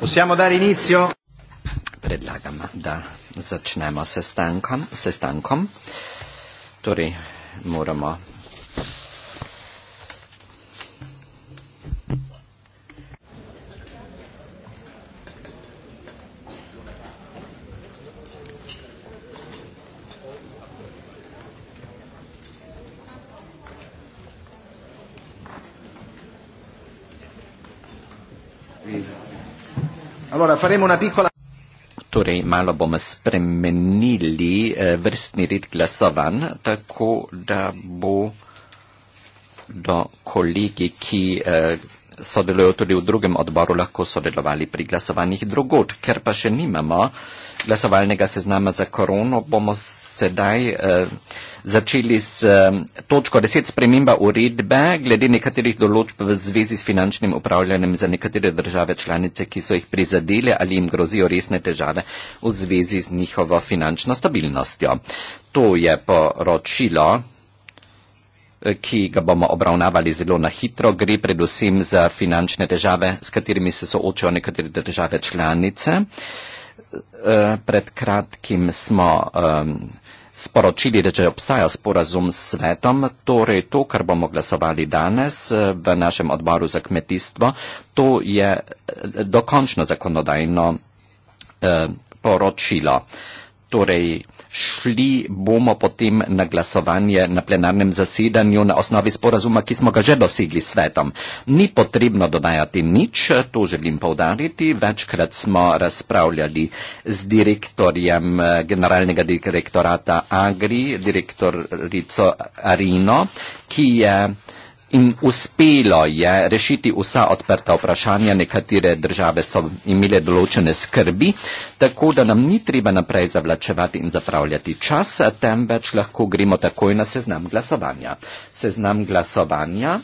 Possiamo dare inizio? Predlagam, da začnemo sestankom. Torej, moramo faremo una piccola. Torej, malo bomo spremenili eh, vrstni red glasovanj, tako da bo do kolegi, ki eh, sodelujo tudi v drugem odboru, lahko sodelovali pri glasovanjih drugod. Ker pa še nimamo glasovalnega seznama za korono, bomo sedaj eh, začeli s eh, točko 10 sprememba uredbe glede nekaterih določb v zvezi s finančnim upravljanjem za nekatere države članice, ki so jih prizadele ali jim grozijo resne težave v zvezi z njihovo finančno stabilnostjo. To je poročilo eh, ki ga bomo obravnavali zelo na hitro, gre predvsem za finančne težave, s katerimi se soočajo nekatere države članice. Uh, Eh, pred kratkim smo um, sporočili, da če obstaja sporazum s svetom, torej to, kar bomo glasovali danes eh, v našem odboru za kmetijstvo, to je eh, dokončno zakonodajno uh, poročilo. Torej, šli bomo potem na glasovanje na plenarnem zasedanju na osnovi sporazuma, ki smo ga že dosegli s svetom. Ni potrebno dodajati nič, to želim povdariti. Večkrat smo razpravljali z direktorjem eh, generalnega direktorata Agri, direktorico Arino, ki je uh, In uspelo je rešiti vsa odprta vprašanja, nekatere države so imele določene skrbi, tako da nam ni treba naprej zavlačevati in zapravljati čas, temveč lahko gremo takoj na seznam glasovanja. Seznam glasovanja.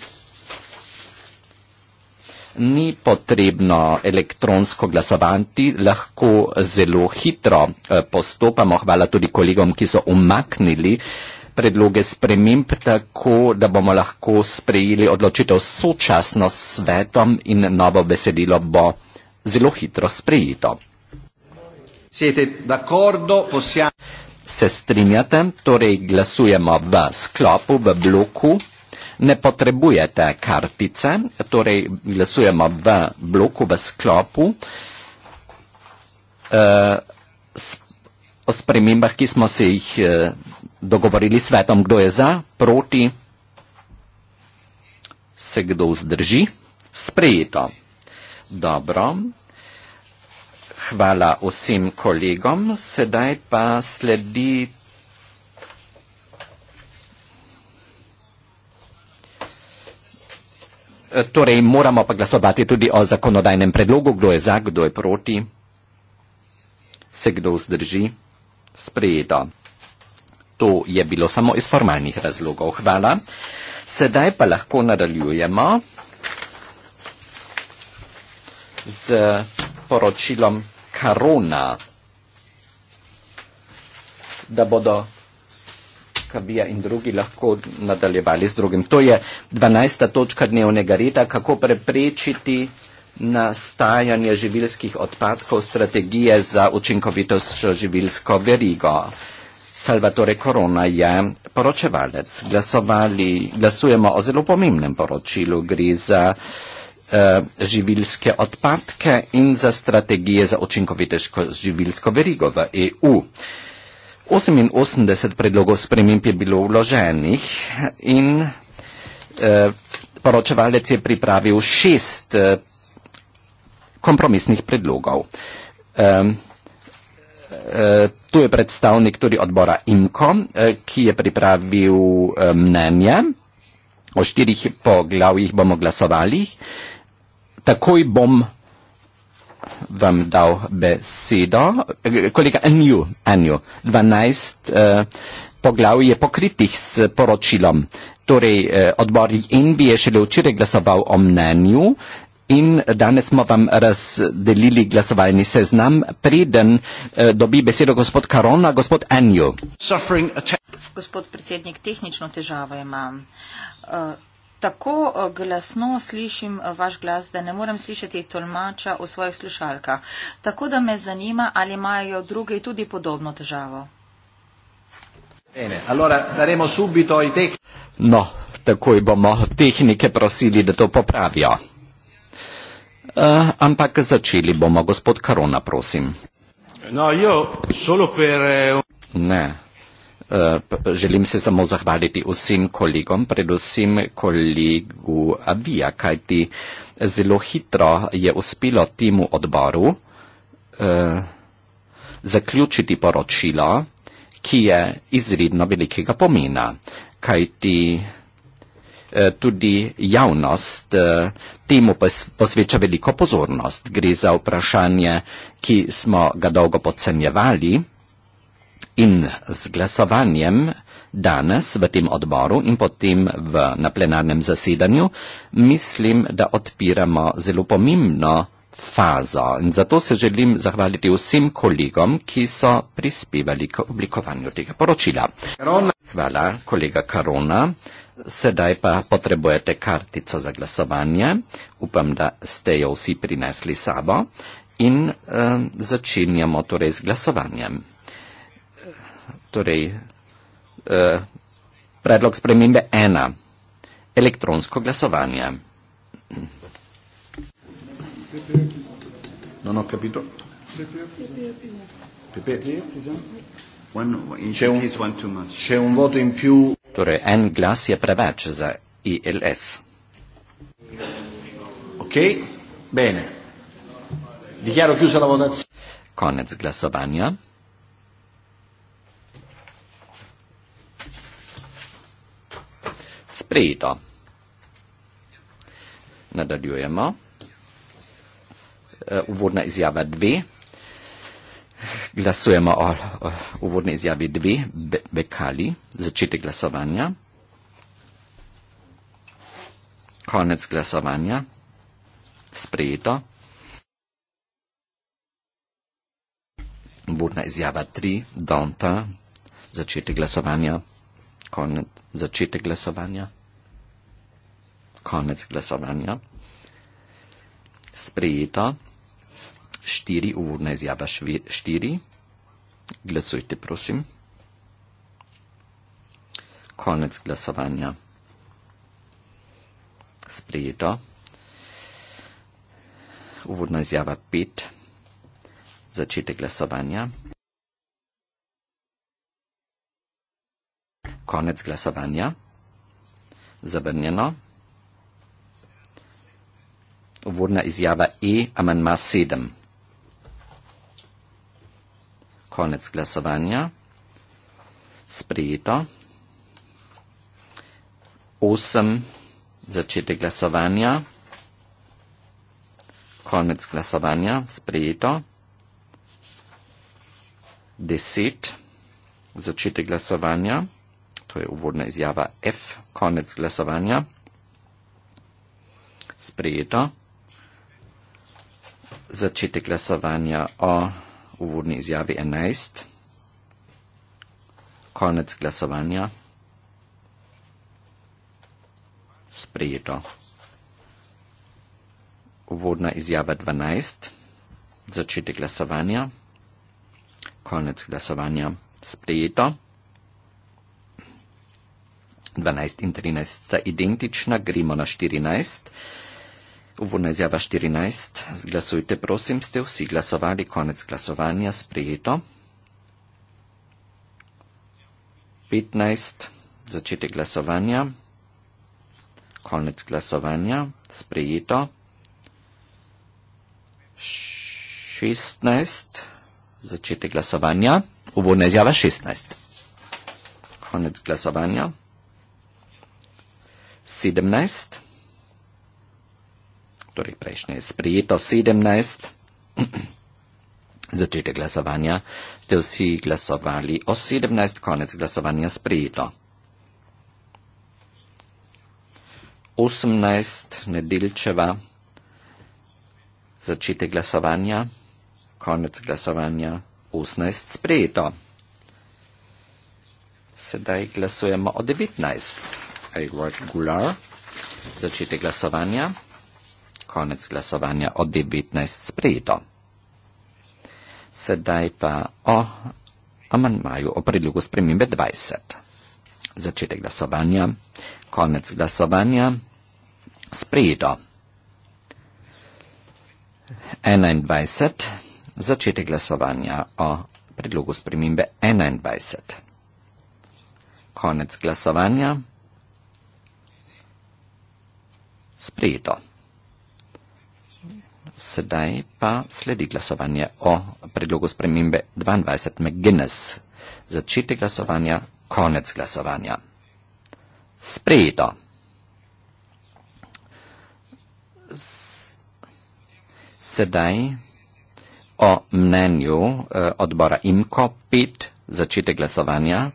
Ni potrebno elektronsko glasovati, lahko zelo hitro eh, postopamo. Hvala tudi kolegom, ki so umaknili eh, predloge sprememb tako, da bomo lahko sprejeli odločitev sočasno s svetom in novo besedilo bo zelo hitro sprejeto. Se strinjate, torej glasujemo v sklopu, v bloku. Ne potrebujete kartice, torej glasujemo v bloku, v sklopu. E, eh, sp o spremembah, ki smo se jih. E, dogovorili s svetom, kdo je za, proti, se kdo vzdrži, sprejeto. Dobro. Hvala vsem kolegom. Sedaj pa sledi. Torej, moramo pa glasovati tudi o zakonodajnem predlogu, kdo je za, kdo je proti, se kdo vzdrži, sprejeto to je bilo samo iz formalnih razlogov. Hvala. Sedaj pa lahko nadaljujemo z poročilom Karona, da bodo Kabija in drugi lahko nadaljevali z drugim. To je 12. točka dnevnega reda, kako preprečiti nastajanje živilskih odpadkov strategije za učinkovitost živilsko verigo. Salvatore Corona je poročevalec. Glasovali, glasujemo o zelo pomembnem poročilu gre za eh, živilske odpadke in za strategije za učinkovitejško živilsko verigo v EU. 88 predlogov sprememb je bilo vloženih in eh, poročevalec je pripravil šest eh, kompromisnih predlogov. Eh, Eh, tu je predstavnik tudi odbora IMKO, eh, ki je pripravil eh, mnenje. O štirih poglavjih bomo glasovali. Takoj bom vam dal besedo. Kolega Enju, Enju, 12 poglavij je pokritih s poročilom. Torej, odbor INVI je šele včeraj glasoval o mnenju, In danes smo vam razdelili glasovalni seznam. Preden eh, dobi besedo gospod Karona, gospod Enju. Gospod predsednik, tehnično težavo imam. Eh, tako eh, glasno slišim eh, vaš glas, da ne morem slišati tolmača v svojih slušalkah. Tako da me zanima, ali imajo druge tudi podobno težavo. No, takoj bomo tehnike prosili, da to popravijo. Eh, ampak začeli bomo gospod Karona, prosim. No, jo, solo per... Eh, ne. Uh, želim se samo zahvaliti vsem kolegom, predvsem kolegu Avija, kajti zelo hitro je uspelo temu odboru uh, zaključiti poročilo, ki je izredno velikega pomena, kajti Eh, tudi javnost eh, temu posveča veliko pozornost. Gre za vprašanje, ki smo ga dolgo podcenjevali in z glasovanjem danes v tem odboru in potem v, na plenarnem zasedanju mislim, da odpiramo zelo pomembno fazo in zato se želim zahvaliti vsem kolegom, ki so prispevali k oblikovanju tega poročila. Hvala, kolega Karona. Sedaj pa potrebujete kartico za glasovanje. Upam, da ste jo vsi prinesli sabo. In uh, začenjamo torej z glasovanjem. Torej, uh, predlog spremembe ena. Elektronsko glasovanje. No, no, kapito. Pepe, pepe, pepe. Pepe, pepe, pepe. C'è un, c'è un voto in più. Dottore, un glasia preveč za ILS. Ok, bene. Dichiaro chiusa la votazione. Konec glasovanja. Sprejeto. Nadaljujemo. E, uvodna izjava dve. Glasujemo o, o uvodni izjavi dve, be, Bekali, začetek glasovanja. Konec glasovanja. Sprejeto. Uvodna izjava tri, Donta, začetek glasovanja. Konec, začetek glasovanja. Konec glasovanja. Sprejeto štiri, uvodna izjava štiri. Glasujte, prosim. Konec glasovanja. Sprejeto. Uvodna izjava pet. Začetek glasovanja. Konec glasovanja. Zavrnjeno. Uvodna izjava E, amenma 7. Konec glasovanja. Sprejeto. 8. Začetek glasovanja. Konec glasovanja. Sprejeto. 10. Začetek glasovanja. To je uvodna izjava F. Konec glasovanja. Sprejeto. Začetek glasovanja o uvodni izjavi 11. Konec glasovanja. Sprejeto. Uvodna izjava 12. Začetek glasovanja. Konec glasovanja. Sprejeto. 12 in 13 sta identična. Gremo na 14. Uvodna izjava 14. Glasujte, prosim, ste vsi glasovali. Konec glasovanja sprejeto. 15. Začetek glasovanja. Konec glasovanja sprejeto. 16. Začetek glasovanja. Uvodna izjava 16. Konec glasovanja. 17 torej prejšnje je sprejeto 17. Začetek glasovanja ste vsi glasovali o 17, konec glasovanja sprejeto. 18 nedeljčeva, začetek glasovanja, konec glasovanja, 18 sprejeto. Sedaj glasujemo o 19, Edward Gular, začetek glasovanja konec glasovanja o 19 sprejeto. Sedaj pa o amanmaju o predlogu spremembe 20. Začetek glasovanja, konec glasovanja, sprejeto. 21. Začetek glasovanja o predlogu spremembe 21. Konec glasovanja. Sprejeto sedaj pa sledi glasovanje o predlogu spremembe 22 McGinnis. Začetek glasovanja, konec glasovanja. Sprejeto. Sedaj o mnenju eh, odbora IMKO 5, začetek glasovanja,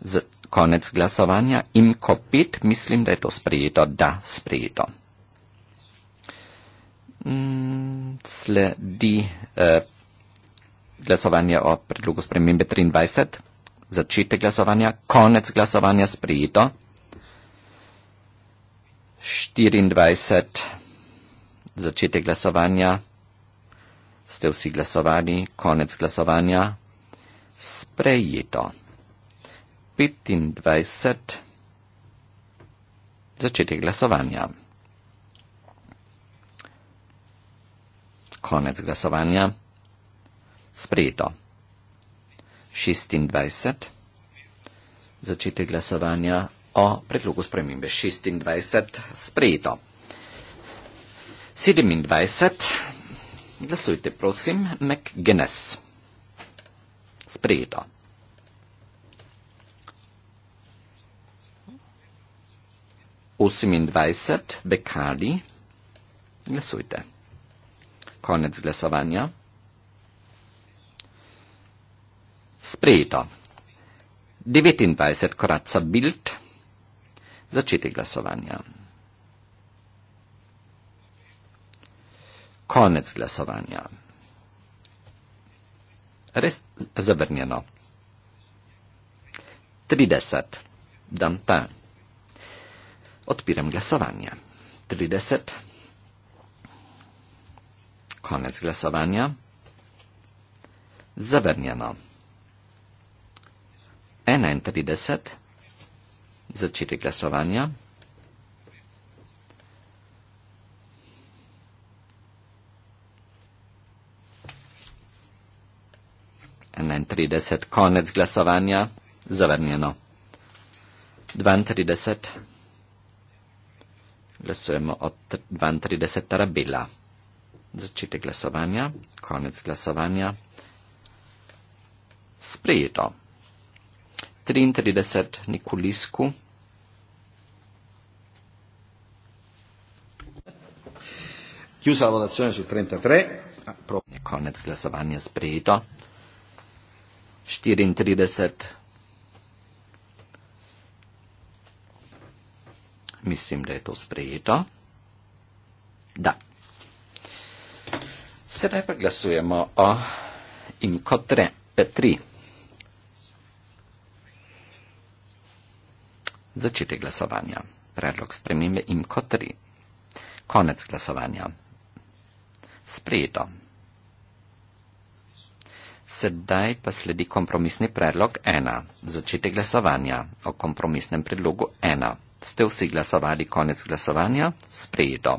z, konec glasovanja, IMKO 5, mislim, da je to sprejeto, da sprejeto. Mm, sledi eh, glasovanje o predlogu spremembe 23, začetek glasovanja, konec glasovanja sprejeto. 24, začetek glasovanja, ste vsi glasovali, konec glasovanja sprejeto. 25, začetek glasovanja. konec glasovanja. Sprejeto. 26. Začetek glasovanja o predlogu spremembe. 26. Sprejeto. 27. Glasujte, prosim, McGuinness. Sprejeto. 28. Bekali. Glasujte. Konec glasovanja. Sprejeto. 29 koraca bild. Začetek glasovanja. Konec glasovanja. Res zabrnjeno. 30. Dan ta. Odpiram glasovanje. 30. Koniec glasowania. Zabernieno. Enen 30. Začetek glasowania. Enen 30. Koniec glasowania. Zabernieno. 32. Glasujemy od 32 tarabila začetek glasovanja, konec glasovanja. Sprejeto. 33 Nikolisku. Chiusa la votazione su 33. Pro... Konec glasovanja sprejeto. 34. Mislim, da je to sprejeto. Da. Sedaj pa glasujemo o in kot re Petri. Začetek glasovanja. Predlog spremembe in kot tri. Konec glasovanja. Sprejeto. Sedaj pa sledi kompromisni predlog 1. Začetek glasovanja o kompromisnem predlogu 1. Ste vsi glasovali konec glasovanja? Sprejeto.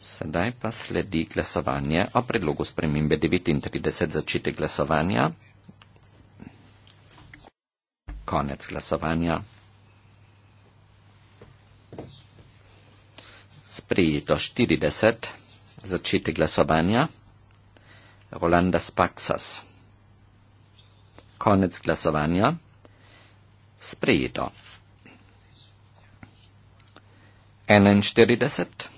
Sedaj pa sledi glasovanje o predlogu spremembe 39 začetek glasovanja. Konec glasovanja. Sprejeto 40 začetek glasovanja. Rolanda Spaksas. Konec glasovanja. Sprejeto. 41.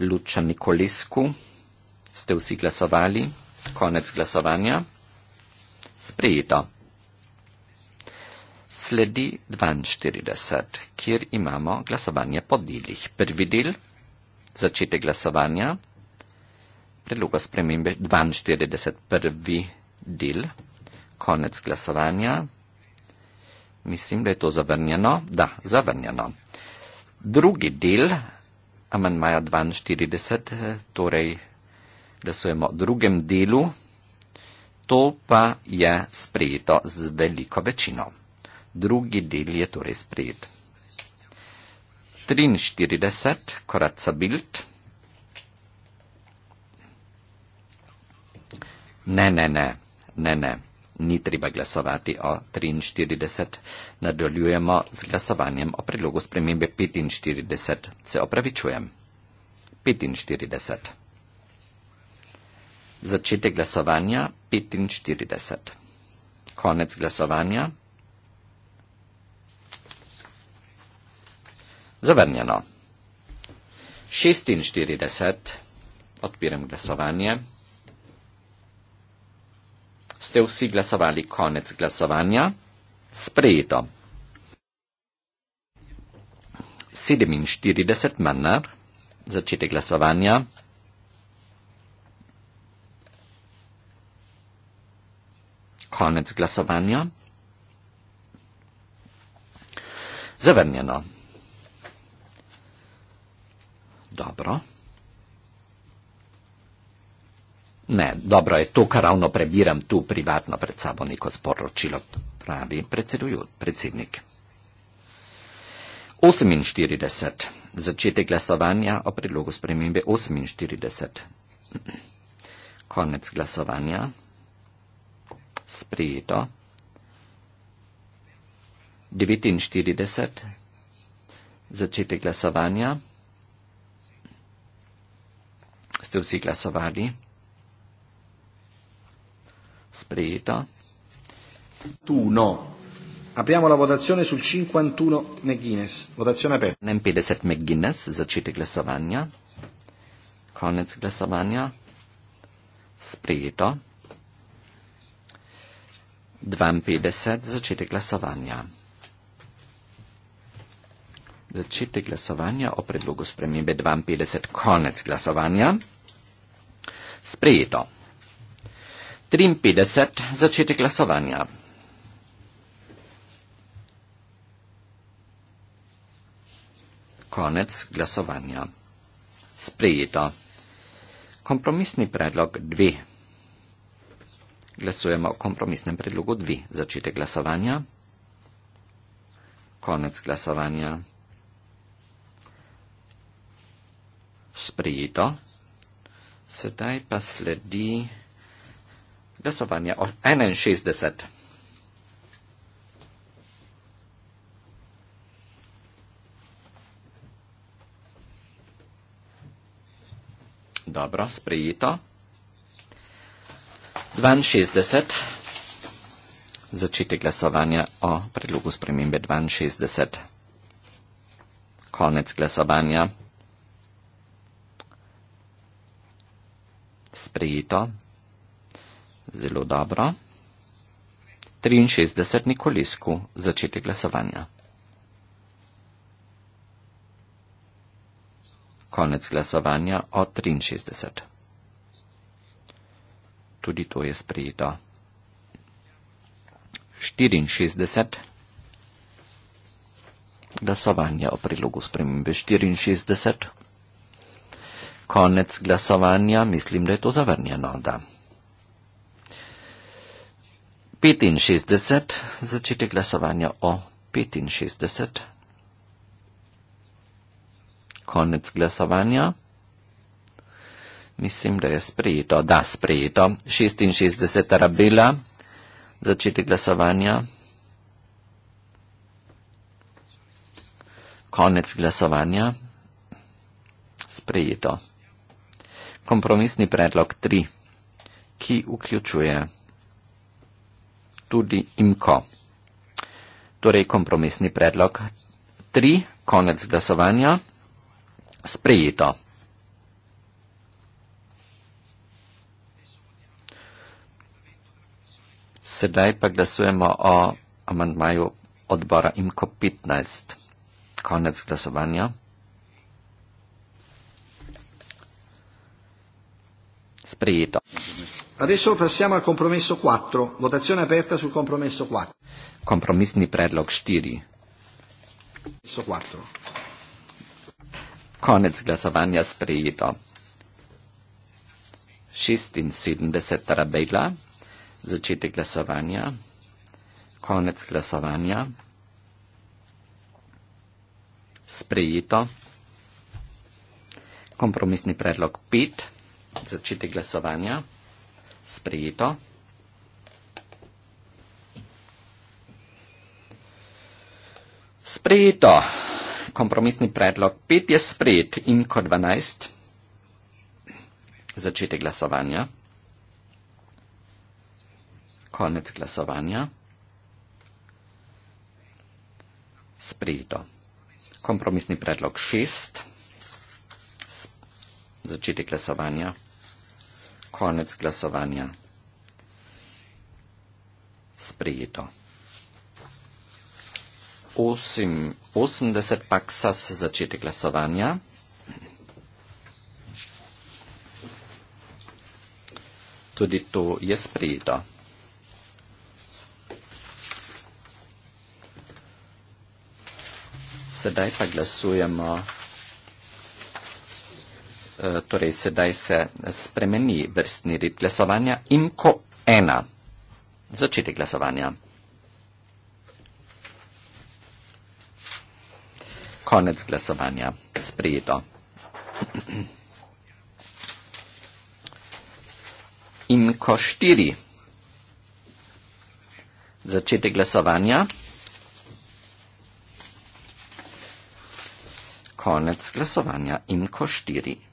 Luča Nikolisku. Ste vsi glasovali? Konec glasovanja. Sprejeto. Sledi 42, kjer imamo glasovanje po delih. Prvi del, začete glasovanja, predloga spremembe 42, prvi del, konec glasovanja. Mislim, da je to zavrnjeno. Da, zavrnjeno. Drugi del, amandmaja 42, eh, torej glasujemo o drugem delu. To pa je sprejeto z veliko večino. Drugi del je torej sprejet. 43, koraca bild. Ne, ne, ne, ne, ne ni treba glasovati o 43. Nadaljujemo z glasovanjem o predlogu spremembe 45. Se opravičujem. 45. Začetek glasovanja 45. Konec glasovanja. Zavrnjeno. 46. Odpiram glasovanje ste vsi glasovali konec glasovanja. Sprejeto. 47 manar, začete glasovanja. Konec glasovanja. Zavrnjeno. Dobro. Ne, dobro je to, kar ravno prebiram tu privatno pred sabo neko sporočilo, pravi predsednik. 48. Začetek glasovanja o predlogu spremembe 48. Konec glasovanja. Sprejeto. 49. Začetek glasovanja. Ste vsi glasovali? sprejeta. Tuno. Apriamo la votazione sul 51 McGuinness. Votazione aperta. 50 McGuinness, začete glasovanje. Konec glasovanja. Sprejeto. 52, začetek glasovanja. Začetek glasovanja o predlogu spremembe 52, konec glasovanja. Sprejeto. 53. Začetek glasovanja. Konec glasovanja. Sprejeto. Kompromisni predlog 2. Glasujemo o kompromisnem predlogu 2. Začetek glasovanja. Konec glasovanja. Sprejeto. Sedaj pa sledi glasovanje o 61. Dobro, sprejeto. 62. Začetek glasovanja o predlogu spremembe 62. Konec glasovanja. Sprejeto. Zelo dobro. 63 Nikolesku, začetek glasovanja. Konec glasovanja o 63. Tudi to je sprejeto. 64. Glasovanje o prilogu spremembe 64. Konec glasovanja, mislim, da je to zavrnjeno, da. 65, začetek glasovanja o 65. Konec glasovanja. Mislim, da je sprejeto. Da, sprejeto. 66. Rabela. Začetek glasovanja. Konec glasovanja. Sprejeto. Kompromisni predlog 3, ki vključuje tudi imko. Torej, kompromisni predlog 3, konec glasovanja, sprejeto. Sedaj pa glasujemo o amandmaju odbora imko 15. Konec glasovanja. Sprejeto. Adesso passiamo al compromesso 4. Votazione aperta sul compromesso 4. Compromissni predlog 4. Compromesso 4. Konec glasovanja sprejeto. 76 rabela, začetek glasovanja, konec glasovanja, sprejeto, kompromisni predlog 5, začetek glasovanja sprejeto. Sprejeto. Kompromisni predlog 5 je sprejet in kot 12. Začetek glasovanja. Konec glasovanja. Sprejeto. Kompromisni predlog 6. Začetek glasovanja. Konec glasovanja. Sprejeto. 80 paksas začete glasovanja. Tudi to je sprejeto. Sedaj pa glasujemo. Eh, torej sedaj se spremeni vrstni red glasovanja in ko ena. Začetek glasovanja. Konec glasovanja. Sprejeto. In ko štiri. Začetek glasovanja. Konec glasovanja in ko štiri.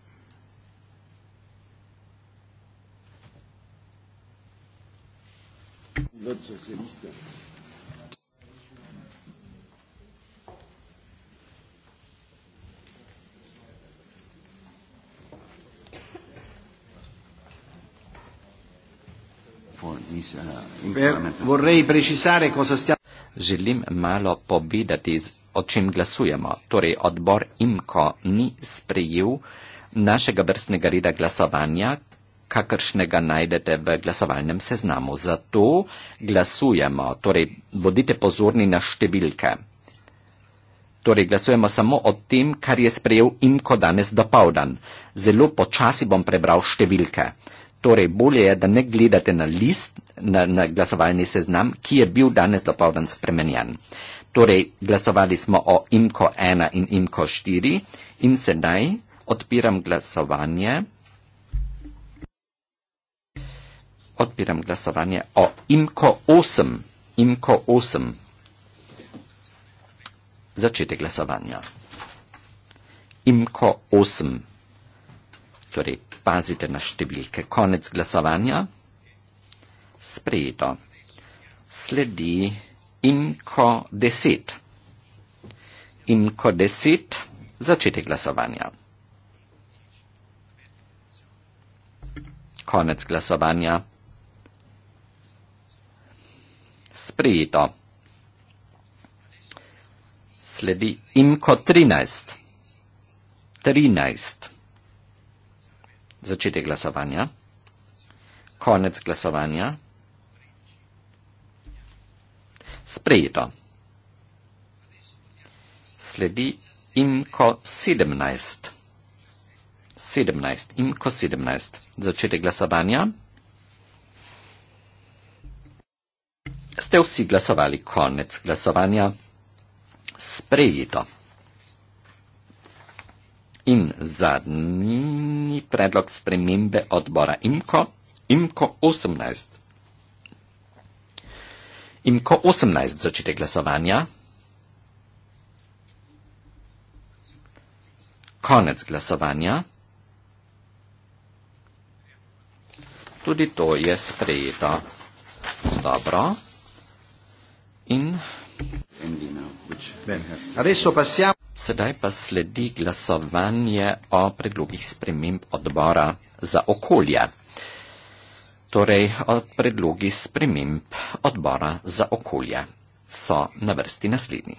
l'autre socialiste. Uh, eh, vorrei precisare cosa stiamo. Želim malo povedati, o čem glasujemo. Torej, odbor IMKO ni sprejel našega vrstnega reda glasovanja, kakršnega najdete v glasovalnem seznamu. Zato glasujemo, torej bodite pozorni na številke. Torej glasujemo samo o tem, kar je sprejel Imko danes do povdan. Zelo počasi bom prebral številke. Torej bolje je, da ne gledate na list, na, na glasovalni seznam, ki je bil danes do povdan spremenjen. Torej glasovali smo o Imko 1 in Imko 4 in sedaj odpiram glasovanje. odpiram glasovanje o IMKO 8. IMKO 8. Začetek glasovanja. IMKO 8. Torej, pazite na številke. Konec glasovanja. Sprejeto. Sledi IMKO 10. IMKO 10. Začetek glasovanja. Konec glasovanja. sprejeto. Sledi imko 13. 13. Začetek glasovanja. Konec glasovanja. Sprejeto. Sledi imko 17. 17. Imko 17. Začetek glasovanja. ste vsi glasovali konec glasovanja sprejeto. In zadnji predlog spremembe odbora IMKO, IMKO 18. IMKO 18 začete glasovanja. Konec glasovanja. Tudi to je sprejeto. Dobro in Adesso passiamo. Sedaj pa sledi glasovanje o predlogih sprememb odbora za okolje. Torej, o predlogi sprememb odbora za okolje so na vrsti naslednji.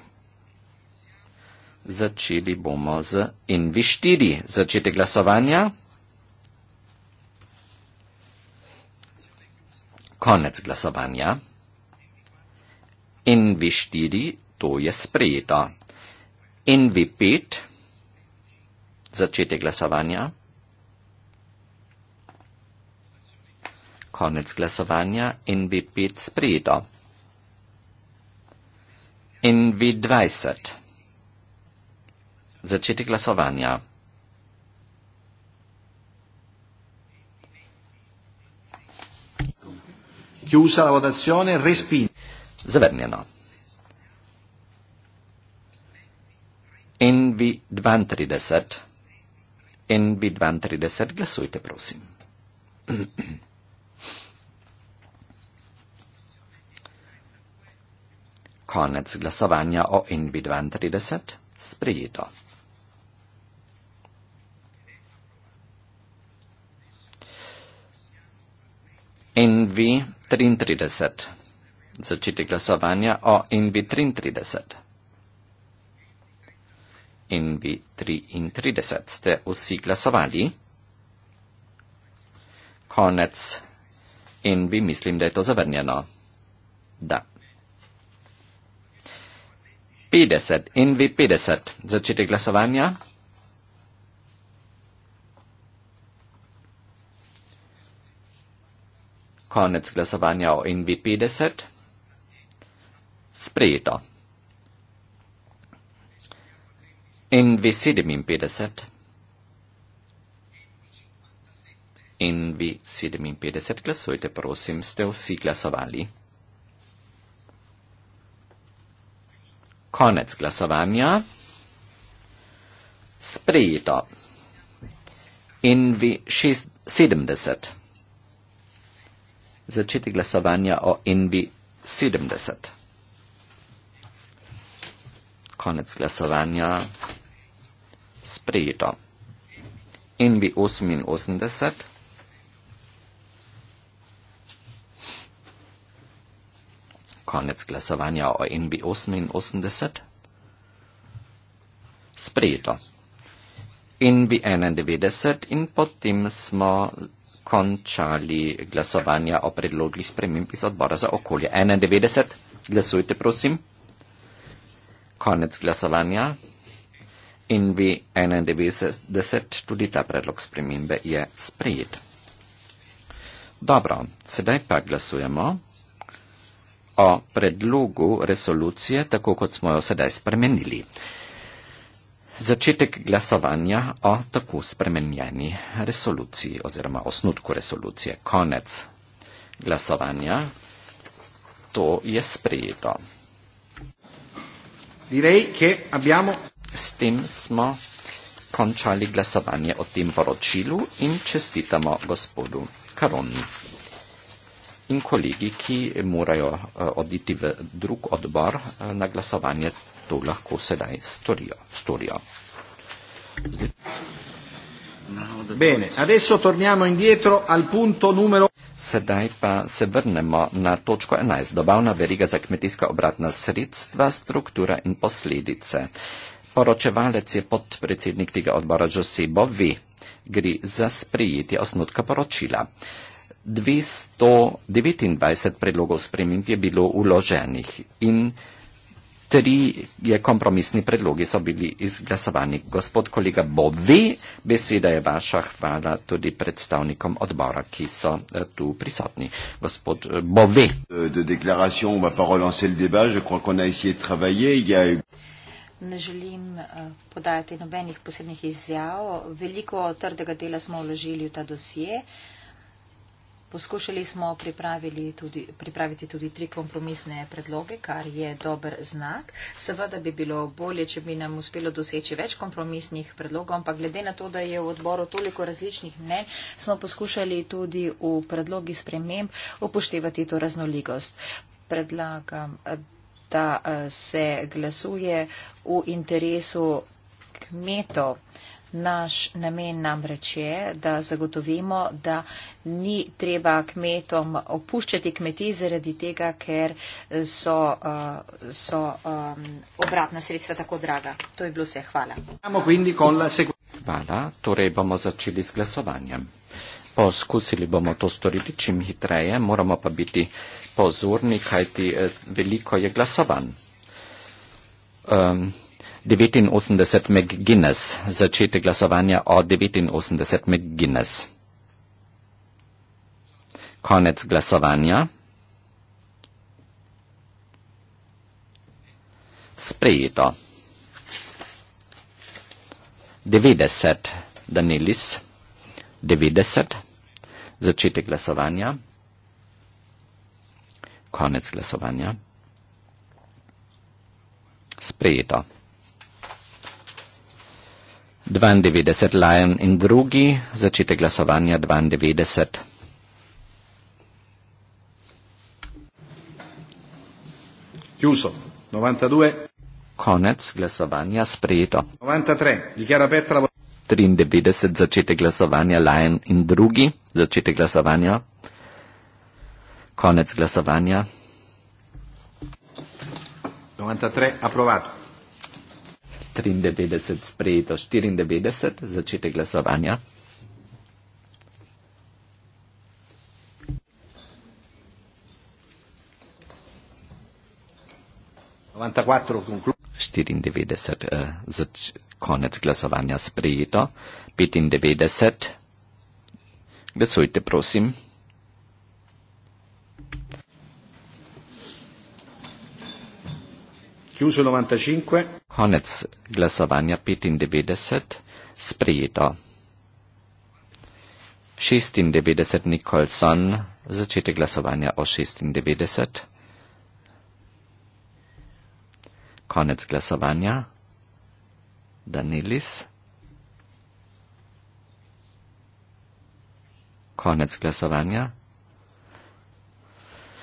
Začeli bomo z NV4. Začete glasovanja. Konec glasovanja. NV4 to je sprejeto. NV5 začete glasovanja. Konec glasovanja NV5 sprejeto. NV20 začete glasovanja. Chiusa la votazione, respinto zavrnjeno. NV32, NV32, glasujte, prosim. Konec glasovanja o NV32, sprejeto. NV 33 začeti glasovanje o INBI 33. INBI 33 ste vsi glasovali. Konec INBI, mislim, da je to zavrnjeno. Da. 50, INBI 50, začeti glasovanje. Konec glasovanja o INBI 50 sprejeta. In vi sedeminpetdeset. In vi sedeminpetdeset glasujte, prosim, ste vsi glasovali. Konec glasovanja. Sprejeto. In vi sedemdeset. Začeti glasovanja o NV 70 konec glasovanja sprejeto. NB 88. Konec glasovanja o NB 88. Sprejeto. NB 91 in potem smo končali glasovanja o predlogih sprememb iz odbora za okolje. 91. Glasujte, prosim konec glasovanja in bi 91 tudi ta predlog spremembe je sprejet. Dobro, sedaj pa glasujemo o predlogu resolucije, tako kot smo jo sedaj spremenili. Začetek glasovanja o tako spremenjeni resoluciji oziroma osnutku resolucije. Konec glasovanja. To je sprejeto direi che abbiamo s tim smo končali glasovanje o tem poročilu in čestitamo gospodu Karoni in kolegi, ki morajo eh, oditi v drug odbor eh, na glasovanje, to lahko sedaj storijo. storijo. Bene, adesso torniamo indietro al punto numero Sedaj pa se vrnemo na točko 11. Dobavna veriga za kmetijska obratna sredstva, struktura in posledice. Poročevalec je podpredsednik tega odbora Jose Bovi. Gre za sprejetje osnutka poročila. 229 predlogov sprememb je bilo uloženih in tri je kompromisni predlogi so bili izglasovani. Gospod kolega Bovi, beseda je vaša, hvala tudi predstavnikom odbora, ki so eh, tu prisotni. Gospod eh, Bovi. De deklaracijo, ma pa relancer deba, je kroj, ko na isje travaje, je... Ne želim eh, podajati nobenih posebnih izjav. Veliko trdega dela smo vložili v ta dosje. Poskušali smo tudi, pripraviti tudi tri kompromisne predloge, kar je dober znak. Seveda bi bilo bolje, če bi nam uspelo doseči več kompromisnih predlogov, ampak glede na to, da je v odboru toliko različnih mnen, smo poskušali tudi v predlogi sprememb upoštevati to raznolikost. Predlagam, da se glasuje v interesu kmetov. Naš namen namreč je, da zagotovimo, da ni treba kmetom opuščati kmetij zaradi tega, ker eh, so, eh, so eh, obratna sredstva tako draga. To je bilo vse. Hvala. Hvala. Torej bomo začeli z glasovanjem. Poskusili bomo to storiti čim hitreje, moramo pa biti pozorni, kajti veliko je glasovan. Um, 89 McGuinness, začeti glasovanja o 89 McGuinness. Koniec glasovanja. Sprejeto. 90 Danilis, 90, začetek glasovanja, konec glasovanja, sprejeto. 92 Lion in drugi, začetek glasovanja 92. Chiuso. 92. Konec glasovanja sprejeto. 93. Dichiaro aperta la votazione. 93. Začetek glasovanja Lion in drugi. Začetek glasovanja. Konec glasovanja. 93. Approvato. 93. Sprejeto. 94. Začetek glasovanja. 94 za uh, konec glasovanja sprejeto. 95. Glasujte, prosim. Kjuso 95. Konec glasovanja 95. Sprejeto. 96. Nikolson. Začetek glasovanja o 96. konec glasovanja. Danilis. Konec glasovanja.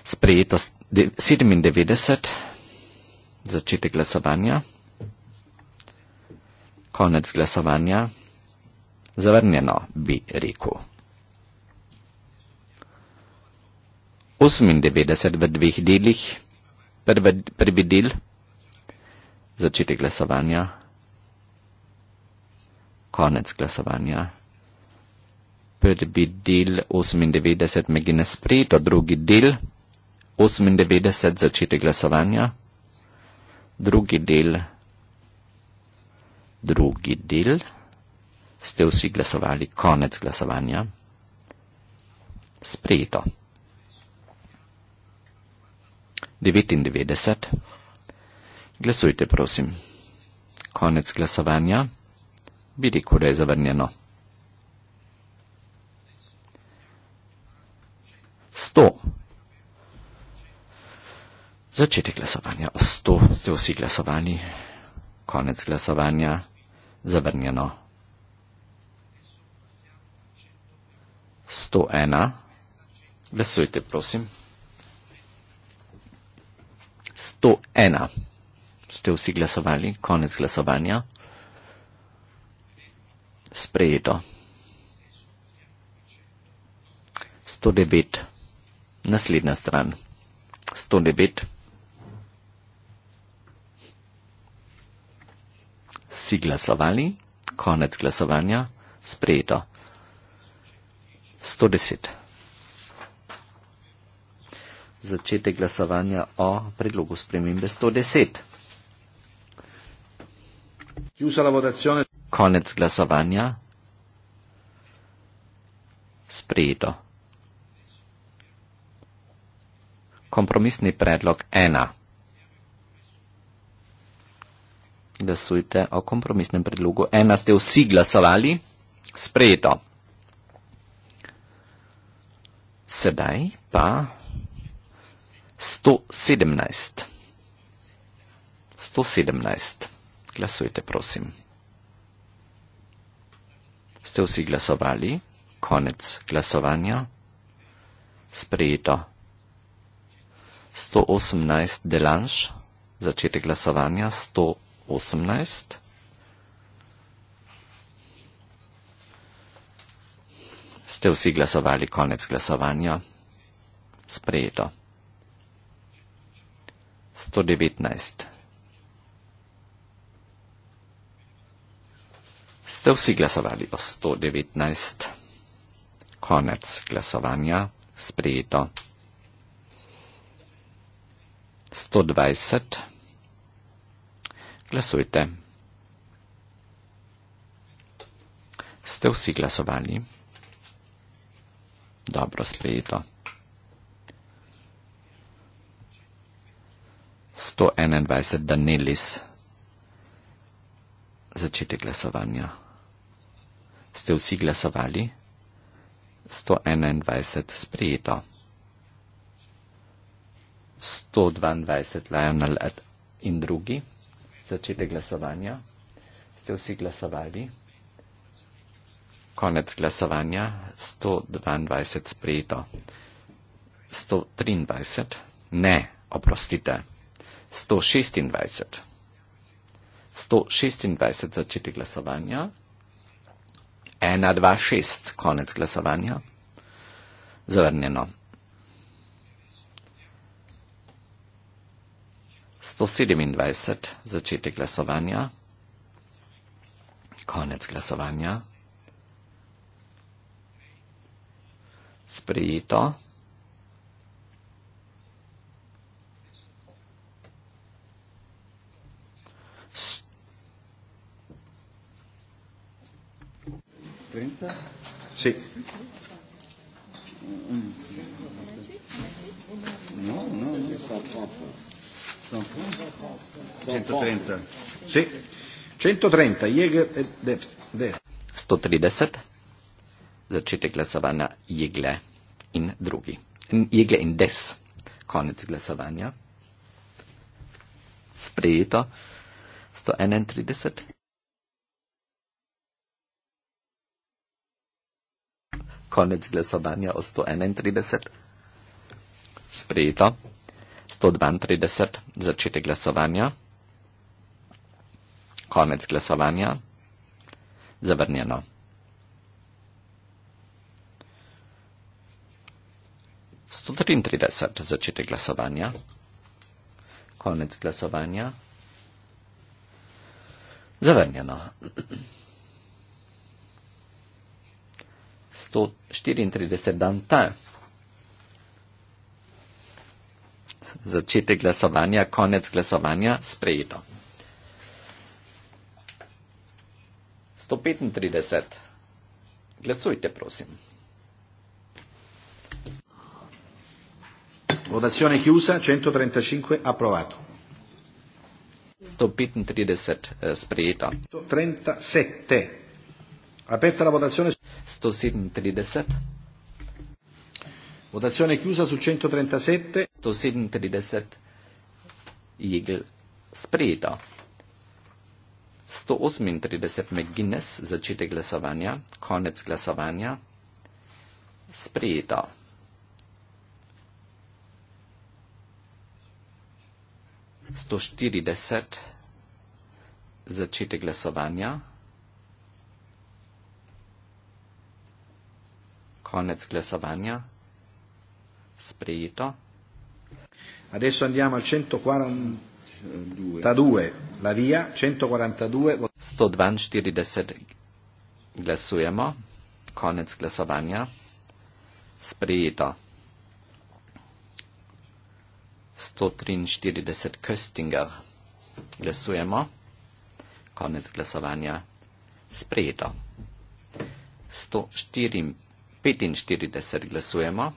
Sprejeto 97. Začetek glasovanja. Konec glasovanja. Zavrnjeno bi rekel. 98 v dveh delih. Prvi del začetek glasovanja, konec glasovanja. Prvi del 98 me gine sprejeto, drugi del 98 začetek glasovanja, drugi del, drugi del, ste vsi glasovali, konec glasovanja, sprejeto. 99. Glasujte, prosim. Konec glasovanja. Vidi, kdo je zavrnjeno. 100. Začetek glasovanja. 100 ste vsi glasovali. Konec glasovanja. Zavrnjeno. 101. Glasujte, prosim. 101 ste vsi glasovali, konec glasovanja. Sprejeto. 109. Naslednja stran. 109. Si glasovali, konec glasovanja. Sprejeto. 110. Začetek glasovanja o predlogu spremembe 110. Konec glasovanja. Sprejeto. Kompromisni predlog ena. Glasujte o kompromisnem predlogu ena. Ste vsi glasovali? Sprejeto. Sedaj pa 117. 117. Glasujte, prosim. Ste vsi glasovali? Konec glasovanja. Sprejeto. 118 delanš, začetek glasovanja 118. Ste vsi glasovali, konec glasovanja? Sprejeto. 119. ste vsi glasovali o 119. Konec glasovanja, sprejeto. 120. Glasujte. Ste vsi glasovali? Dobro, sprejeto. 121. Danilis. Začetek glasovanja ste vsi glasovali? 121 sprejeto. 122 Lionel in drugi začete glasovanja. Ste vsi glasovali? Konec glasovanja. 122 sprejeto. 123. Ne, oprostite. 126. 126 začeti glasovanja ena, dva, šest, konec glasovanja. Zavrnjeno. 127, začetek glasovanja. Konec glasovanja. Sprejeto. 30. Sí. No, no, no. 130. Sí. 130. Jäger eh, de 130. Začetek glasovanja Jegle in drugi. Jegle in des. Konec glasovanja. Sprejeto. 131. Konec glasovanja o 131. Sprejeto. 132. Začetek glasovanja. Konec glasovanja. Zavrnjeno. Sto triintrideset začetek glasovanja, konec glasovanja, zavrnjeno. 134 dan ta. Začetek glasovanja, konec glasovanja, sprejeto. 135. Glasujte, prosim. Votazione chiusa, 135 approvato. 135 eh, sprejeto. 137. Aperta la votazione. 137. Votazione chiusa su 137. 137. Jegel Spreda. 138 McGuinness, začetek glasovanja, konec glasovanja, sprejeto. Sto štirideset, začetek glasovanja. Konec glasovanja. Sprejeto. Adesso andiamo al 142, la via 142. 142 glasujemo, konec glasovanja, sprejeto. 143 Köstinger glasujemo, konec glasovanja, sprejeto. 144. 45 glasujemo.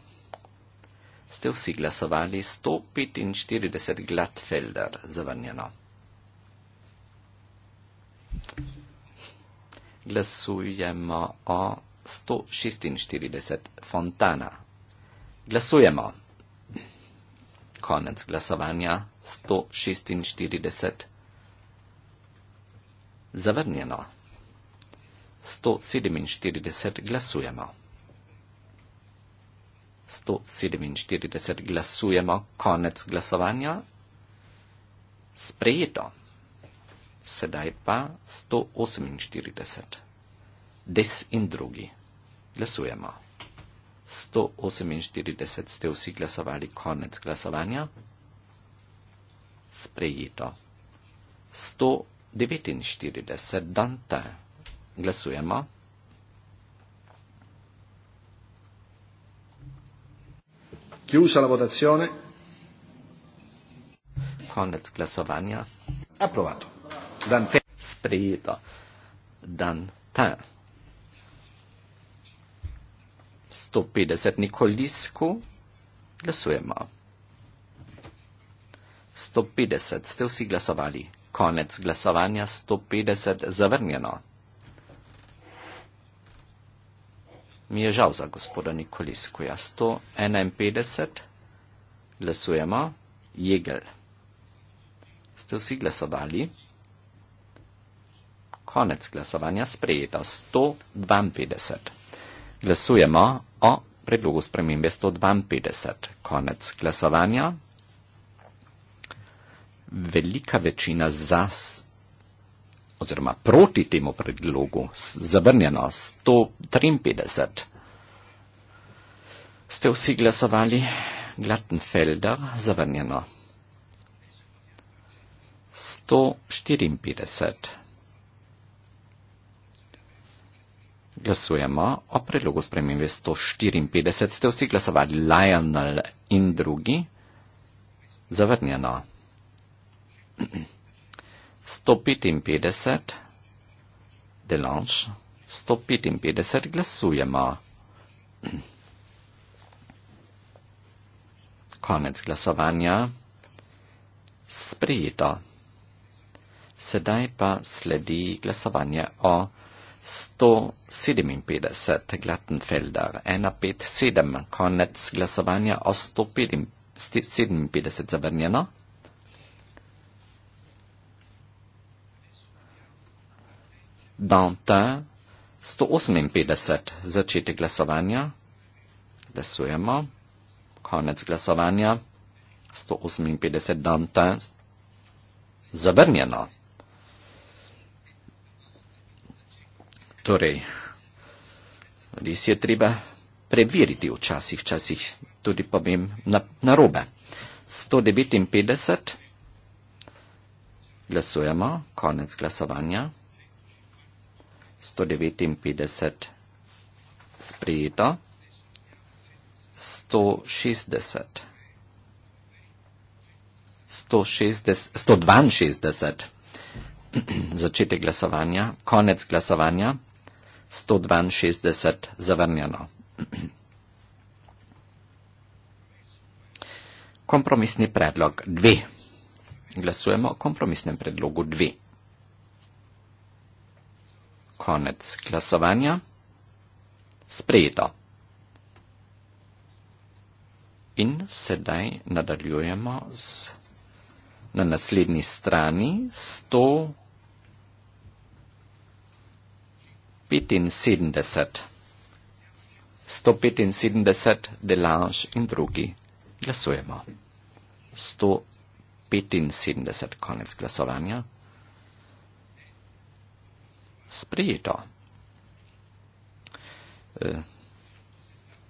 Ste vsi glasovali 145 Gladfelder zavrnjeno. Glasujemo o 146 Fontana. Glasujemo. Konec glasovanja 146. Zavrnjeno. 147 glasujemo. 147 glasujemo, konec glasovanja. Sprejeto. Sedaj pa 148. Des in drugi. Glasujemo. 148 ste vsi glasovali, konec glasovanja. Sprejeto. 149. Dante. Glasujemo. Chiusa la votazione. Konec glasovanja. Approvato. Dante. Sprejeto. Dante. 150 Nikolisku. Glasujemo. 150 ste vsi glasovali. Konec glasovanja 150 zavrnjeno. Mi je žal za gospoda Nikoliskuja. 151 glasujemo, jegel. Ste vsi glasovali? Konec glasovanja sprejeto. 152 glasujemo o predlogu spremembe 152. Konec glasovanja. Velika večina za oziroma proti temu predlogu, zavrnjeno 153. Ste vsi glasovali? Glattenfelder, zavrnjeno. 154. Glasujemo o predlogu spremembe 154. Ste vsi glasovali Lionel in drugi? Zavrnjeno. 155, Delange, 155, glasujemo. Konec glasovanja. Sprejeto. Sedaj pa sledi glasovanje o 157, Glattenfelder, 157, konec glasovanja o 157, zavrnjeno. Danta 158, začetek glasovanja. Glasujemo. Konec glasovanja. 158 Danta. Zabrnjeno. Torej, res je treba preveriti včasih, včasih tudi povem na, na robe. 159. Glasujemo. Konec glasovanja. 159 sprejeta, 160, 160, 162 začetek glasovanja, konec glasovanja, 162 zavrnjeno. Kompromisni predlog 2. Glasujemo o kompromisnem predlogu 2 konec glasovanja. Sprejeto. In sedaj nadaljujemo z, na naslednji strani 175. 175 delanž in drugi. Glasujemo. 175. Konec glasovanja sprejeto.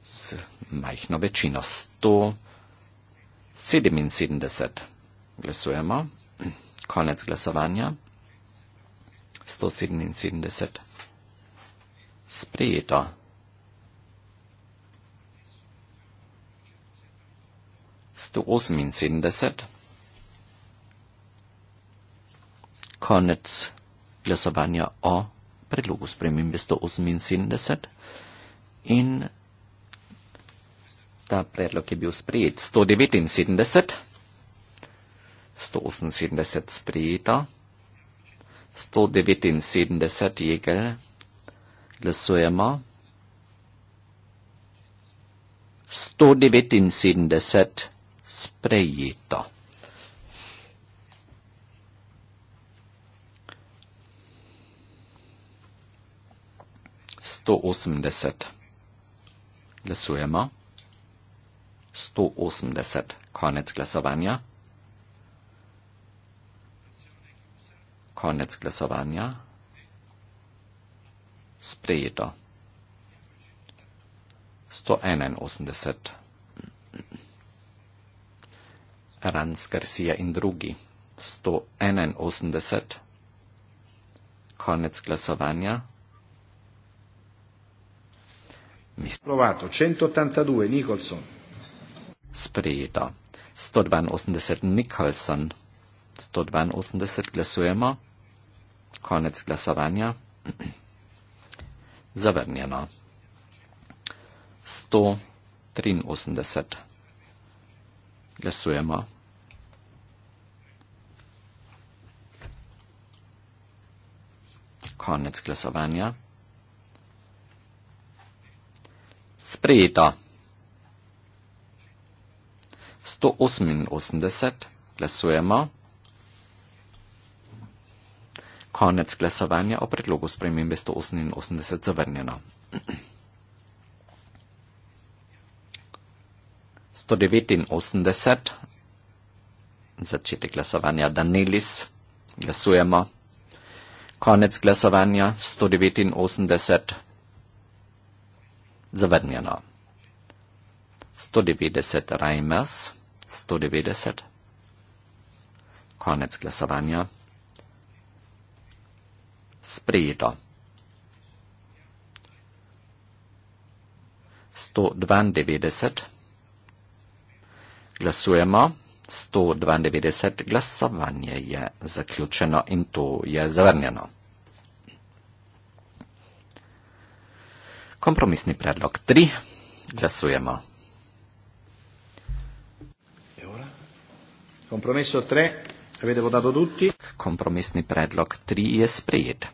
Z e, majhno večino 177 glasujemo. Konec glasovanja. 177 sprejeto. Sto oseminsedemdeset. Konec glasovanja o predlogu spremembe 178 in ta predlog je bil sprejet 179, 178 sprejeta, 179 jegel glasujemo. 179 sprejeto. 180. Glasujemo. 180. Konec glasovanja. Konec glasovanja. Sprejeto. 181. Rans Garcia in drugi. 181. Konec glasovanja. Provato 182 Nicholson. Sprejeta. 182 Nicholson. 182 glasujemo. Konec glasovanja. Zavrnjeno. 183. Glasujemo. Konec glasovanja. sprejeta. 188 glasujemo. Konec glasovanja o predlogu spremembe 188 zavrnjeno. 189. Začetek glasovanja Danelis. Glasujemo. Konec glasovanja 189 zavrnjeno. 190 Reimers, 190. Konec glasovanja. Sprejeto. 192. Glasujemo. 192. Glasovanje je zaključeno in to je zavrnjeno. Kompromisni predlog 3. Glasujemo. E Kompromiso 3. Kompromisni predlog 3 je sprejet.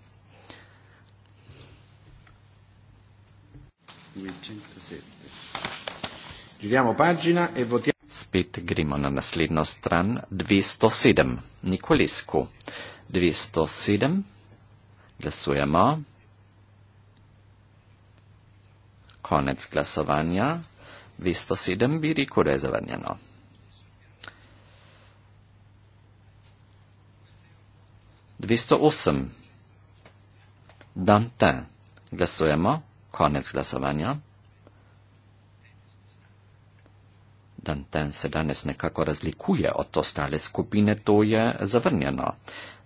E Spet gremo na naslednjo stran 207. Nikolesku. 207. Glasujemo. konec glasovanja. 207 bi rekel, da je zavrnjeno. Dante. Glasujemo. Konec glasovanja. Dante se danes nekako razlikuje od ostale skupine, to je zavrnjeno.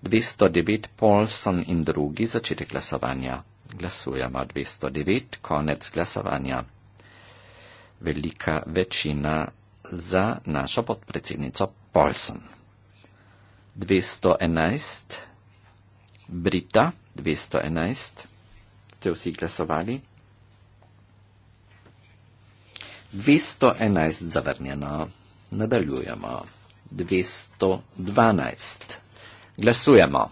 209 Paulson in drugi začetek glasovanja glasujemo 209, konec glasovanja. Velika večina za našo podpredsednico Polson. 211, Brita, 211, ste vsi glasovali? 211 zavrnjeno, nadaljujemo. 212, glasujemo.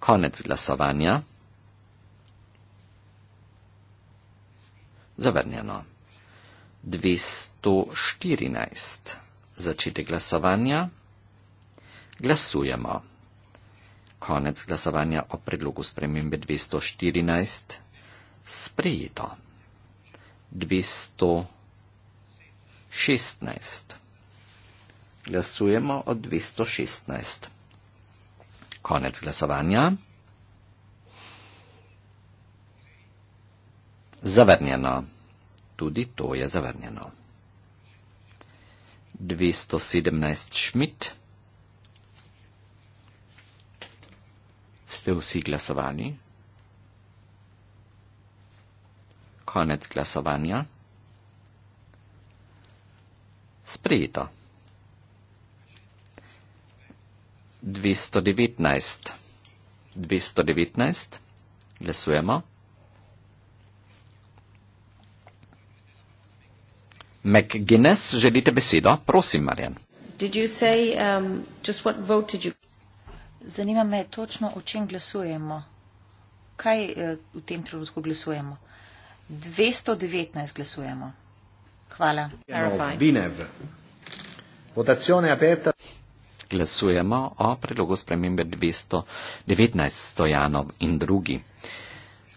Konec glasovanja. Zavrnjeno. 214. Začetek glasovanja. Glasujemo. Konec glasovanja o predlogu spremembe 214. Sprejeto. 216. Glasujemo o 216 konec glasovanja. Zavrnjeno. Tudi to je zavrnjeno. 217 Schmidt. Ste vsi glasovali? Konec glasovanja. Sprejeto. 219. 219. Glasujemo. McGuinness, želite besedo? Prosim, Marjan. Um, Zanima me točno, o čem glasujemo. Kaj eh, v tem trenutku glasujemo? 219 glasujemo. Hvala glasujemo o predlogu spremembe 219 stojanov in drugi.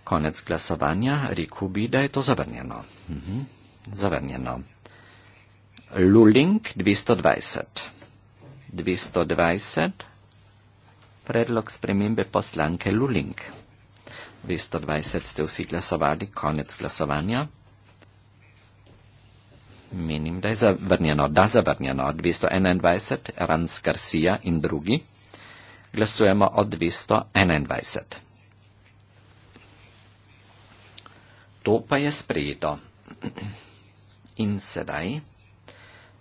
Konec glasovanja, rekel bi, da je to zavrnjeno. Mhm. Zavrnjeno. Luling 220. 220. Predlog spremembe poslanke Luling. 220 ste vsi glasovali, konec glasovanja menim, da je zavrnjeno, da zavrnjeno 221, Rans Garcia in drugi. Glasujemo o 221. To pa je sprejeto. In sedaj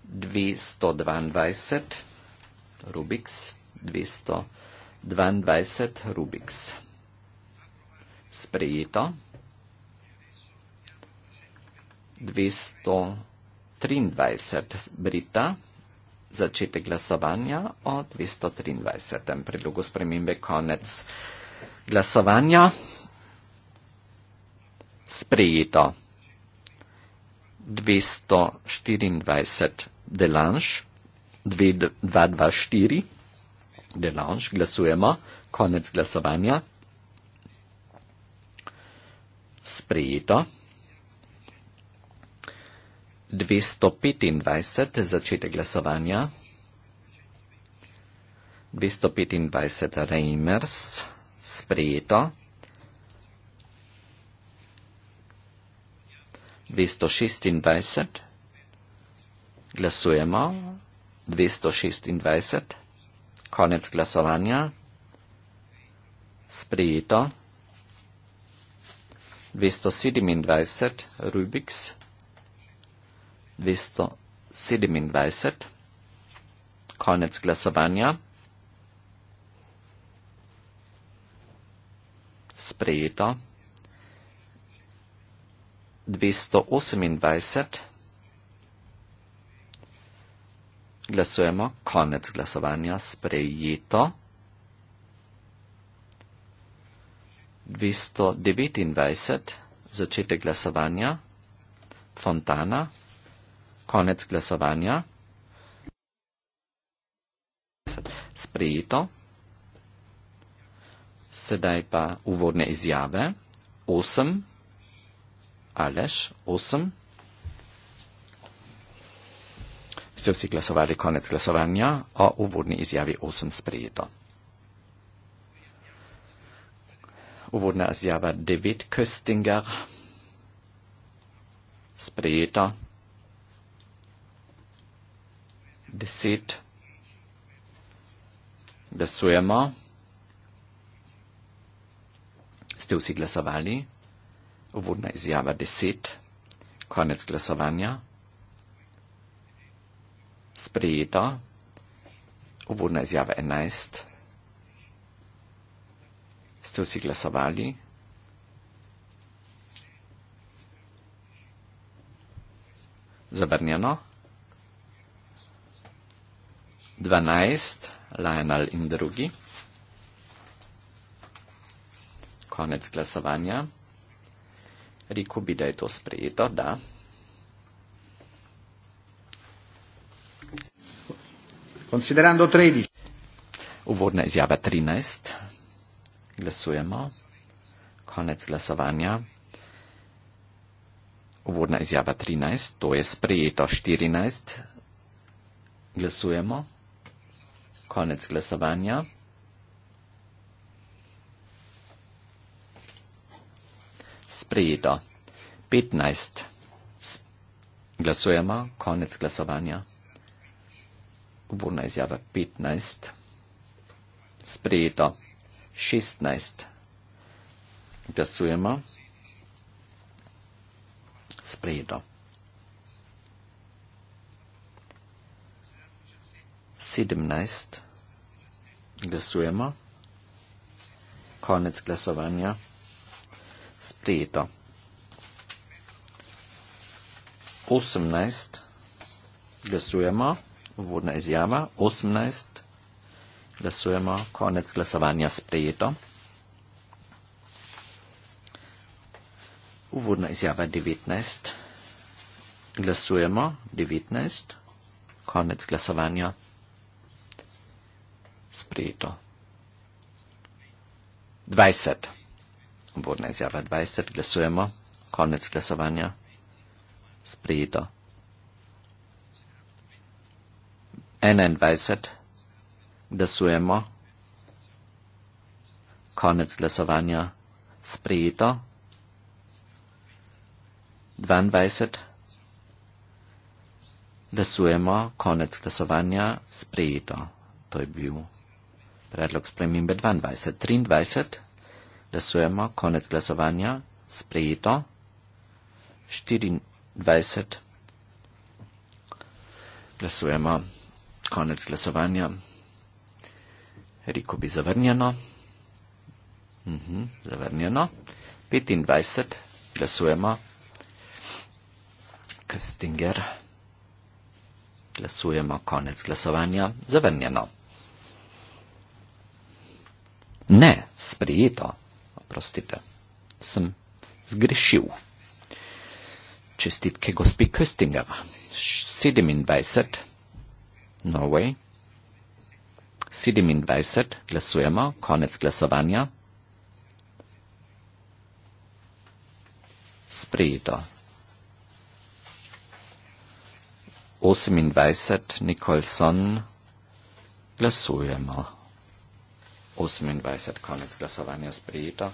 222, Rubik, 222, Rubik. Sprejeto. 200. 23 Brita, začetek glasovanja o 223. predlogu spremembe, konec glasovanja. Sprejeto 224 Delanš, 224 Delanš, glasujemo, konec glasovanja. Sprejeto. 225, začetek glasovanja. 225 Reimers, sprejeto. 226, glasujemo. 226, konec glasovanja. Sprejeto. 227 Rubiks, 200 Sidimin Weisep, Konec glasovanja. Sprejeto. 228. Glasujemo. Konec glasovanja. Sprejeto. 229. Začetek glasovanja. Fontana. Konec glasovanja. Sprejeto. Sedaj pa uvodne izjave. Osem. Aleš, osem. Ste vsi glasovali konec glasovanja o uvodni izjavi 8 sprejeto. Uvodna izjava 9 Köstinger sprejeto deset, glasujemo. Ste vsi glasovali? Uvodna izjava deset, konec glasovanja. Sprejeto. Uvodna izjava enajst. Ste vsi glasovali? Zavrnjeno. 12, Lionel in drugi. Konec glasovanja. Riku bi, da je to sprejeto, da. Considerando 13. Uvodna izjava 13. Glasujemo. Konec glasovanja. Uvodna izjava 13. To je sprejeto 14. Glasujemo konec glasovanja. Sprejeto. 15. Glasujemo. Konec glasovanja. Uvodna izjava 15. Sprejeto. 16. Glasujemo. Sprejeto. 17 glasujemo. Konec glasovanja. Sprejeto. 18 glasujemo. Vodna izjava. 18 glasujemo. Konec glasovanja. Sprejeto. Uvodna izjava 19. Glasujemo 19. Konec glasovanja sprejeto. 20. Uvodna izjava 20. Glasujemo. Konec glasovanja. Sprejeto. 21. Glasujemo. Konec glasovanja. Sprejeto. 22. Glasujemo. Konec glasovanja. Sprejeto. To je bil Predlog spremembe 22.23. Glasujemo. Konec glasovanja. Sprejeto. 24. Glasujemo. Konec glasovanja. Riko bi zavrnjeno. Mhm, zavrnjeno. 25. Glasujemo. Kastinger. Glasujemo. Konec glasovanja. Zavrnjeno. Ne, sprejeto, oprostite, sem zgrešil. Čestitke gospi Köstinger, 27, Norway, 27, glasujemo, konec glasovanja. Sprejeto. 28, Nikolson, glasujemo. 28 konec glasovanja sprejeto.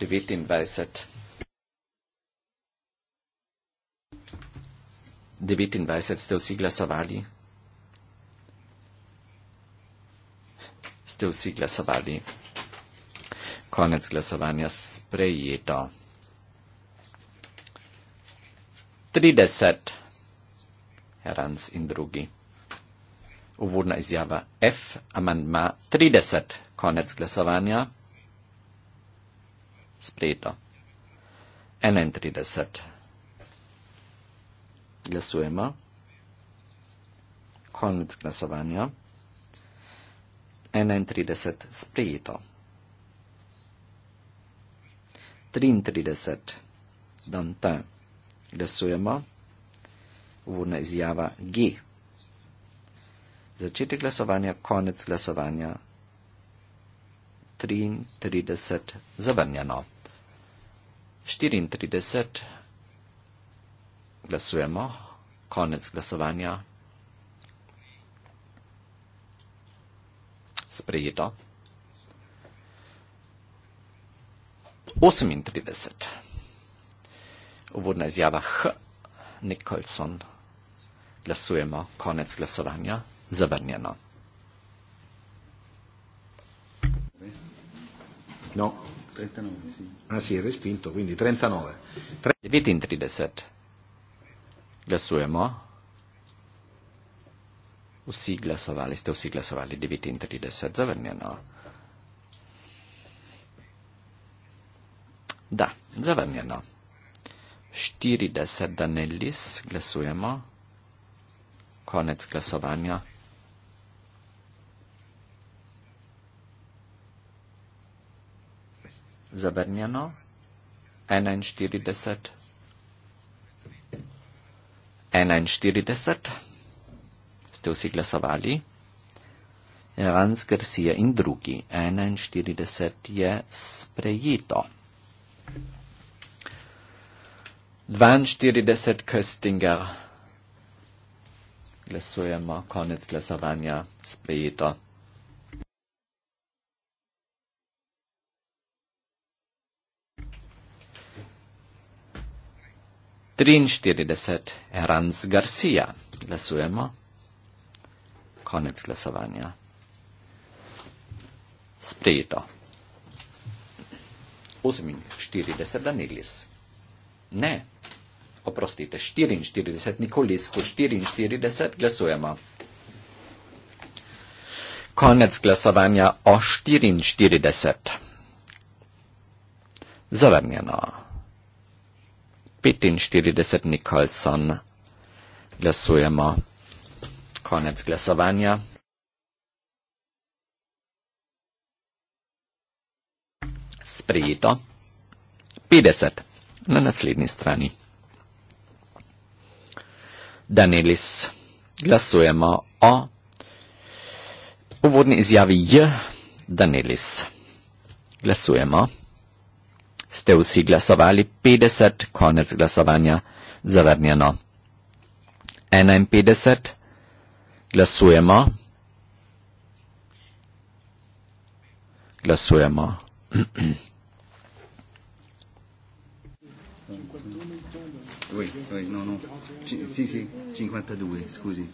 29. 29 ste vsi glasovali? Ste vsi glasovali? Konec glasovanja sprejeto. 30. Herans in drugi uvodna izjava F, amandma 30, konec glasovanja, sprejeto. 31. Glasujemo. Konec glasovanja. 31. Sprejeto. 33. Dantin. Glasujemo. Uvodna izjava G začetek glasovanja, konec glasovanja. 33 zavrnjeno. 34 glasujemo, konec glasovanja. Sprejeto. 38. Uvodna izjava H. Nicholson. Glasujemo, konec glasovanja zavrnjeno. No, 39. Sì. Ah, si, sì, respinto, quindi 39. Tre... 39. Glasujemo. Vsi glasovali, ste vsi glasovali 39, zavrnjeno. Da, zavrnjeno. 40 Danelis, glasujemo. Konec glasovanja. zavrnjeno. 41. 41. Ste vsi glasovali? Rans Garcia in drugi. 41 je sprejeto. 42 Köstinger. Glasujemo, konec glasovanja, sprejeto. 43, Erans Garcia. Glasujemo. Konec glasovanja. Sprejeto. 48, Danilis. Ne, oprostite, 44, Nikolisko, 44, glasujemo. Konec glasovanja o 44. Zavrnjeno. 45 Nicholson glasujemo. Konec glasovanja. Sprejeto. 50 na naslednji strani. Danelis glasujemo o uvodni izjavi J. Danelis glasujemo ste vsi glasovali, 50, konec glasovanja, zavrnjeno. 51, glasujemo. Glasujemo. No, no. Scusi,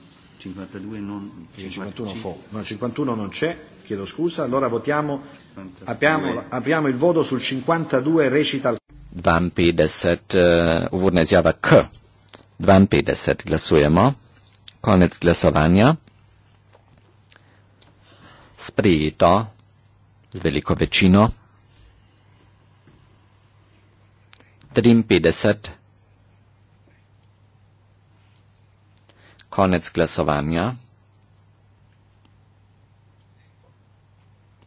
52, non... 51, 51 no, non c'è, chiedo scusa, allora votiamo Abbiamo, abbiamo il voto sul 52 recital. 52, uh, eh, uvodna izjava K. 52 glasujemo. Konec glasovanja. Sprejeto z veliko večino. 53. Konec glasovanja.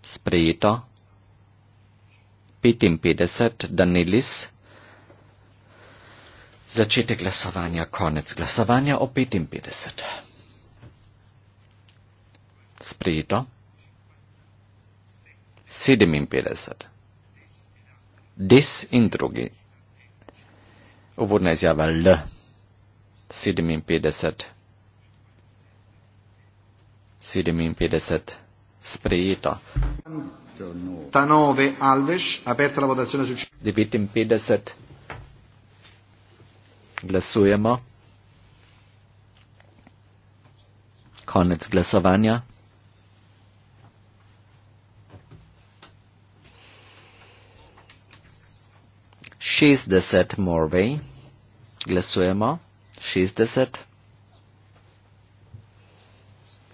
sprejeto 55 Danilis. Začetek glasovanja, konec glasovanja o 55. Sprejeto 57. Des in drugi. Uvodna izjava L. 57. 57 sprejeta. Ta nove Alves, aperta la votazione su 59. Glasujemo. Konec glasovanja. Šestdeset Morvej. Glasujemo. Šestdeset.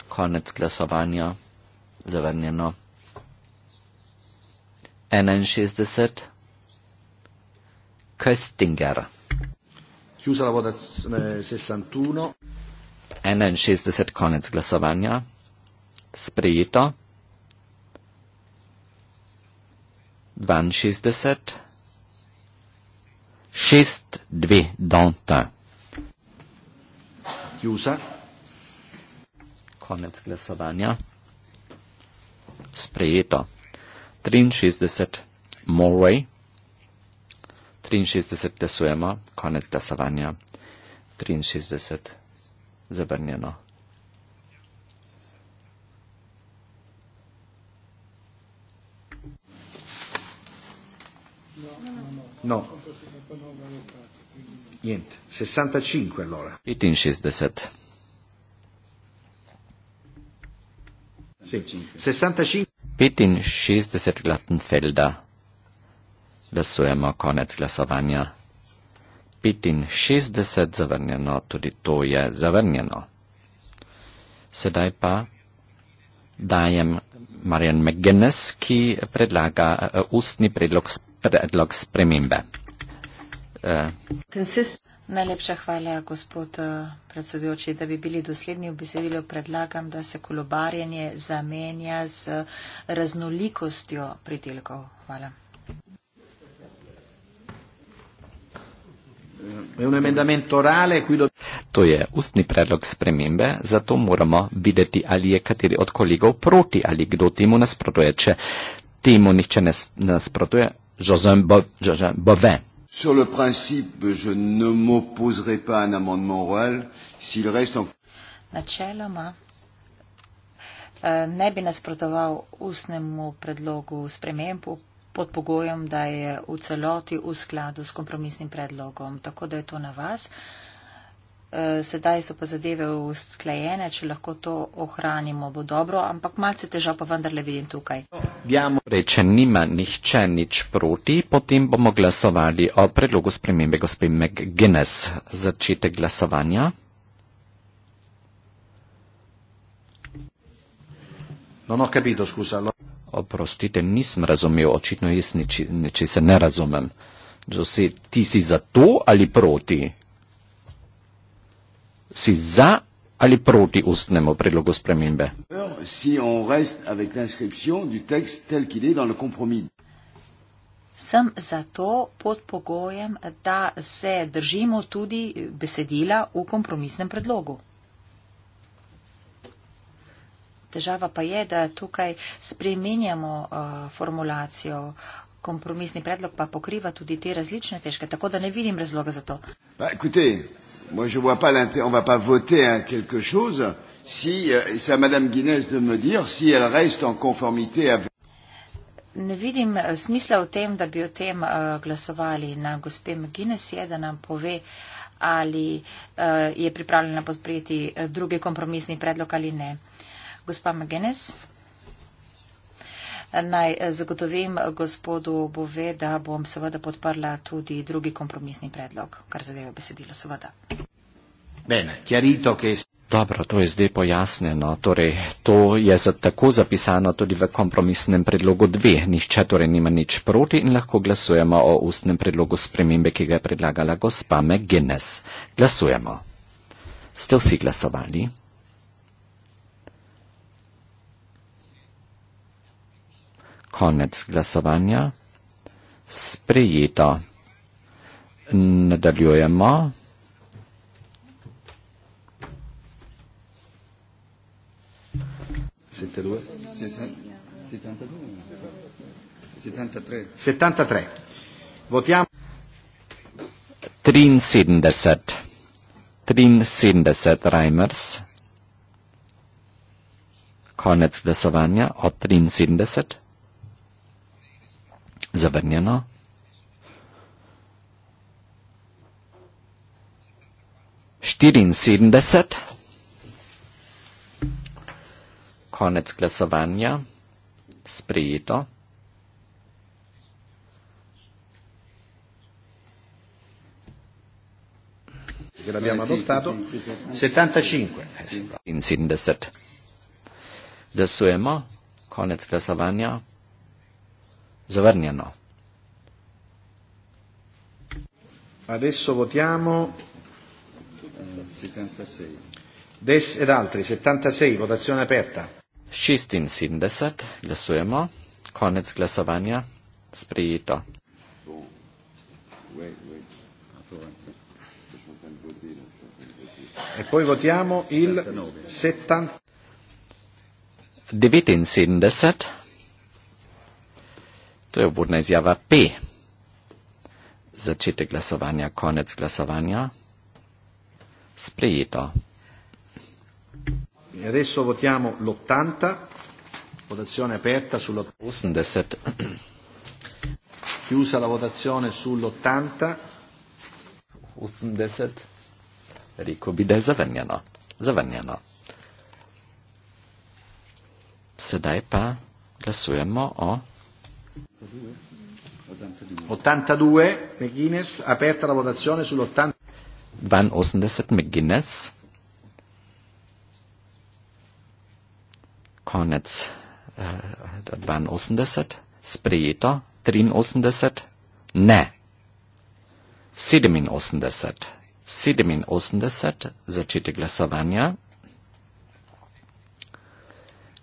Konec glasovanja zavrnjeno. 61. Köstinger. Chiusa la votazione 61. 61. Konec glasovanja. Sprejeto. 62. 6. 2. Donta. Chiusa. Konec glasovanja sprejeto. 63 Morway, 63 glasujemo, konec glasovanja, 63 zabrnjeno. No, niente, 65 allora. 65. 65 glatten Felder. Glasujemo konec glasovanja. 65 zavrnjeno, tudi to je zavrnjeno. Sedaj pa dajem Marjan McGuinness, ki predlaga uh, ustni predlog, predlog spremembe. Uh, Najlepša hvala, gospod eh, predsedujoči, da bi bili dosledni v besedilu. Predlagam, da se kolobarjenje zamenja z eh, raznolikostjo pridelkov. Hvala. To je ustni predlog spremembe, zato moramo videti, ali je kateri od kolegov proti ali kdo temu nasprotuje. Če temu nihče ne nasprotuje, Jozen Bove. Bo Sur le principe, je ne m'opposerai pas à un amendement oral s'il reste en. Načeloma eh, ne bi nasprotoval ustnemu predlogu sprememb pod pogojem, da je v celoti v skladu s kompromisnim predlogom. Tako da je to na vas. Eh, sedaj so pa zadeve usklajene, če lahko to ohranimo, bo dobro, ampak malce težav pa vendarle vidim tukaj. Ja, torej, če nima nihče nič proti, potem bomo glasovali o predlogu spremembe gospe McGuinness. Začetek glasovanja. No, no, kaj bi doskusalo? Oprostite, nisem razumel, očitno jaz nič, nič se ne razumem. Zosi, ti si za to ali proti? si za ali proti ustnemu predlogu spremembe. Sem zato pod pogojem, da se držimo tudi besedila v kompromisnem predlogu. Težava pa je, da tukaj spremenjamo uh, eh, formulacijo. Kompromisni predlog pa pokriva tudi te različne težke, tako da ne vidim razloga za to. Pa, kute, moi je vois pas l'intérêt, on va pas voter à quelque chose si, euh, c'est à Madame Guinness de me dire si elle reste en conformité avec. Ne vidim eh, smisla v tem, da bi o tem uh, glasovali. Na gospe McGuinness je, da nam pove, ali uh, je pripravljena podpreti drugi kompromisni predlog ali ne. Gospa McGuinness. Naj eh, zagotovim gospodu Bove, da bom seveda podprla tudi drugi kompromisni predlog, kar zadeva besedilo seveda. Bene, chiarito, che... Dobro, to je zdaj pojasneno. Torej, to je za, tako zapisano tudi v kompromisnem predlogu dve. Nihče torej nima nič proti in lahko glasujemo o ustnem predlogu spremembe, ki ga je predlagala gospa McGuinness. Glasujemo. Ste vsi glasovali? konec glasovanja. Sprejeto. Nadaljujemo. Triinsedemdeset. Triinsedemdeset Reimers. Konec glasovanja o triinsedemdeset zavrnjeno. Štiriinsedemdeset, konec glasovanja, sprejeto. Glasujemo, konec glasovanja zavrnjeno. Adesso votiamo 76. Des ed altri 76 votazione aperta. 76 glasujemo. Konec glasovanja. Sprejeto. E poi votiamo 79. il 79. To je obvodna izjava P. Začetek glasovanja, konec glasovanja. Sprejeto. E adesso votiamo l'80, votazione aperta sull'80. Chiusa la votazione sull'80. 80. Rico bide zavrnjeno. Zavrnjeno. Sedaj pa glasujemo o 82 McGuinness, aperta la votazione sull'80. Van 88 McGuinness. Cornets, uh, eh, van 88. Sprieto, 83. Ne. 87. 87, začetek glasovanja.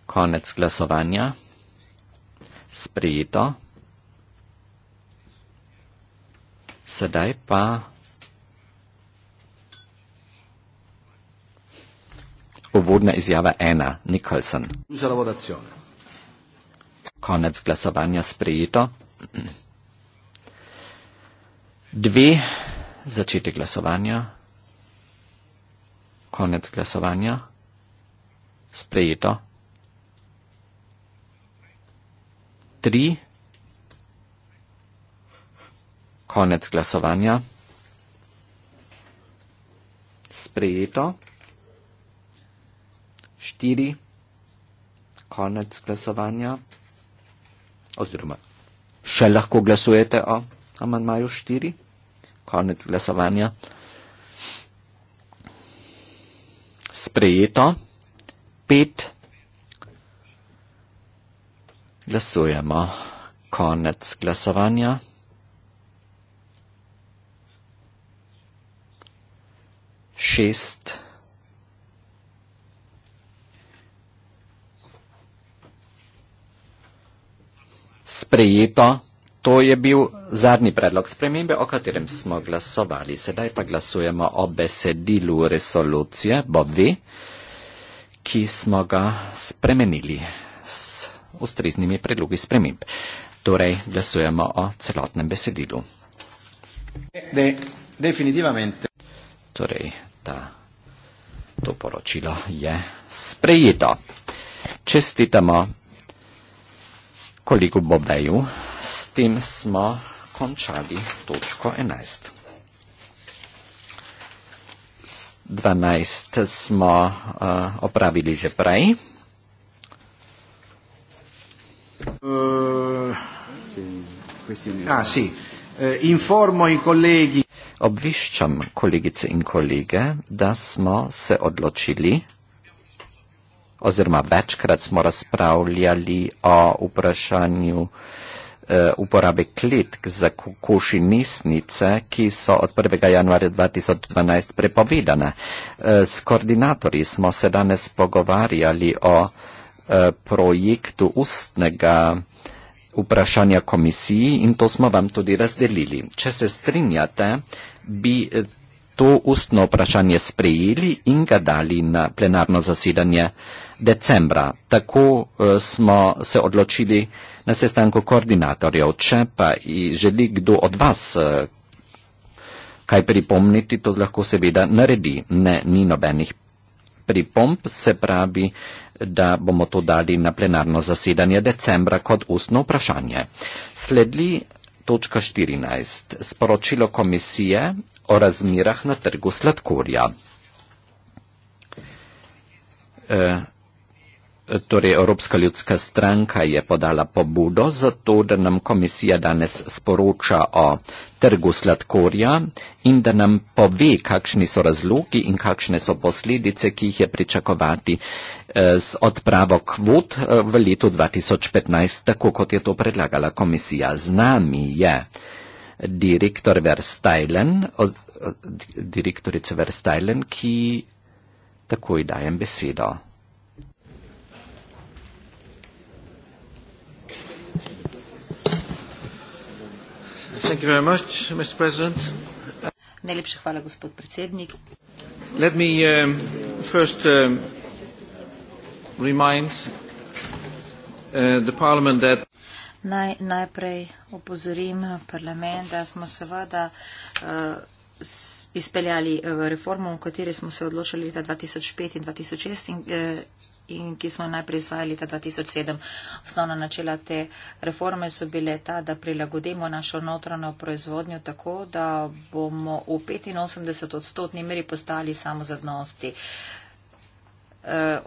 Konec glasovanja sprejeto. Sedaj pa uvodna izjava ena, Nicholson. Konec glasovanja sprejeto. Dve, začetek glasovanja. Konec glasovanja. Sprejeto. 3. Konec glasovanja. Sprejeto. 4. Konec glasovanja. Oziroma, še lahko glasujete o amandmaju 4. Konec glasovanja. Sprejeto. 5. Glasujemo. Konec glasovanja. Šest. Sprejeto. To je bil zadnji predlog spremembe, o katerem smo glasovali. Sedaj pa glasujemo o besedilu resolucije Bobvi, ki smo ga spremenili s ustreznimi predlogi sprememb. Torej, glasujemo o celotnem besedilu. De, torej, ta, to poročilo je sprejeto. Čestitamo kolegu Bobeju. S tem smo končali točko 11. 12 smo uh, opravili že prej. Uh, ah, sì. eh, informo i colleghi. Obviščam kolegice in kolege, da smo se odločili, oziroma večkrat smo razpravljali o vprašanju eh, uporabe kletk za kokoši nisnice, ki so od 1. januarja 2012 prepovedane. Eh, s koordinatorji smo se danes pogovarjali o Eh, projektu ustnega vprašanja komisiji in to smo vam tudi razdelili. Če se strinjate, bi eh, to ustno vprašanje sprejeli in ga dali na plenarno zasedanje decembra. Tako eh, smo se odločili na sestanku koordinatorjev. Če pa želi kdo od vas kaj pripomniti, to lahko seveda naredi. Ne, ni nobenih pripomb, se pravi, da bomo to dali na plenarno zasedanje decembra kot ustno vprašanje. Sledi točka 14. Sporočilo komisije o razmirah na trgu sladkorja. E, Torej, Evropska ljudska stranka je podala pobudo za to, da nam komisija danes sporoča o trgu sladkorja in da nam pove, kakšni so razlogi in kakšne so posledice, ki jih je pričakovati eh, z odpravo kvot eh, v letu 2015, tako kot je to predlagala komisija. Z nami je direktor Verstajlen, eh, direktorica Verstajlen, ki takoj dajem besedo. Thank you very much, Mr. President. Najlepša hvala, gospod predsednik. Let me um, first um, remind uh, the parliament that Naj, najprej opozorim parlament, da smo seveda uh, izpeljali uh, reformo, v kateri smo se odločili leta 2005 in 2006 in, uh, in ki smo najprej izvajali ta 2007. Osnovna načela te reforme so bile ta, da prilagodimo našo notranjo proizvodnjo tako, da bomo v 85 odstotni meri postali samozadnosti. Eh,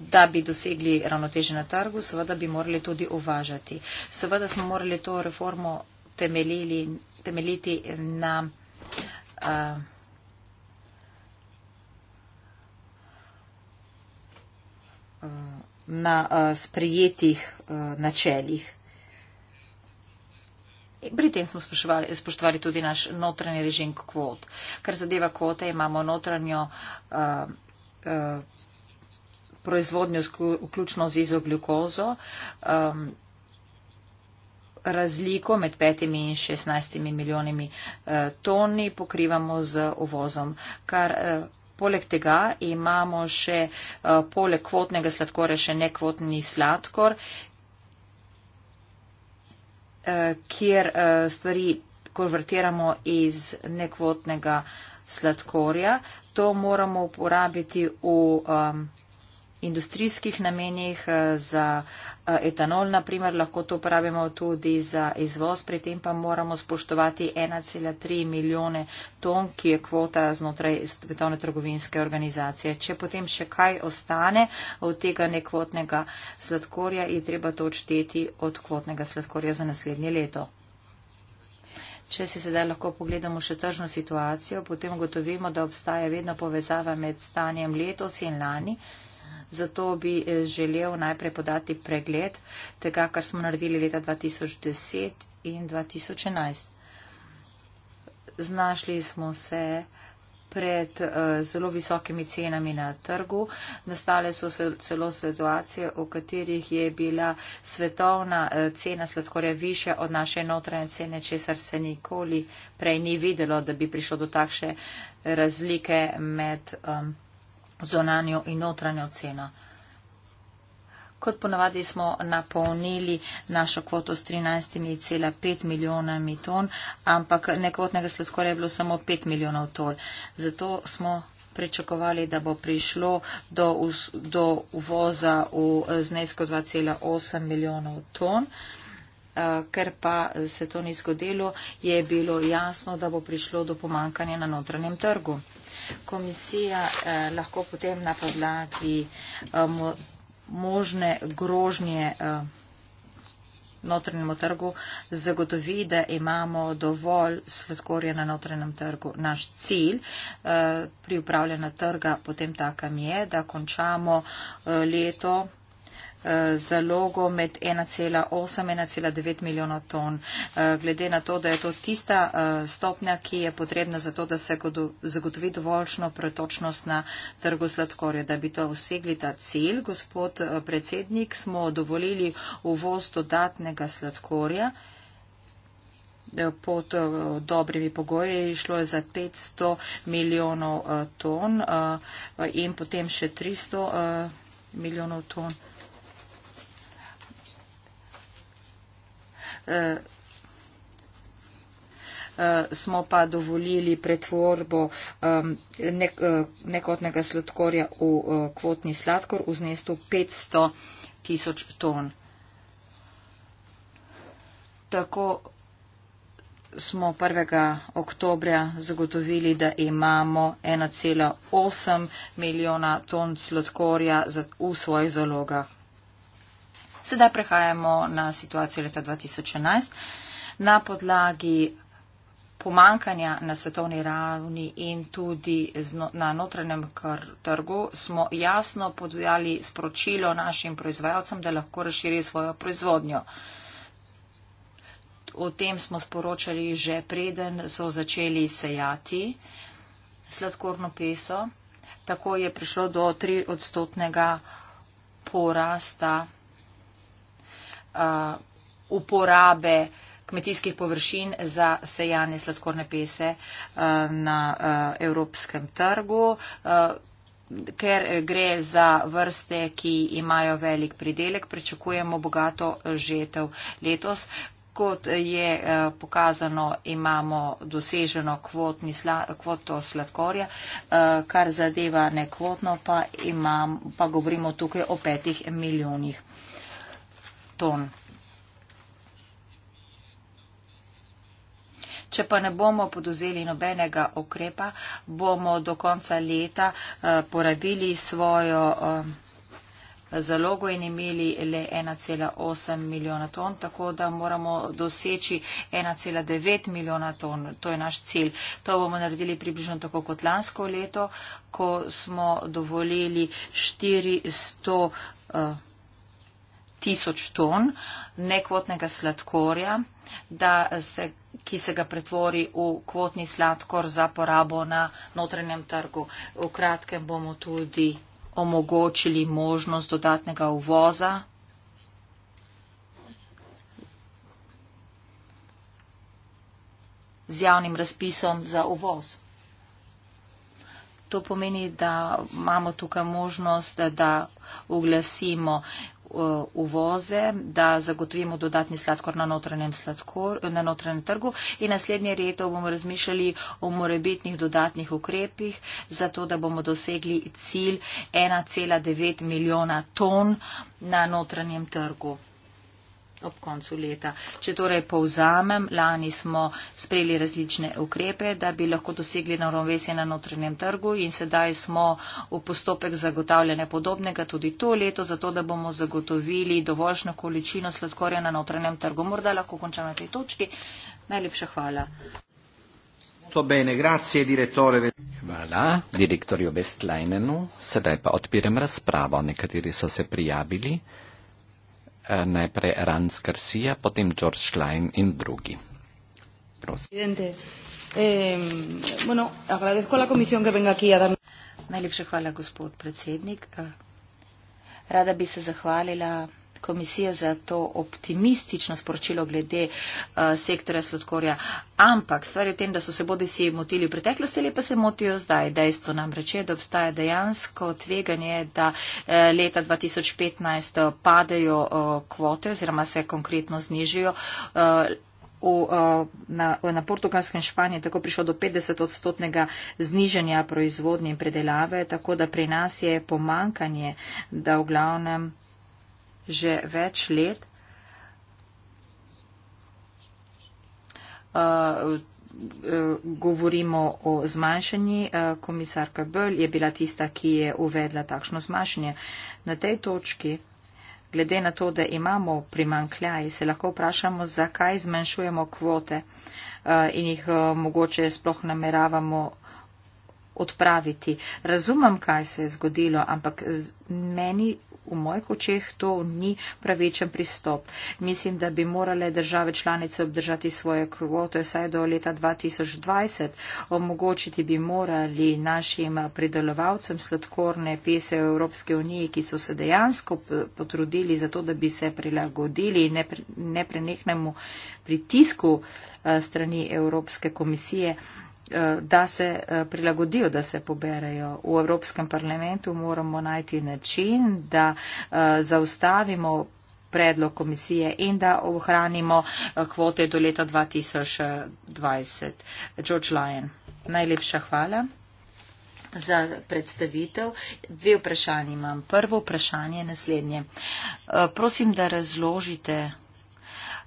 da bi dosegli ravnoteže na trgu, seveda bi morali tudi uvažati. Seveda smo morali to reformo temeljili, temeljiti na. Uh, Eh, na uh, sprejetih uh, eh, načeljih. Pri tem smo spoštovali tudi naš notranji režim kvot. Kar zadeva kvote, imamo notranjo uh, uh, proizvodnjo, vključno z izoglukozo. Um, Razliko med 5 in 16 milijonimi eh, toni pokrivamo z uvozom, kar eh, Poleg tega imamo še eh, poleg kvotnega sladkorja še nekvotni sladkor, eh, kjer eh, stvari konvertiramo iz nekvotnega sladkorja. To moramo uporabiti v um, industrijskih namenih, eh, za eh, etanol, naprimer, lahko to uporabimo tudi za izvoz, pri tem pa moramo spoštovati 1,3 milijone ton, ki je kvota znotraj Svetovne trgovinske organizacije. Če potem še kaj ostane od tega nekvotnega sladkorja, je treba to odšteti od kvotnega sladkorja za naslednje leto. Če si sedaj lahko pogledamo še tržno situacijo, potem gotovimo, da obstaja vedno povezava med stanjem letos in lani. Zato bi eh, želel najprej podati pregled tega, kar smo naredili leta 2010 in 2011. Znašli smo se pred eh, zelo visokimi cenami na trgu. Nastale so celo situacije, v katerih je bila svetovna eh, cena sladkorja višja od naše notranje cene, česar se nikoli prej ni videlo, da bi prišlo do takšne razlike med. Um, zonanjo in notranjo ceno. Kot ponavadi smo napolnili našo kvoto s 13,5 milijonami ton, ampak nekvotnega sladkorja je bilo samo 5 milijonov ton. Zato smo pričakovali, da bo prišlo do, do uvoza v znesko 2,8 milijonov ton. Eh, ker pa se to ni zgodilo, je bilo jasno, da bo prišlo do pomankanja na notranjem trgu komisija eh, lahko potem na podlagi eh, mo možne grožnje eh, notranjemu trgu zagotovi, da imamo dovolj sladkorja na notranjem trgu. Naš cilj eh, pri upravljanju trga potem takam je, da končamo eh, leto zalogo med 1,8-1,9 milijona ton. Eh, glede na to, da je to tista eh, stopnja, ki je potrebna za to, da se zagotovi dovoljšno pretočnost na trgu sladkorja. Da bi to vsegli ta cilj, gospod eh, predsednik, smo dovolili uvoz dodatnega sladkorja pod dobrimi pogoji išlo je za 500 milijonov ton in potem še 300 milijonov ton. Eh, eh, smo pa dovolili pretvorbo eh, nekotnega sladkorja v kvotni sladkor v znestu 500 tisoč ton. Tako smo 1. oktobra zagotovili, da imamo 1,8 milijona ton sladkorja v svojih zalogah. Sedaj prehajamo na situacijo leta 2011. Na podlagi pomankanja na svetovni ravni in tudi na notranjem trgu smo jasno podvijali sporočilo našim proizvajalcem, da lahko razširi svojo proizvodnjo. O tem smo sporočali že preden so začeli sejati sladkorno peso. Tako je prišlo do 3 odstotnega porasta Uh, uporabe kmetijskih površin za sejanje sladkorne pese uh, na uh, evropskem trgu, ker gre za vrste, ki imajo velik pridelek, pričakujemo bogato žetev letos. Kot je pokazano, imamo doseženo sla, kvoto sladkorja, kar zadeva nekvotno, pa, imam, pa govorimo tukaj o petih milijonih ton. Če pa ne bomo poduzeli nobenega okrepa, bomo do konca leta eh, porabili svojo eh, zalogo in imeli le 1,8 milijona ton, tako da moramo doseči 1,9 milijona ton. To je naš cilj. To bomo naredili približno tako kot lansko leto, ko smo dovolili 400 tisoč ton nekvotnega sladkorja, se, ki se ga pretvori v kvotni sladkor za porabo na notranjem trgu. V kratkem bomo tudi omogočili možnost dodatnega uvoza. z javnim razpisom za uvoz. To pomeni, da imamo tukaj možnost, da, da uglasimo Eh, uvoze, da zagotovimo dodatni sladkor na notranjem, sladkor, na notranjem trgu in naslednje leto bomo razmišljali o morebitnih dodatnih ukrepih, zato da bomo dosegli cilj 1,9 milijona ton na notranjem trgu ob koncu leta. Če torej povzamem, lani smo sprejeli različne ukrepe, da bi lahko dosegli naravnovesje na notranjem trgu in sedaj smo v postopek zagotavljanja podobnega tudi to leto, zato da bomo zagotovili dovoljšno količino sladkorja na notranjem trgu. Morda lahko končam na tej točki. Najlepša hvala. Bene, grazie, Hvala direktorju Westleinenu. Sedaj pa odpiram razpravo. Nekateri so se prijavili najprej Ranc Garcia, potem George Schlein in drugi. Prosim. Najlepša hvala, gospod predsednik. Eh, rada bi se zahvalila komisije za to optimistično sporočilo glede uh, sektorja sladkorja. Ampak stvar je v tem, da so se bodi si motili v preteklosti ali pa se motijo zdaj. Dejstvo nam reče, da obstaja dejansko tveganje, da eh, leta 2015 eh, padejo eh, kvote oziroma se konkretno znižijo. V, na, na portugalskem Španiji je tako prišlo do 50 odstotnega znižanja proizvodnje in predelave, tako da pri nas je pomankanje, da v glavnem že več let. Uh, uh, govorimo o zmanjšanju. Uh, komisarka Böll je bila tista, ki je uvedla takšno zmanjšanje. Na tej točki, glede na to, da imamo primankljaj, se lahko vprašamo, zakaj zmanjšujemo kvote in jih mogoče sploh nameravamo odpraviti. Razumem, kaj se je zgodilo, ampak meni v mojih očeh to ni pravičen pristop. Mislim, da bi morale države članice obdržati svoje kvote saj do leta 2020. Omogočiti bi morali našim pridelovalcem sladkorne pese v Evropske unije, ki so se dejansko potrudili za to, da bi se prilagodili neprenehnemu pritisku eh, strani Evropske komisije. Eh, da se eh, prilagodijo, da se poberejo. V Evropskem parlamentu moramo najti način, da eh, zaustavimo predlog komisije in da ohranimo kvote do leta 2020. George Lyon, najlepša hvala za predstavitev. Dve vprašanje imam. Prvo vprašanje je naslednje. Prosim, da razložite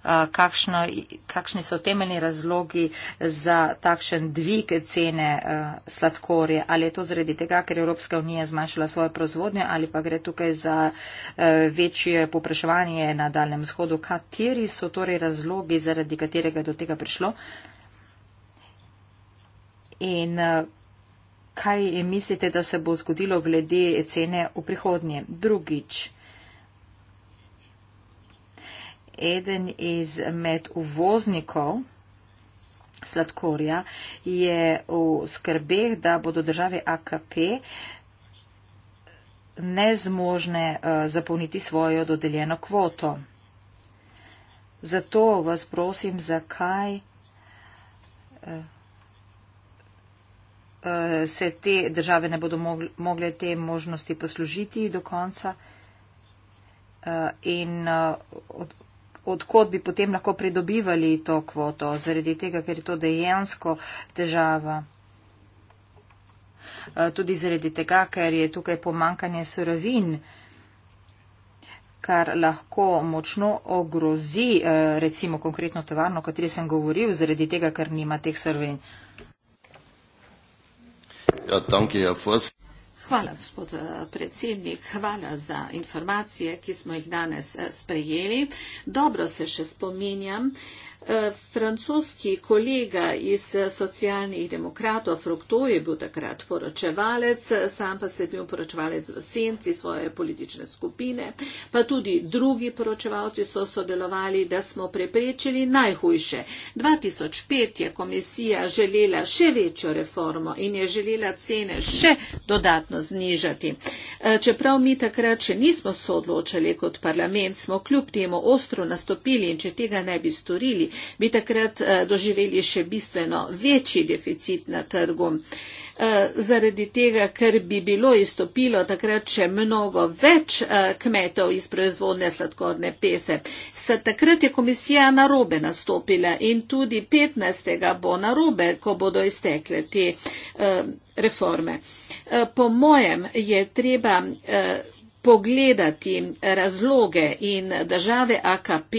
Eh, kakšno, kakšni so temeljni razlogi za takšen dvig cene eh, sladkorja. Ali je to zredi tega, ker je Evropska unija zmanjšala svojo proizvodnjo ali pa gre tukaj za eh, večje popraševanje na Daljem vzhodu. Kateri so torej razlogi, zaradi katerega je do tega prišlo? In kaj mislite, da se bo zgodilo glede cene v prihodnje? Drugič eden izmed uvoznikov sladkorja je v skrbeh, da bodo države AKP nezmožne eh, zapolniti svojo dodeljeno kvoto. Zato vas prosim, zakaj eh, eh, se te države ne bodo mogle te možnosti poslužiti do konca in odkot bi potem lahko pridobivali to kvoto, zaradi tega, ker je to dejansko težava. Eh, tudi zaradi tega, ker je tukaj pomankanje surovin, kar lahko močno ogrozi, eh, recimo konkretno tovarno, o kateri sem govoril, zaradi tega, ker nima teh surovin. Ja, danke, Herr Voss. Hvala, gospod eh, predsednik. Hvala za informacije, ki smo jih danes eh, sprejeli. Dobro se še spominjam, Eh, francoski kolega iz eh, socialnih demokratov, Frokto je bil takrat poročevalec, eh, sam pa se je bil poročevalec v senci svoje politične skupine, pa tudi drugi poročevalci so sodelovali, da smo preprečili najhujše. 2005 je komisija želela še večjo reformo in je želela cene še dodatno znižati. Čeprav mi takrat še nismo soodločali kot parlament, smo kljub temu ostro nastopili in če tega ne bi storili, bi takrat eh, doživeli še bistveno večji deficit na trgu. Eh, zaradi tega, ker bi bilo izstopilo takrat še mnogo več eh, kmetov iz proizvodne sladkorne pese. Se takrat je komisija narobe nastopila in tudi 15. bo narobe, ko bodo iztekle te reforme. Po mojem je treba pogledati razloge in države AKP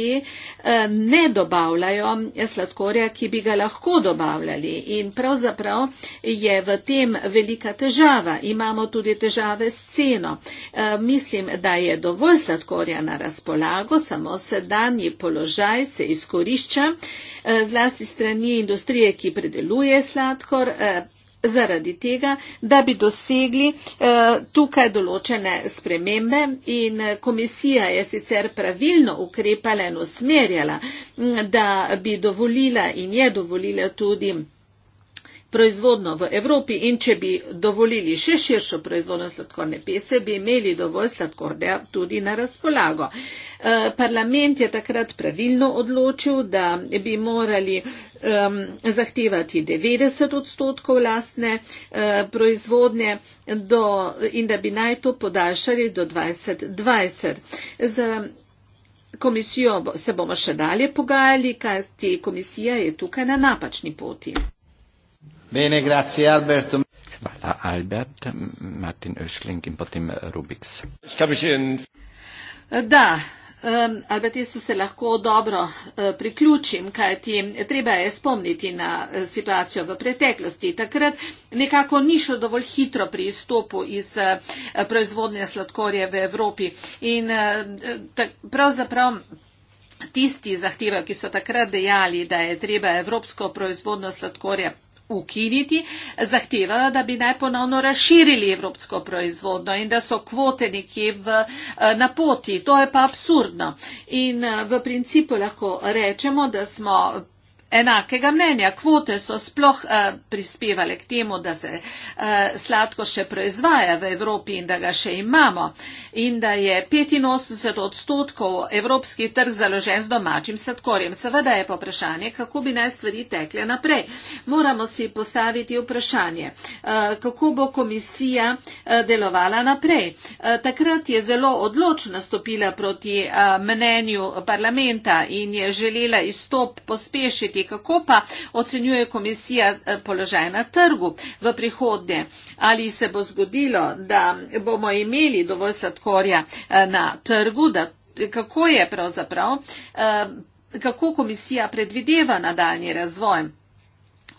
eh, ne dobavljajo sladkorja, ki bi ga lahko dobavljali. In pravzaprav je v tem velika težava. Imamo tudi težave s ceno. Eh, mislim, da je dovolj sladkorja na razpolago, samo sedanji položaj se izkorišča eh, zlasti strani industrije, ki predeluje sladkor zaradi tega, da bi dosegli eh, tukaj določene spremembe in eh, komisija je sicer pravilno ukrepala in usmerjala, da bi dovolila in je dovolila tudi proizvodno v Evropi in če bi dovolili še širšo proizvodno sladkorne pese, bi imeli dovolj sladkorja tudi na razpolago. Eh, parlament je takrat pravilno odločil, da bi morali zahtevati 90 odstotkov lastne eh, proizvodnje do, in da bi naj to podaljšali do 2020. Z komisijo se bomo še dalje pogajali, kajti komisija je tukaj na napačni poti. Bene, grazie Albert. Voilà, Albert, Martin Oeschling in potem Rubix. In... Da, um, Albert, jaz se lahko dobro uh, priključim, kaj ti treba je spomniti na uh, situacijo v preteklosti. Takrat nekako ni šlo dovolj hitro pri izstopu iz uh, proizvodnje sladkorja v Evropi. In uh, tak, pravzaprav. Tisti zahtevajo, ki so takrat dejali, da je treba evropsko proizvodnost sladkorja ukiniti, zahtevala, da bi naj ponovno razširili evropsko proizvodno in da so kvote nekje v, eh, na poti. To je pa absurdno. In eh, v principu lahko rečemo, da smo enakega mnenja. Kvote so sploh uh, prispevale k temu, da se uh, sladko še proizvaja v Evropi in da ga še imamo in da je 85 odstotkov evropski trg založen z domačim sladkorjem. Seveda je pa vprašanje, kako bi naj stvari tekle naprej. Moramo si postaviti vprašanje, uh, kako bo komisija uh, delovala naprej. Uh, takrat je zelo odločno stopila proti uh, mnenju parlamenta in je želela izstop pospešiti podjetje, kako pa ocenjuje komisija eh, položaj na trgu v prihodnje. Ali se bo zgodilo, da bomo imeli dovolj sladkorja eh, na trgu, da kako je pravzaprav, eh, kako komisija predvideva nadaljni razvoj.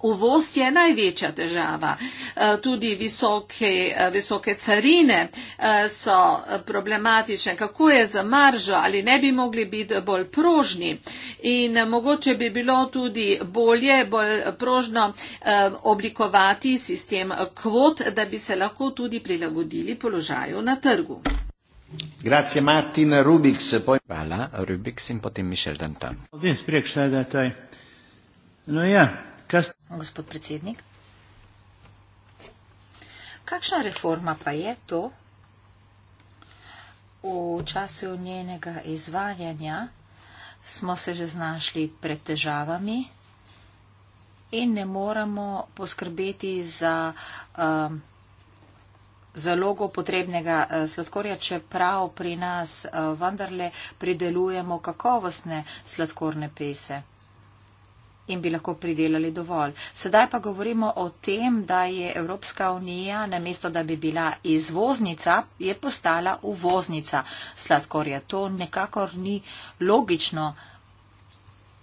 Uvoz je največja težava. E, tudi visoke, e, visoke carine e, so problematične. Kako je za maržo? Ali ne bi mogli biti bolj prožni? In mogoče bi bilo tudi bolje, bolj prožno oblikovati sistem kvot, da bi se lahko tudi prilagodili položaju na trgu. Grazie Martin Rubix, poi Hvala, Rubix in potem Michel Danton. No ja, podcast. Gospod predsednik. Kakšna reforma pa je to? V času njenega izvajanja smo se že znašli pred težavami in ne moramo poskrbeti za um, zalogo potrebnega eh, sladkorja, čeprav pri nas uh, vendarle pridelujemo kakovostne sladkorne pese in bi lahko pridelali dovolj. Sedaj pa govorimo o tem, da je Evropska unija, namesto da bi bila izvoznica, je postala uvoznica sladkorja. To nekakor ni logično.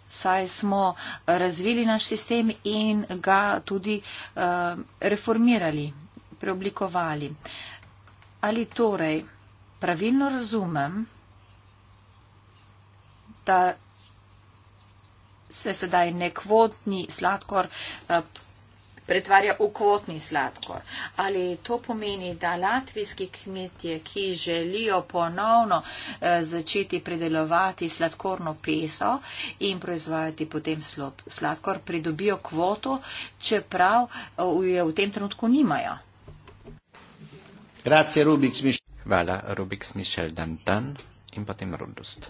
Saj smo razvili naš sistem in ga tudi eh, reformirali, preoblikovali. Ali torej pravilno razumem, da se sedaj nekvotni sladkor eh, pretvarja v kvotni sladkor. Ali to pomeni, da latvijski kmetje, ki želijo ponovno eh, začeti predelovati sladkorno peso in proizvajati potem sladkor, pridobijo kvoto, čeprav eh, jo v tem trenutku nimajo? Hvala, Rubik Smišel Dantan in potem Rudost.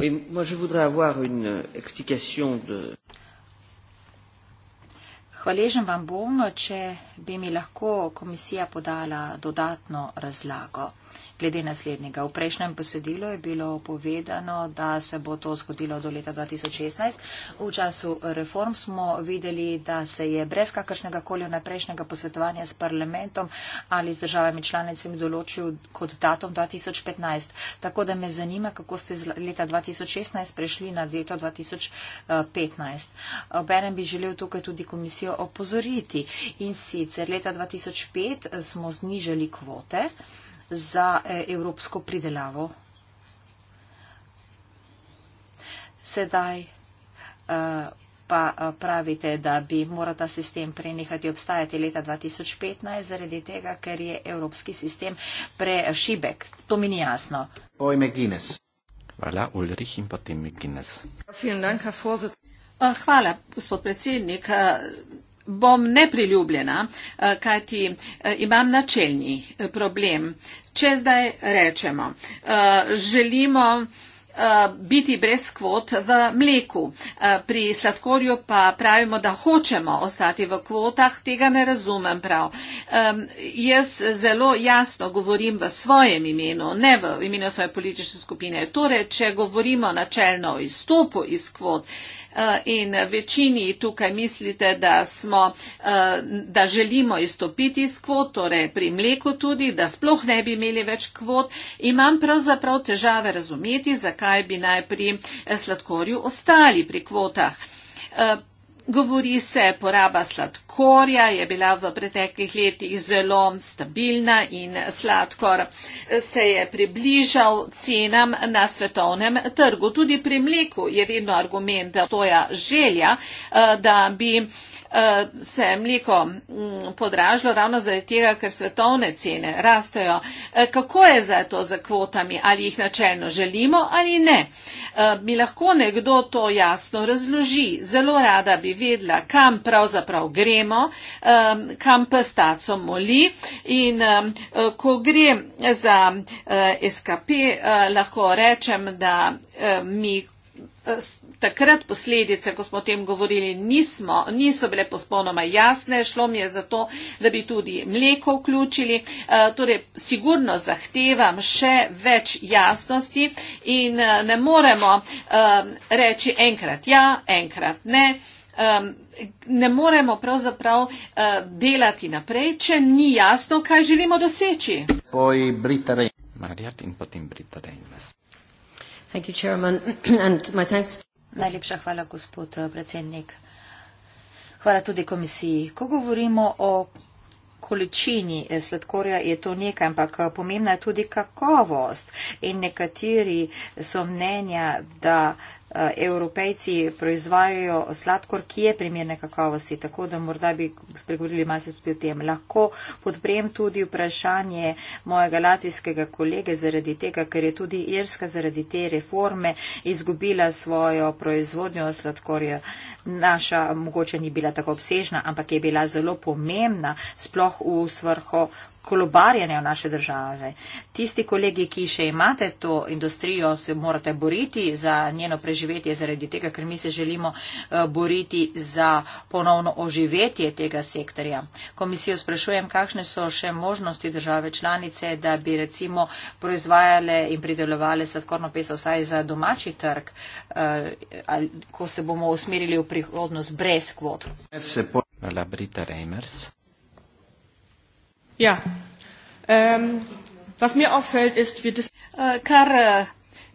Oui, moi je voudrais avoir une euh, explication de. Hvaležen vam bom, če bi mi lahko komisija podala dodatno razlago glede naslednjega. V prejšnjem posedilu je bilo povedano, da se bo to zgodilo do leta 2016. V času reform smo videli, da se je brez kakršnega koli najprejšnjega posvetovanja s parlamentom ali z državami članicami določil kot datum 2015. Tako da me zanima, kako ste iz leta 2016 prešli na leto 2015. Obenem bi želel tukaj tudi komisijo opozoriti. In sicer leta 2005 smo znižali kvote za e, evropsko pridelavo. Sedaj e, pa e, pravite, da bi moral ta sistem prenehati obstajati leta 2015 zaradi tega, ker je evropski sistem prešibek. To mi ni jasno. Pojme Guinness. Hvala, Ulrich in potem Guinness. Ah, hvala, gospod predsednik. Ah, bom nepriljubljena, eh, kajti eh, imam načelni eh, problem. Če zdaj rečemo, želimo biti brez kvot v mleku. Pri sladkorju pa pravimo, da hočemo ostati v kvotah, tega ne razumem prav. Jaz zelo jasno govorim v svojem imenu, ne v imenu svoje politične skupine. Torej, če govorimo načelno o izstopu iz kvot, Eh, in večini tukaj mislite, da, smo, eh, da želimo izstopiti iz kvot, torej pri mleku tudi, da sploh ne bi imeli več kvot, imam pravzaprav težave razumeti, zakaj bi naj pri eh, sladkorju ostali pri kvotah. Govori se, poraba sladkorja je bila v preteklih letih zelo stabilna in sladkor se je približal cenam na svetovnem trgu. Tudi pri mleku je vedno argument, da to je želja, eh, da bi Eh, se je mleko mm, podražilo ravno zaradi tega, ker svetovne cene rastejo. Eh, kako je za to za kvotami? Ali jih načelno želimo ali ne? Eh, mi lahko nekdo to jasno razloži. Zelo rada bi vedla, kam pravzaprav gremo, kam pestaco moli in ko gre za SKP, lahko rečem, da mi takrat posledice, ko smo o tem govorili, nismo, niso bile pospolnoma jasne. Šlo mi je za to, da bi tudi mleko vključili. E, torej, sigurno zahtevam še več jasnosti in eh, ne moremo e, reči enkrat ja, enkrat ne. E, ne moremo pravzaprav e, delati naprej, če ni jasno, kaj želimo doseči. Marjat in potem Britanija. Thank you, Chairman, and my thanks. Najlepša hvala, gospod eh, predsednik. Hvala tudi komisiji. Ko govorimo o količini eh, sladkorja, je to nekaj, ampak eh, pomembna je tudi kakovost. In nekateri so mnenja, da Eh, evropejci proizvajajo sladkor, ki je primerne kakovosti, tako da morda bi spregovorili malce tudi o tem. Lahko podprem tudi vprašanje mojega latijskega kolege zaradi tega, ker je tudi Irska zaradi te reforme izgubila svojo proizvodnjo sladkorja. Naša mogoče ni bila tako obsežna, ampak je bila zelo pomembna, sploh v svrho kolobarjenje v naše države. Tisti kolegi, ki še imate to industrijo, se morate boriti za njeno preživetje, zaradi tega, ker mi se želimo eh, boriti za ponovno oživetje tega sektorja. Komisijo sprašujem, kakšne so še možnosti države članice, da bi recimo proizvajale in pridelovali sladkorno peso vsaj za domači trg, eh, ko se bomo usmerili v prihodnost brez kvot. La Brita Reimers. Ja. Ähm, was mir auffällt, ist, wir. Äh, kar äh,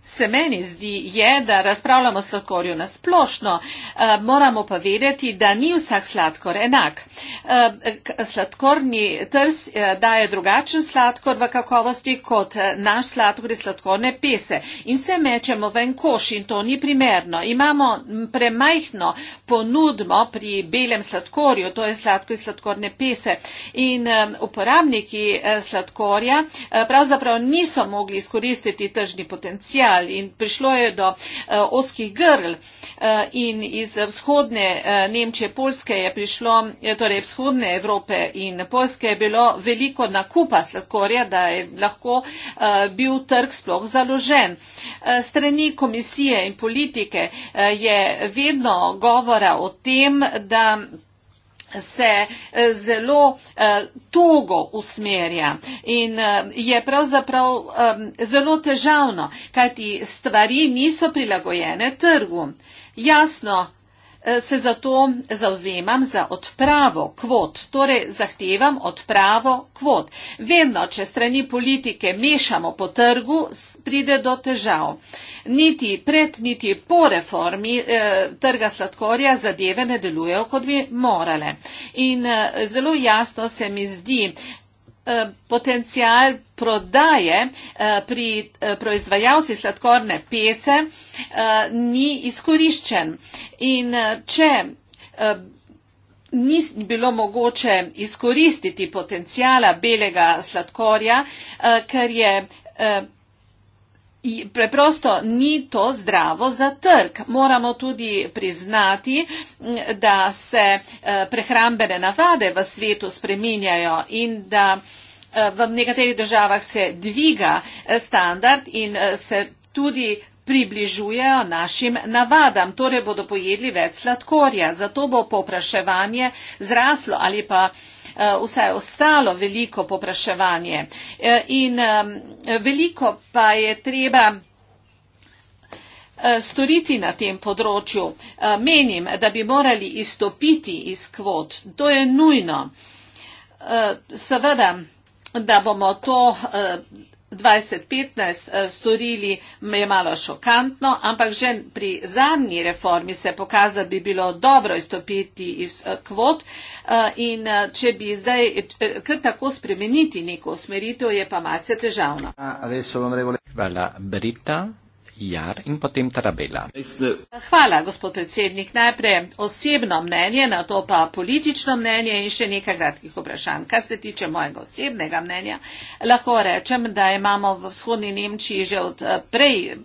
se meni zdi, je, da razpravljamo o sladkorju na splošno, eh, moramo pa vedeti, da ni vsak sladkor enak. Eh, sladkorni trs eh, daje drugačen sladkor v kakovosti kot naš sladkor iz sladkorne pese in se mečemo ven koš in to ni primerno. Imamo premajhno ponudmo pri belem sladkorju, to je sladko iz sladkorne pese in uporabniki sladkorja pravzaprav niso mogli izkoristiti tržni potencial razvijali in prišlo je do uh, eh, oskih grl uh, in iz vzhodne uh, Nemčije, Polske je prišlo, torej vzhodne Evrope in Polske je bilo veliko nakupa sladkorja, da je lahko uh, bil trg sploh založen. Uh, strani komisije in politike uh, je vedno govora o tem, da se eh, zelo eh, togo usmerja in eh, je pravzaprav eh, zelo težavno, kajti stvari niso prilagojene trgu. Jasno, Eh, se zato zauzemam za odpravo kvot, torej zahtevam odpravo kvot. Vedno, če strani politike mešamo po trgu, pride do težav. Niti pred, niti po reformi eh, trga sladkorja zadeve ne delujejo, kot bi morale. In eh, zelo jasno se mi zdi, Eh, potencijal prodaje eh, pri eh, proizvajalci sladkorne pese ni izkoriščen. In če ni bilo mogoče izkoristiti potencijala belega sladkorja, ker je preprosto ni to zdravo za trg. Moramo tudi priznati, da se eh, prehrambene navade v svetu spreminjajo in da eh, v nekaterih državah se dviga eh, standard in se tudi približujejo našim navadam, torej bodo pojedli več sladkorja, zato bo popraševanje zraslo ali pa uh, Eh, vse ostalo veliko popraševanje. Eh, in veliko pa je treba eh, storiti na tem področju. Menim, da bi morali izstopiti iz kvot. To je nujno. Seveda, da bomo to 2015 eh, storili, je malo šokantno, ampak že pri zadnji reformi se je pokazalo, da bi bilo dobro izstopiti iz eh, kvot eh, in če bi zdaj kar tako spremeniti neko usmeritev, je pa malce težavno. Hvala, Brita. Jar in potem Tarabela. Hvala, gospod predsednik. Najprej osebno mnenje, na to pa politično mnenje in še nekaj kratkih vprašanj. Kar se tiče mojega osebnega mnenja, lahko rečem, da imamo v vzhodni Nemčiji že od eh, prej, eh,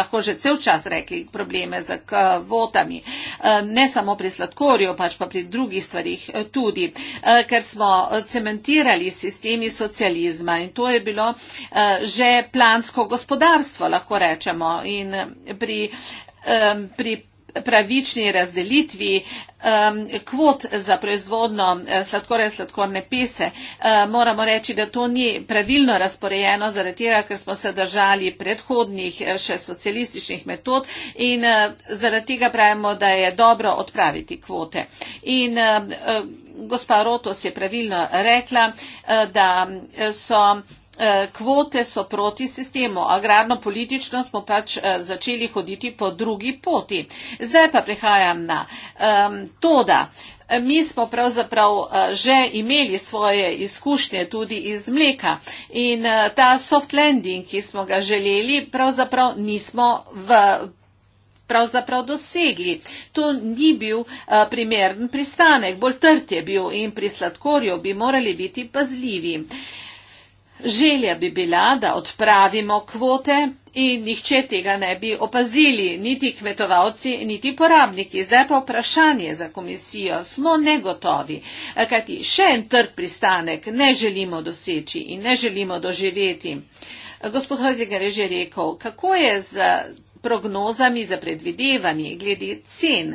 lahko že cel čas rekli, probleme z kvotami. Eh, ne samo pri sladkorju, pač pa pri drugih stvarih tudi, ker smo cementirali sistemi socializma in to je bilo že plansko gospodarstvo, lahko rečemo in pri, um, pri pravični razdelitvi um, kvot za proizvodno eh, sladkore in sladkorne pese. Um, moramo reči, da to ni pravilno razporejeno, zaradi tega, ker smo se držali predhodnih eh, še socialističnih metod in uh, zaradi tega pravimo, da je dobro odpraviti kvote. In uh, gospa Rotos je pravilno rekla, uh, da so Eh, kvote so proti sistemu. Agrarno-politično smo pač eh, začeli hoditi po drugi poti. Zdaj pa prehajam na um, ehm, to, da eh, mi smo pravzaprav že imeli svoje izkušnje tudi iz mleka in ta soft landing, ki smo ga želeli, pravzaprav nismo v pravzaprav dosegli. To ni bil a, primern pristanek, bolj trd je bil in pri sladkorju bi morali biti pazljivi. A, Želja bi bila, da odpravimo kvote in nihče tega ne bi opazili, niti kmetovalci, niti porabniki. Zdaj pa vprašanje za komisijo. Smo negotovi, kajti še en trd pristanek ne želimo doseči in ne želimo doživeti. Gospod Hojziger je že rekel, kako je z prognozami za predvidevanje glede cen,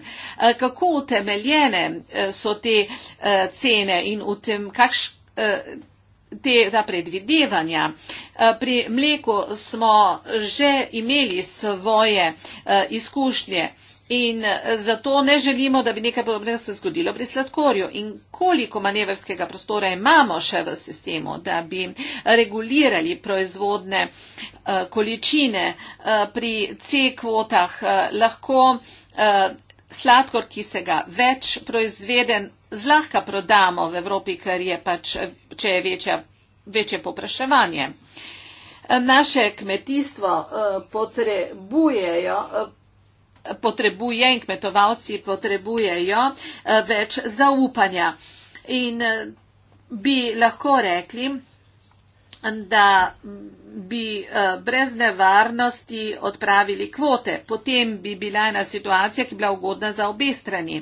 kako utemeljene eh, so te eh, cene in v tem, kakšne eh, te, ta predvidevanja. Eh, pri mleku smo že imeli svoje eh, izkušnje in eh, zato ne želimo, da bi nekaj podobnega se zgodilo pri sladkorju. In koliko manevrskega prostora imamo še v sistemu, da bi regulirali proizvodne količine pri C kvotah, lahko sladkor, ki se ga več proizveden, zlahka prodamo v Evropi, ker je pač, če je večja, večje popraševanje. E, naše kmetijstvo e, potrebujejo, e, potrebuje in kmetovalci potrebujejo več zaupanja. In bi lahko rekli, da bi brez nevarnosti odpravili kvote. Potem bi bila ena situacija, ki bi bila ugodna za obe strani.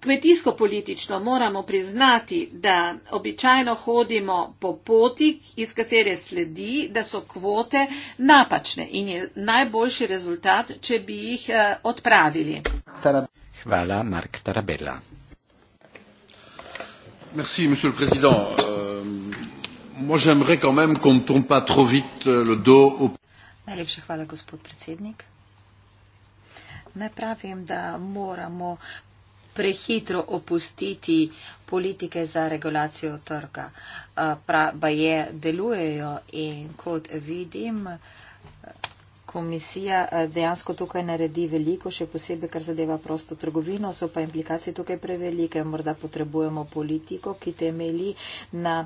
Kmetijsko-politično moramo priznati, da običajno hodimo po poti, iz katere sledi, da so kvote napačne in je najboljši rezultat, če bi jih eh, odpravili. Hvala, Mark Tarabella. Merci, monsieur le président. Euh, moi, j'aimerais quand même qu'on ne tourne pas trop vite euh, le dos au. Najlepša hvala, gospod predsednik. Ne pravim, da moramo prehitro opustiti politike za regulacijo trga. Pa je delujejo in kot vidim, komisija dejansko tukaj naredi veliko, še posebej, kar zadeva prosto trgovino, so pa implikacije tukaj prevelike. Morda potrebujemo politiko, ki temelji na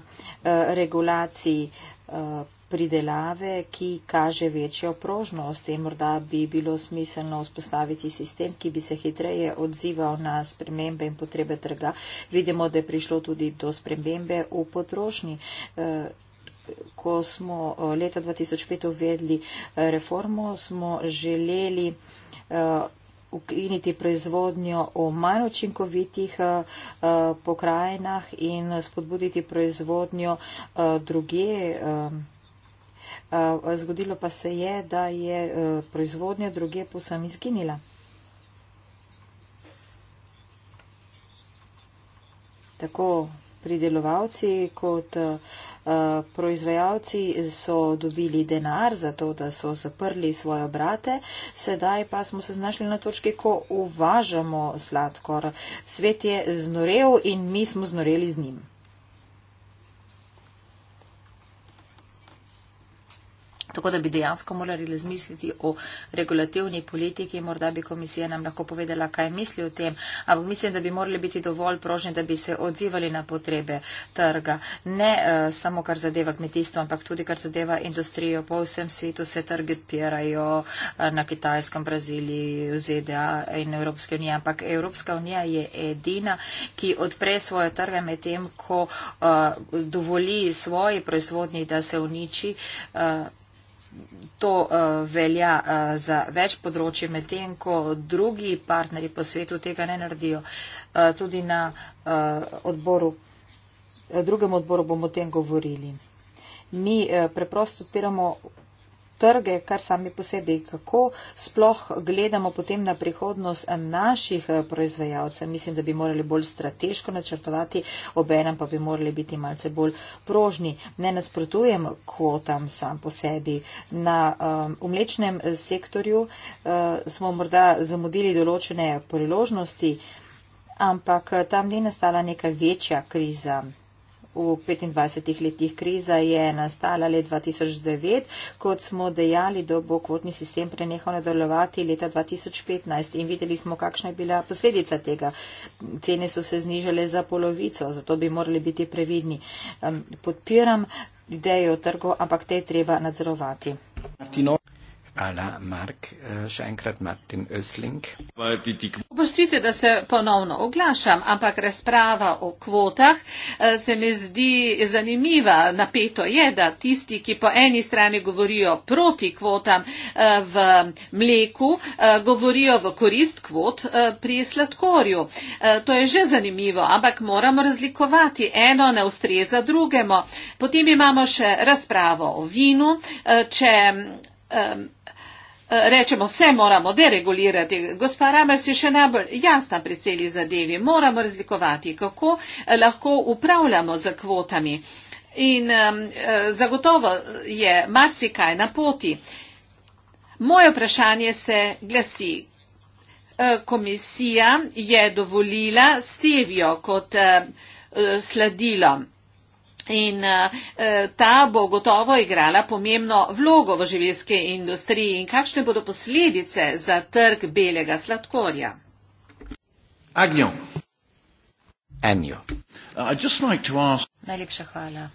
regulaciji Eh, pridelave, ki kaže večjo prožnost in morda bi bilo smiselno vzpostaviti sistem, ki bi se hitreje odzival na spremembe in potrebe trga. Vidimo, da je prišlo tudi do spremembe v potrošnji. Eh, ko smo eh, leta 2005 uvedli reformo, smo želeli ukiniti proizvodnjo v manj učinkovitih uh, pokrajinah in spodbuditi proizvodnjo uh, eh, druge. Uh, uh, zgodilo pa se je, da je uh, proizvodnja druge posem izginila. Tako pridelovalci kot uh, Eh, proizvajalci so dobili denar za to, da so zaprli svoje obrate, sedaj pa smo se znašli na točki, ko uvažamo sladkor. Svet je znorev in mi smo znoreli z njim. Tako da bi dejansko morali razmisliti o regulativni politiki, morda bi komisija nam lahko povedala, kaj misli o tem, ampak mislim, da bi morali biti dovolj prožni, da bi se odzivali na potrebe trga. Ne uh, samo kar zadeva kmetijstvo, ampak tudi kar zadeva industrijo. Po vsem svetu se trgi odpirajo uh, na Kitajskem, Braziliji, v ZDA in Evropske unije, ampak Evropska unija je edina, ki odpre svoje trge med tem, ko uh, dovoli svoji proizvodnji, da se uniči. Uh, to uh, velja uh, za več področje, medtem ko drugi partnerji po svetu tega ne naredijo. Uh, tudi na uh, odboru, drugem odboru bomo o tem govorili. Mi uh, preprosto odpiramo trge, kar sami po sebi, kako sploh gledamo potem na prihodnost eh, naših eh, proizvajalcev. Mislim, da bi morali bolj strateško načrtovati, obenem pa bi morali biti malce bolj prožni. Ne nasprotujem kvotam sam po sebi. Na umlečnem eh, sektorju smo morda zamudili določene priložnosti, ampak tam ni nastala neka večja kriza v 25 letih kriza je nastala leta 2009, kot smo dejali, da bo kvotni sistem prenehal nadaljevati leta 2015 in videli smo, kakšna je bila posledica tega. Cene so se znižale za polovico, zato bi morali biti previdni. Podpiram idejo trgov, ampak te treba nadzorovati. Martino. Hvala, Mark. Eh, še enkrat Martin Ösling. Opustite, da se ponovno oglašam, ampak razprava o kvotah eh, se mi zdi zanimiva. Napeto je, da tisti, ki po eni strani govorijo proti kvotam eh, v mleku, govorijo v korist kvot pri sladkorju. To je že zanimivo, ampak moramo razlikovati. Eno ne ustreza drugemu. Potem imamo še razpravo o vinu. Če um, Rečemo, vse moramo deregulirati. Gospa Ramers je še najbolj jasna pri celi zadevi. Moramo razlikovati, kako eh, lahko upravljamo z kvotami. In um, zagotovo je marsikaj na poti. Moje vprašanje se glasi. Eh, komisija je dovolila stevijo kot uh, sladilo. In eh, eh, ta bo gotovo igrala pomembno vlogo v živilski industriji in kakšne bodo posledice za trg belega sladkorja. Agnjo. Agnjo. Uh, Najlepša hvala.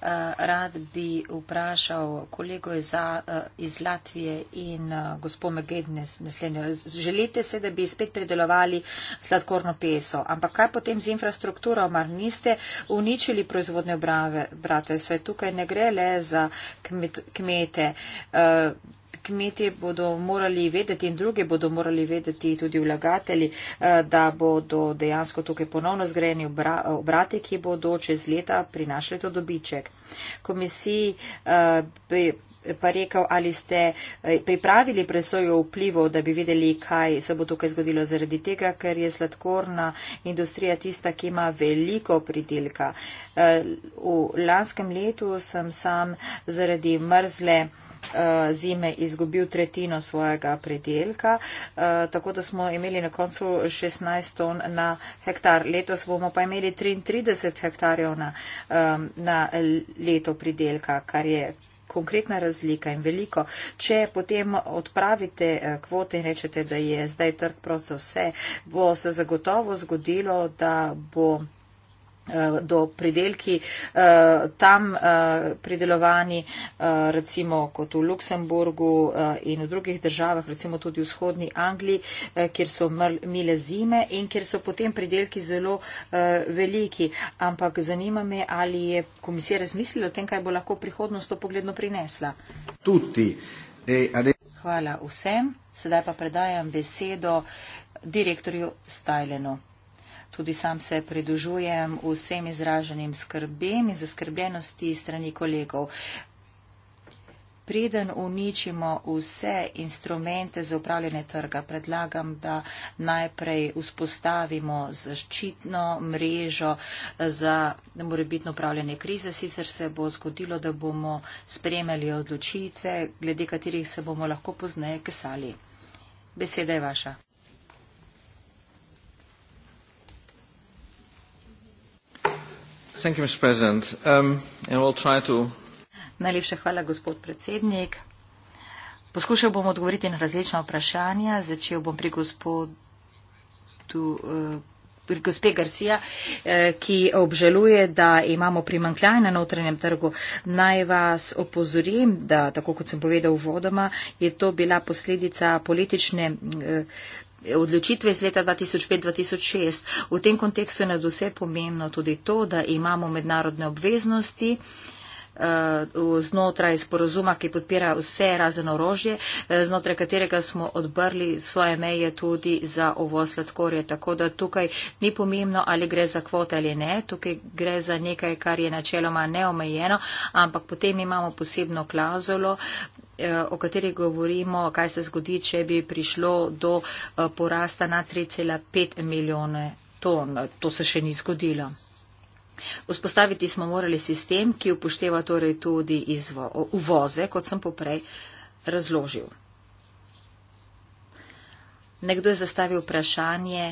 Eh, rad bi vprašal kolego iz, eh, iz Latvije in eh, gospo Megednes naslednjo. Želite se, da bi spet predelovali sladkorno peso, ampak kaj potem z infrastrukturo, mar niste uničili proizvodne obrave, brate, se tukaj ne gre le za kmet, kmete. Uh, kmetje bodo morali vedeti in druge bodo morali vedeti tudi vlagateli, eh, da bodo dejansko tukaj ponovno zgrajeni obrati, ki bodo čez leta prinašali to dobiček. Komisiji eh, bi pa rekel, ali ste eh, pripravili presojo vplivo, da bi vedeli, kaj se bo tukaj zgodilo zaradi tega, ker je sladkorna industrija tista, ki ima veliko pridelka. V lanskem letu sem sam zaradi mrzle Eh, zime izgubil tretjino svojega predelka, eh, tako da smo imeli na koncu 16 ton na hektar. Letos bomo pa imeli 33 hektarjev na, na leto predelka, kar je konkretna razlika in veliko. Če potem odpravite eh, kvote in rečete, da je zdaj trg prost za vse, bo se zagotovo zgodilo, da bo Eh, do pridelki eh, tam eh, pridelovani, recimo kot v Luksemburgu in v drugih državah, recimo tudi v vzhodni Angliji, kjer so mile zime in kjer so potem pridelki zelo veliki. Ampak zanima me, ali je komisija razmislila o tem, kaj bo lahko prihodnost to pogledno prinesla. Tudi. E, Hvala vsem. Sedaj pa predajam besedo direktorju Stajlenu tudi sam se pridružujem vsem izraženim skrbem in zaskrbljenosti strani kolegov. Preden uničimo vse instrumente za upravljanje trga, predlagam, da najprej vzpostavimo zaščitno mrežo za morebitno upravljanje krize. Sicer se bo zgodilo, da bomo spremljali odločitve, glede katerih se bomo lahko pozneje kesali. Beseda je vaša. Um, Najlepša hvala, gospod predsednik. Poskušal bom odgovoriti na različna vprašanja. Začel bom pri gospodu. Eh, gospe Garcia, eh, ki obžaluje, da imamo primankljaj na notranjem trgu, naj vas opozorim, da, tako kot sem povedal v vodoma, je to bila posledica politične eh, odločitve iz leta 2005-2006. V tem kontekstu je nad vse pomembno tudi to, da imamo mednarodne obveznosti eh, znotraj sporozuma, ki podpira vse razen orožje, eh, znotraj katerega smo odbrli svoje meje tudi za ovo sladkorje. Tako da tukaj ni pomembno, ali gre za kvote ali ne, tukaj gre za nekaj, kar je načeloma neomejeno, ampak potem imamo posebno klauzulo, Eh, o kateri govorimo, kaj se zgodi, če bi prišlo do eh, porasta na 3,5 milijone ton. To se še ni zgodilo. Vzpostaviti smo morali sistem, ki upošteva torej tudi izvo, uvoze, kot sem poprej razložil. Nekdo je zastavil vprašanje,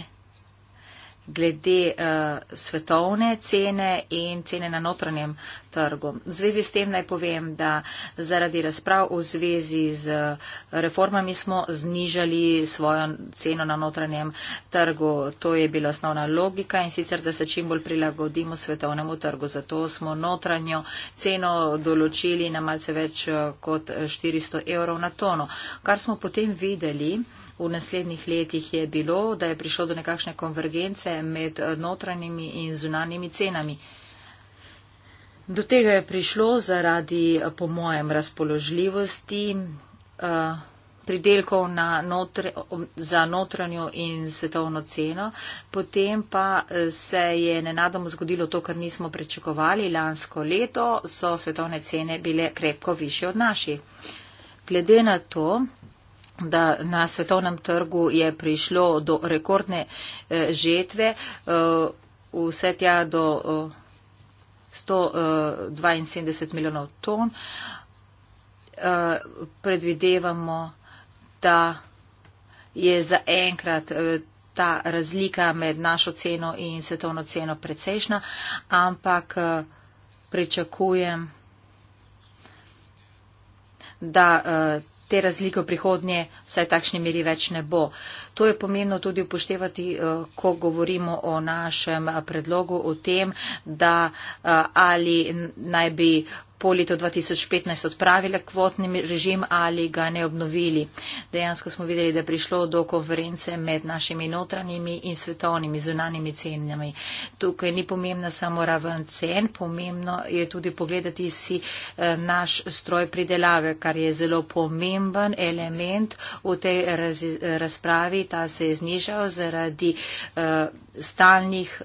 glede uh, svetovne cene in cene na notranjem trgu. V zvezi s tem naj povem, da zaradi razprav v zvezi z eh, reformami smo znižali svojo ceno na notranjem trgu. To je bila osnovna logika in sicer, da se čim bolj prilagodimo svetovnemu trgu. Zato smo notranjo ceno določili na malce več eh, kot 400 evrov na tono. Kar smo potem videli, v naslednjih letih je bilo, da je prišlo do nekakšne konvergence med eh, notranjimi in zunanjimi cenami. Do tega je prišlo zaradi, eh, po mojem, razpoložljivosti eh, pridelkov na notr za notranjo in svetovno ceno. Potem pa se je nenadoma zgodilo to, kar nismo prečakovali. Lansko leto so svetovne cene bile krepko više od naših. Glede na to, da na svetovnem trgu je prišlo do rekordne eh, žetve eh, vse tja do 172 eh, milijonov ton. Predvidevamo, da je zaenkrat ta razlika med našo ceno in svetovno ceno precejšna, ampak pričakujem, da te razlike v prihodnje vsaj takšne meri več ne bo. To je pomembno tudi upoštevati, eh, ko govorimo o našem eh, predlogu, o tem, da eh, ali naj bi po letu 2015 odpravile kvotni režim ali ga ne obnovili. Dejansko smo videli, da je prišlo do konference med našimi notranjimi in svetovnimi zunanimi cenami. Tukaj ni pomembna samo raven cen, pomembno je tudi pogledati si eh, naš stroj pridelave, kar je zelo pomemben element v tej raz, razpravi. Ta se je znižal zaradi uh, stalnih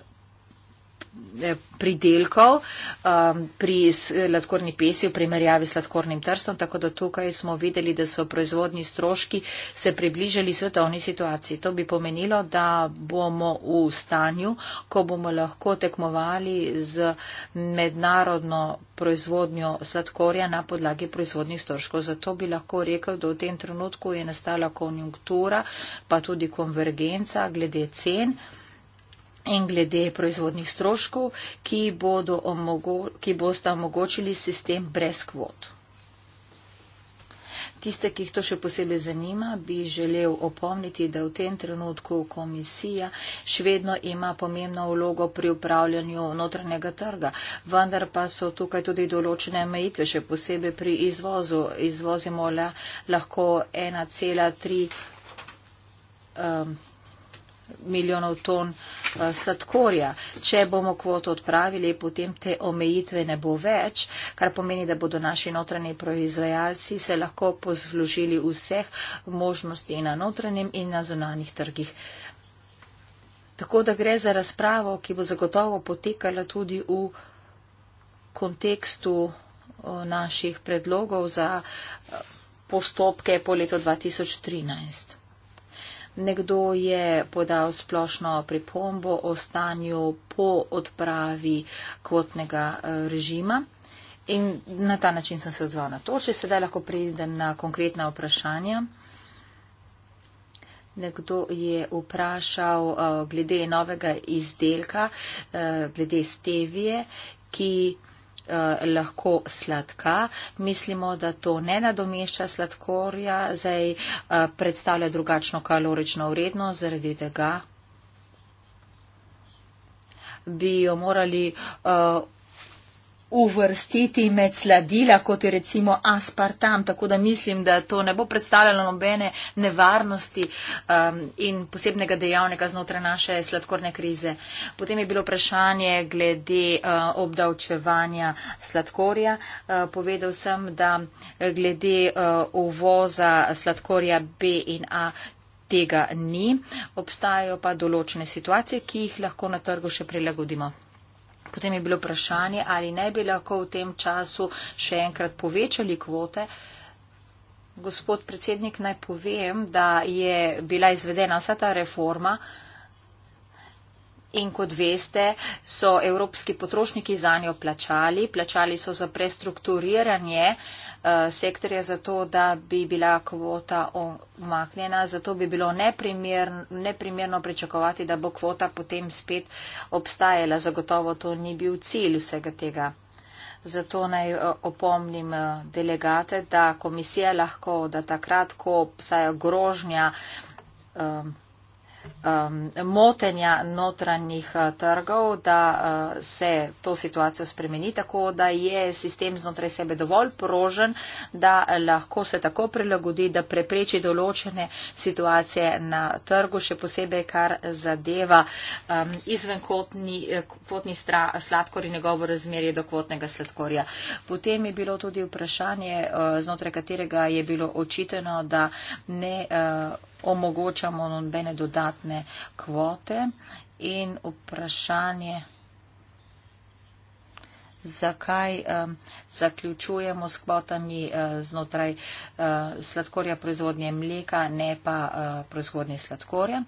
Eh, pridelkov um, pri sladkorni pesi v primerjavi s sladkornim trstom, tako da tukaj smo videli, da so proizvodni stroški se približali svetovni situaciji. To bi pomenilo, da bomo v stanju, ko bomo lahko tekmovali z mednarodno proizvodnjo sladkorja na podlagi proizvodnih stroškov. Zato bi lahko rekel, da v tem trenutku je nastala konjunktura, pa tudi konvergenca glede cen in glede proizvodnih stroškov, ki, omogo, ki boste omogočili sistem brez kvot. Tiste, ki jih to še posebej zanima, bi želel opomniti, da v tem trenutku komisija še vedno ima pomembno vlogo pri upravljanju notranjega trga, vendar pa so tukaj tudi določene omejitve, še posebej pri izvozu. Izvozimo lahko 1,3. Um, milijonov ton eh, sladkorja. Če bomo kvoto odpravili, potem te omejitve ne bo več, kar pomeni, da bodo naši notranji proizvajalci se lahko pozložili vseh možnosti na notranjem in na zunanjih trgih. Tako da gre za razpravo, ki bo zagotovo potekala tudi v kontekstu eh, naših predlogov za eh, postopke po letu 2013. Nekdo je podal splošno pripombo o stanju po odpravi kvotnega eh, režima in na ta način sem se odzval na to. Če sedaj lahko pridem na konkretna vprašanja. Nekdo je vprašal eh, glede novega izdelka, eh, glede stevije, ki Eh, lahko sladka. Mislimo, da to ne nadomešča sladkorja, zdaj eh, predstavlja drugačno kalorično vrednost, zaradi tega bi jo morali eh, uvrstiti med sladila, kot je recimo aspartam. Tako da mislim, da to ne bo predstavljalo nobene nevarnosti um, in posebnega dejavnika znotraj naše sladkorne krize. Potem je bilo vprašanje glede uh, obdavčevanja sladkorja. Uh, povedal sem, da glede uh, uvoza sladkorja B in A. Tega ni, obstajajo pa določene situacije, ki jih lahko na trgu še prilagodimo. Potem je bilo vprašanje, ali ne bi lahko v tem času še enkrat povečali kvote. Gospod predsednik, naj povem, da je bila izvedena vsa ta reforma uh, In kot veste, so evropski potrošniki za njo plačali, plačali so za prestrukturiranje eh, sektorja za to, da bi bila kvota omaknjena, zato bi bilo neprimerno, neprimerno pričakovati, da bo kvota potem spet obstajala. Zagotovo to ni bil cilj vsega tega. Zato naj eh, opomnim eh, delegate, da komisija lahko, da takrat, ko obstaja grožnja um, motenja notranjih uh, trgov, da uh, se to situacijo spremeni, tako da je sistem znotraj sebe dovolj prožen, da lahko se tako prilagodi, da prepreči določene situacije na trgu, še posebej, kar zadeva um, izvenkotni eh, potni sladkor in njegovo razmerje do kvotnega sladkorja. Potem je bilo tudi vprašanje, uh, znotraj katerega je bilo očiteno, da ne. Uh, omogočamo nobene dodatne kvote in vprašanje, zakaj um, zaključujemo s kvotami eh, znotraj eh, sladkorja proizvodnje mleka, ne pa eh, proizvodnje sladkorja.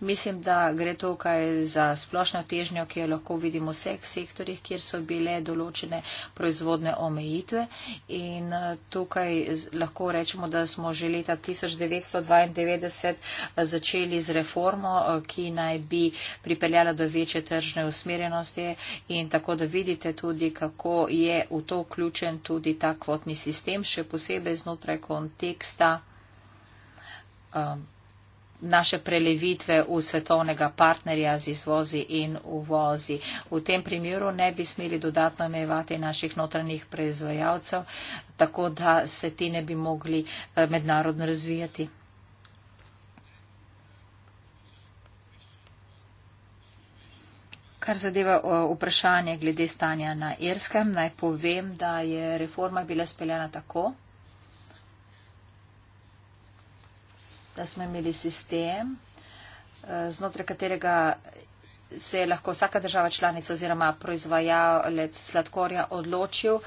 Mislim, da gre tukaj za splošno težnjo, ki jo lahko vidimo v vseh sektorjih, kjer so bile določene proizvodne omejitve in tukaj lahko rečemo, da smo že leta 1992 začeli z reformo, ki naj bi pripeljala do večje tržne usmerjenosti in tako da vidite tudi, kako je v to vključeno vključen tudi ta kvotni sistem, še posebej znotraj konteksta um, naše prelevitve v svetovnega partnerja z izvozi in uvozi. V tem primeru ne bi smeli dodatno omejevati naših notranjih proizvajalcev, tako da se ti ne bi mogli eh, mednarodno razvijati. Kar zadeva vprašanje glede stanja na Irskem, naj povem, da je reforma bila speljana tako, da smo imeli sistem, e, znotraj katerega se je lahko vsaka država članica oziroma proizvajalec sladkorja odločil, e,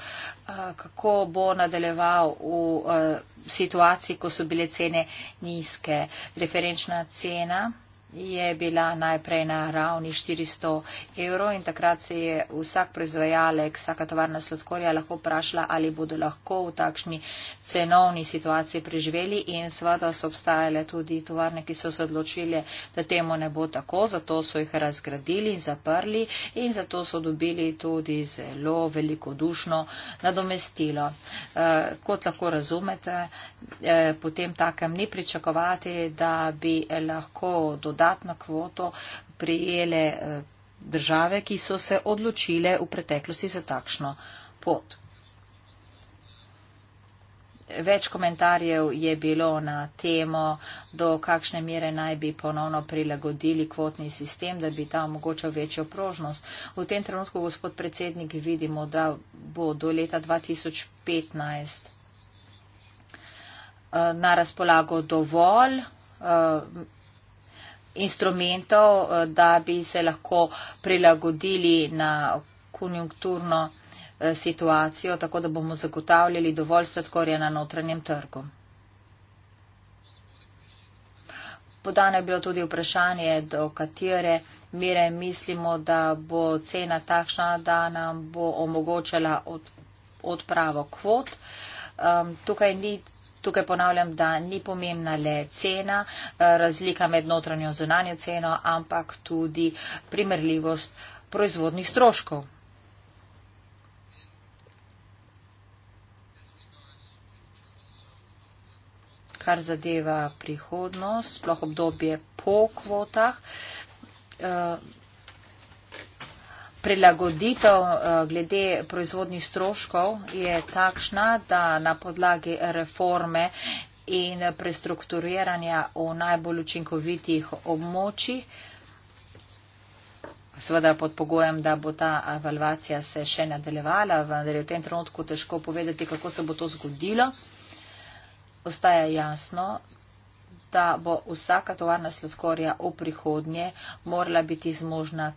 kako bo nadaljeval v e, situaciji, ko so bile cene nizke. Referenčna cena je bila najprej na ravni 400 evrov in takrat se je vsak proizvajalec, vsaka tovarna sladkorja lahko vprašala, ali bodo lahko v takšni cenovni situaciji preživeli in seveda so obstajale tudi tovarne, ki so se odločili, da temu ne bo tako, zato so jih razgradili in zaprli in zato so dobili tudi zelo velikodušno nadomestilo. E, kot lahko razumete, e, potem takem ni pričakovati, da bi lahko do dodatno kvoto prijele eh, države, ki so se odločile v preteklosti za takšno pot. Več komentarjev je bilo na temo, do kakšne mere naj bi ponovno prilagodili kvotni sistem, da bi ta omogočal večjo prožnost. V tem trenutku, gospod predsednik, vidimo, da bo do leta 2015 eh, na razpolago dovolj eh, instrumentov, eh, da bi se lahko prilagodili na konjunkturno eh, situacijo, tako da bomo zagotavljali dovolj sladkorja na notranjem trgu. Podano je bilo tudi vprašanje, do katere mere mislimo, da bo cena takšna, da nam bo omogočala od, odpravo kvot. Um, tukaj ni Tukaj ponavljam, da ni pomembna le cena, eh, razlika med notranjo in zunanjo ceno, ampak tudi primerljivost proizvodnih stroškov. Kar zadeva prihodnost, sploh obdobje po kvotah. Eh, Prilagoditev eh, glede proizvodnih stroškov je takšna, da na podlagi reforme in prestrukturiranja v najbolj učinkovitih območjih, seveda pod pogojem, da bo ta evalvacija se še nadaljevala, vendar je v tem trenutku težko povedati, kako se bo to zgodilo, ostaja jasno da bo vsaka tovarna sladkorja v prihodnje morala biti zmožna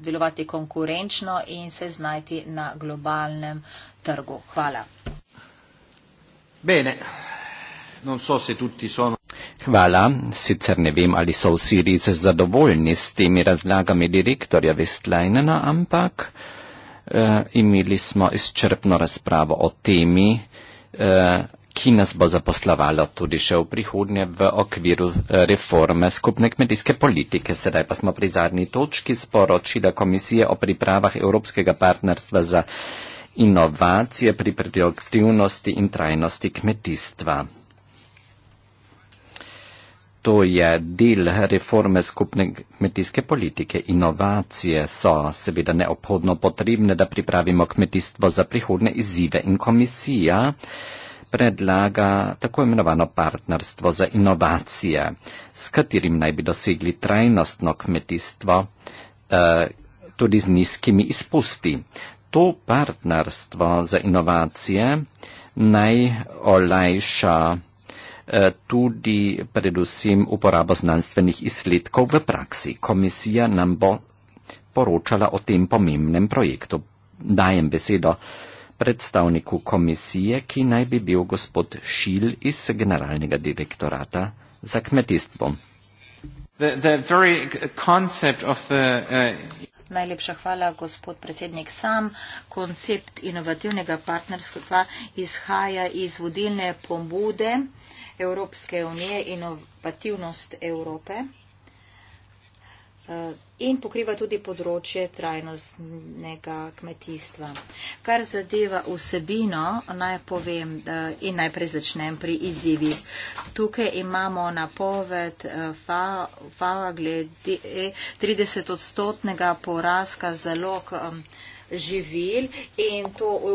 delovati konkurenčno in se znajti na globalnem trgu. Hvala. Bene. So sono... Hvala, sicer ne vem, ali so vsi res zadovoljni s temi razlagami direktorja Vestlajnena, ampak eh, imeli smo izčrpno razpravo o temi eh, ki nas bo zaposlovalo tudi še v prihodnje v okviru eh, reforme skupne kmetijske politike. Sedaj pa smo pri zadnji točki sporočila komisije o pripravah Evropskega partnerstva za inovacije pri produktivnosti in trajnosti kmetijstva. To je del reforme skupne kmetijske politike. Inovacije so seveda neophodno potrebne, da pripravimo kmetijstvo za prihodne izzive in komisija. Uh, predlaga tako imenovano partnerstvo za inovacije, s katerim naj bi dosegli trajnostno kmetijstvo eh, tudi z nizkimi izpusti. To partnerstvo za inovacije naj olajša eh, tudi predvsem uporabo znanstvenih izsledkov v praksi. Komisija nam bo poročala o tem pomembnem projektu. Dajem besedo uh, predstavniku komisije, ki naj bi bil gospod Šil iz generalnega direktorata za kmetijstvo. The, the uh, Najlepša hvala, gospod predsednik. Sam koncept inovativnega partnerstva izhaja iz vodilne pombude Evropske unije inovativnost Evrope. Eh, in pokriva tudi področje trajnostnega kmetijstva. Kar zadeva vsebino, naj povem eh, in najprej začnem pri izzivih. Tukaj imamo napoved eh, FAO glede 30 odstotnega porazka zalog živil in to v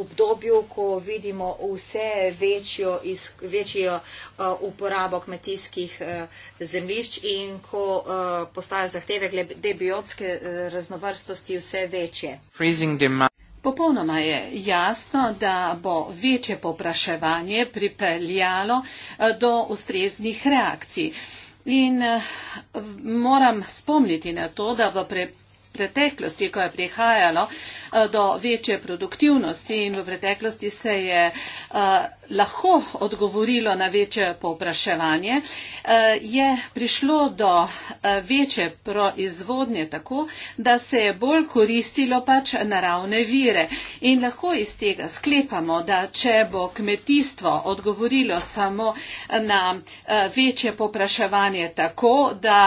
obdobju, ko vidimo vse večjo, iz, večjo uh, uporabo kmetijskih uh, zemljišč in ko uh, postajo zahteve glede biotske uh, raznovrstosti vse večje. Popolnoma je jasno, da bo večje popraševanje pripeljalo uh, do ustreznih reakcij. In uh, moram spomniti na to, da v preprosti preteklosti, ko je prihajalo eh, do večje produktivnosti in v preteklosti se je eh, lahko odgovorilo na večje povpraševanje, eh, je prišlo do večje proizvodnje tako, da se je bolj koristilo pač naravne vire. In lahko iz tega sklepamo, da če bo kmetijstvo odgovorilo samo na večje povpraševanje tako, da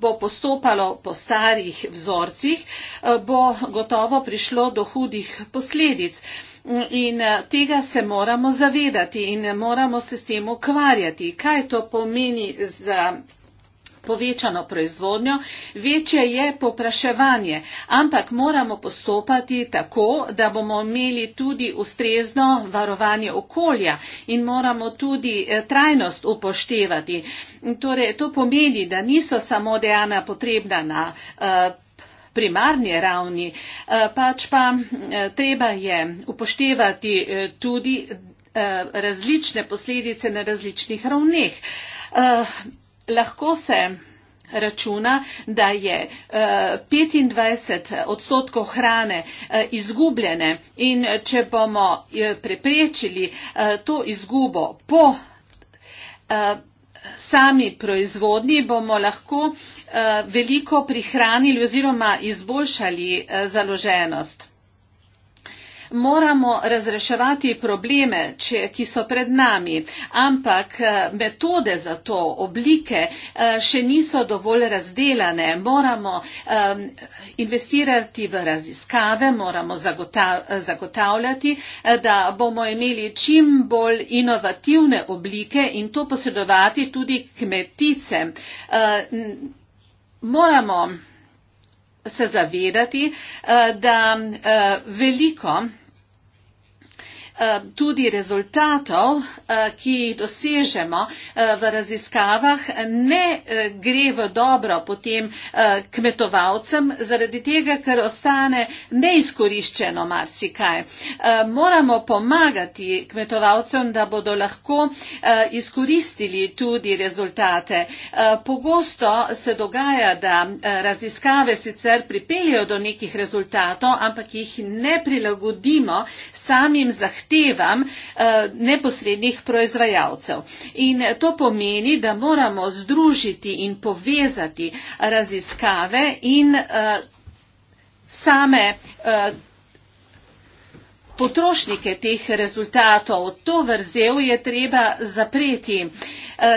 bo postopalo po starih vzorcih, eh, bo gotovo prišlo do hudih posledic. In eh, tega se moramo zavedati in moramo se s tem ukvarjati. Kaj to pomeni za povečano proizvodnjo, večje je popraševanje, ampak moramo postopati tako, da bomo imeli tudi ustrezno varovanje okolja in moramo tudi eh, trajnost upoštevati. Torej, to pomeni, da niso samo dejana potrebna na eh, primarni ravni, eh, pač pa treba je upoštevati tudi različne posledice na različnih ravneh lahko se računa, da je 25 eh, odstotkov hrane eh, izgubljene in eh, če bomo preprečili to izgubo po sami proizvodnji, bomo lahko veliko prihranili oziroma izboljšali založenost moramo razreševati probleme, če, ki so pred nami, ampak eh, metode za to, oblike eh, še niso dovolj razdelane. Moramo um, investirati v raziskave, moramo zagotav, zagotavljati, da bomo imeli čim bolj inovativne oblike in to posredovati tudi kmeticem. Moramo se zavedati, da veliko Eh, tudi rezultatov, eh, ki jih dosežemo eh, v raziskavah, ne gre v dobro potem kmetovalcem, zaradi tega, ker ostane neizkoriščeno marsikaj. Moramo pomagati kmetovalcem, da bodo lahko izkoristili tudi rezultate. Pogosto se dogaja, da raziskave sicer pripeljajo do nekih rezultatov, ampak jih ne prilagodimo samim zahtevam, zahtevam eh, neposrednih proizvajalcev. In to pomeni, da moramo združiti in povezati raziskave in eh, same eh, potrošnike teh rezultatov. To vrzel je treba zapreti.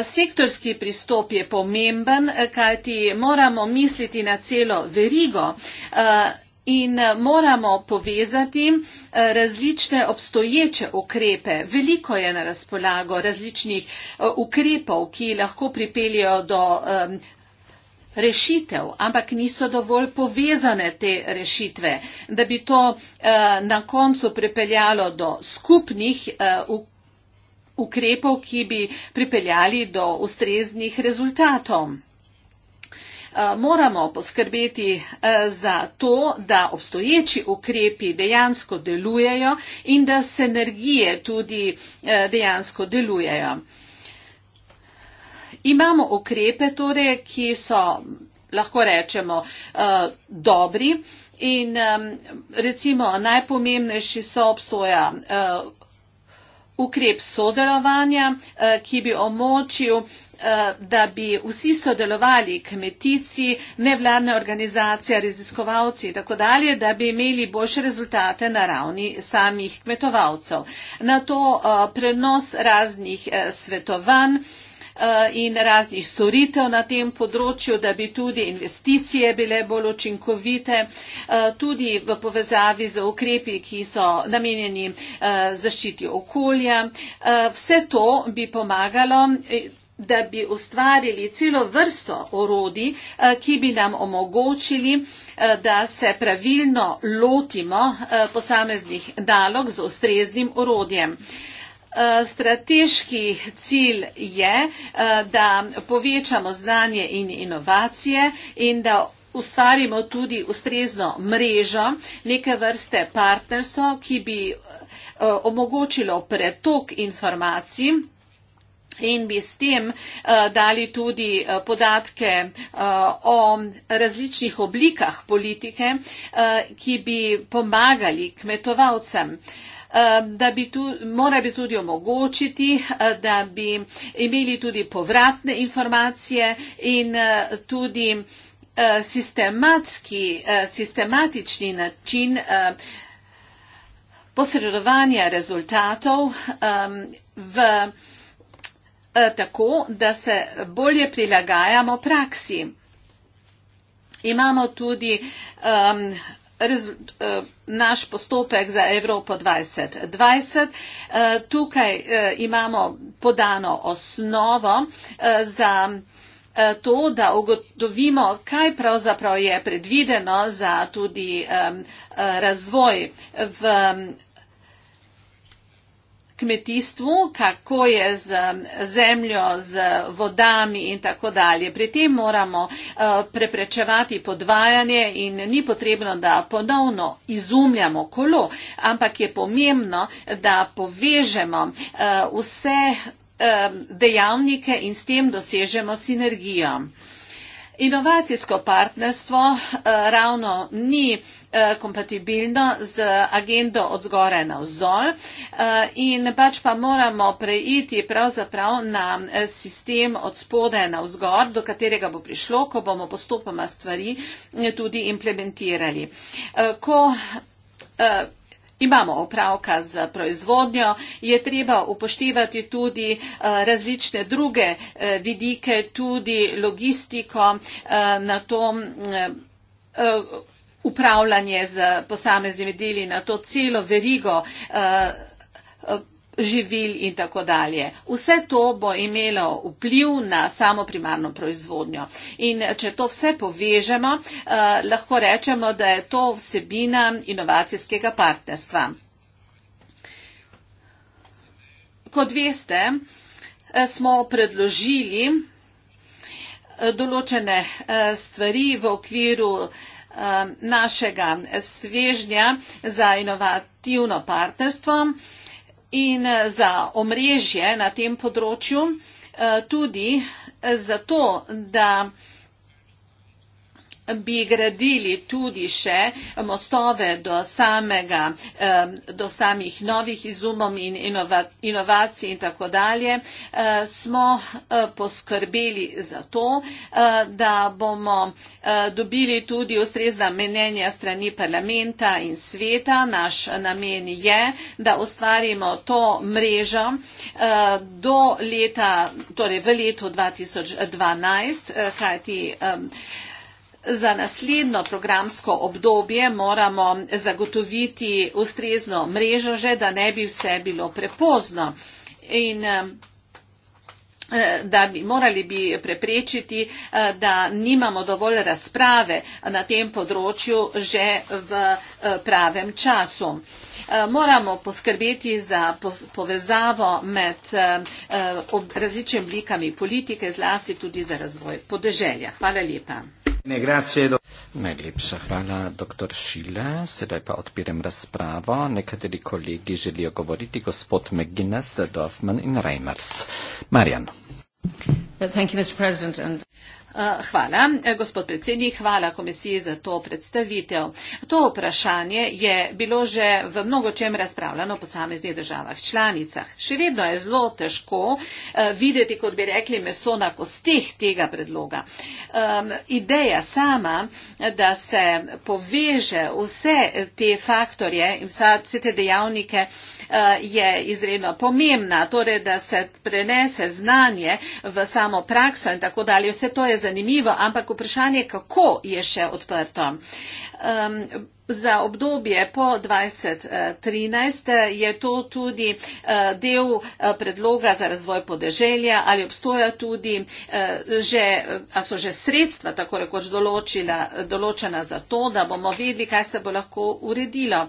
Sektorski pristop je pomemben, kajti moramo misliti na celo verigo in eh, moramo povezati eh, različne obstoječe ukrepe. Veliko je na razpolago različnih eh, ukrepov, ki lahko pripeljajo do rešitev, ampak niso dovolj povezane te rešitve, da bi to na koncu pripeljalo do skupnih ukrepov ukrepov, ki bi pripeljali do ustreznih rezultatov. Eh, moramo poskrbeti eh, za to, da obstoječi ukrepi dejansko delujejo in da sinergije tudi eh, dejansko delujejo. Imamo ukrepe, torej, ki so lahko rečemo dobri in recimo najpomembnejši so obstoja ukrep sodelovanja, ki bi omočil Eh, da bi vsi sodelovali, kmetici, nevladne organizacije, raziskovalci in tako dalje, da bi imeli boljše rezultate na ravni samih kmetovalcev. Na to eh, prenos raznih eh, svetovanj in raznih storitev na tem področju, da bi tudi investicije bile bolj učinkovite, tudi v povezavi z ukrepi, ki so namenjeni zaščiti okolja. Vse to bi pomagalo da bi ustvarili celo vrsto orodij, eh, ki bi nam omogočili, eh, da se pravilno lotimo eh, posameznih nalog z ustreznim orodjem. Strateški cilj je, da povečamo znanje in inovacije in da ustvarimo tudi ustrezno mrežo, neke vrste partnerstvo, ki bi omogočilo pretok informacij in bi s tem uh, dali tudi uh, podatke uh, o različnih oblikah politike, uh, ki bi pomagali kmetovalcem. Da bi tu, mora bi tudi omogočiti, da bi imeli tudi povratne informacije in tudi sistematski, sistematični način posredovanja rezultatov v Eh, tako, da se bolje prilagajamo praksi. Imamo tudi um, rezu, uh, eh, naš postopek za Evropo 2020. Uh, eh, tukaj uh, imamo podano osnovo uh, za to, da ugotovimo, kaj pravzaprav je predvideno za tudi um, razvoj v kmetijstvu, kako je z zemljo, z vodami in tako dalje. Pri tem moramo eh, preprečevati podvajanje in ni potrebno, da ponovno izumljamo kolo, ampak je pomembno, da povežemo eh, vse eh, dejavnike in s tem dosežemo sinergijo. Inovacijsko partnerstvo eh, ravno ni eh, kompatibilno z agendo od zgore na vzdolj eh, in pač pa moramo preiti pravzaprav na sistem od spode na vzgor, do katerega bo prišlo, ko bomo postopoma stvari tudi implementirali. Ko imamo opravka z proizvodnjo, je treba upoštevati tudi eh, različne druge eh, vidike, tudi logistiko eh, na tom upravljanje z posameznimi deli, na to celo verigo živil in tako dalje. Vse to bo imelo vpliv na samo primarno proizvodnjo. In če to vse povežemo, eh, lahko rečemo, da je to vsebina inovacijskega partnerstva. Kot veste, eh, smo predložili eh, določene eh, stvari v okviru eh, našega svežnja za inovativno partnerstvo in eh, za omrežje na tem področju, eh, tudi zato, da bi gradili tudi še mostove do, samega, do samih novih izumov in inovacij in tako dalje, e, smo e, poskrbeli za to, e, da bomo dobili tudi ustrezna menenja strani parlamenta in sveta. Naš namen je, da ustvarimo to mrežo do leta, torej v letu 2012, kajti Za naslednjo programsko obdobje moramo zagotoviti ustrezno mrežo že, da ne bi vse bilo prepozno in eh, eh, da bi morali bi preprečiti, eh, da nimamo dovolj razprave na tem področju že v pravem času. Moramo poskrbeti za povezavo med različnimi oblikami politike, zlasti tudi za razvoj podeželja. Hvala lepa. Ne, grazie. Do... Najlepša hvala, doktor Šile. Sedaj pa odpirem razpravo. Nekateri kolegi želijo govoriti, gospod McGuinness, Dorfman in Reimers. Marjan. Well, thank you, Mr. President. And... Eh, hvala, eh, gospod predsednik, hvala komisiji za to predstavitev. To vprašanje je bilo že v mnogo čem razpravljano po samiznih državah članicah. Še vedno je zelo težko eh, videti, kot bi rekli, meso na kosteh tega predloga. Ideja sama, da se poveže vse te faktorje in vse te dejavnike, je izredno pomembna, torej da se prenese znanje v samo prakso in tako dalje zanimivo, ampak vprašanje, kako je še odprto. Um, za obdobje po 2013 eh, je to tudi eh, del eh, predloga za razvoj podeželja ali obstoja tudi že, a so že sredstva tako rekoč določena za to, da bomo vedeli, kaj se bo lahko uredilo.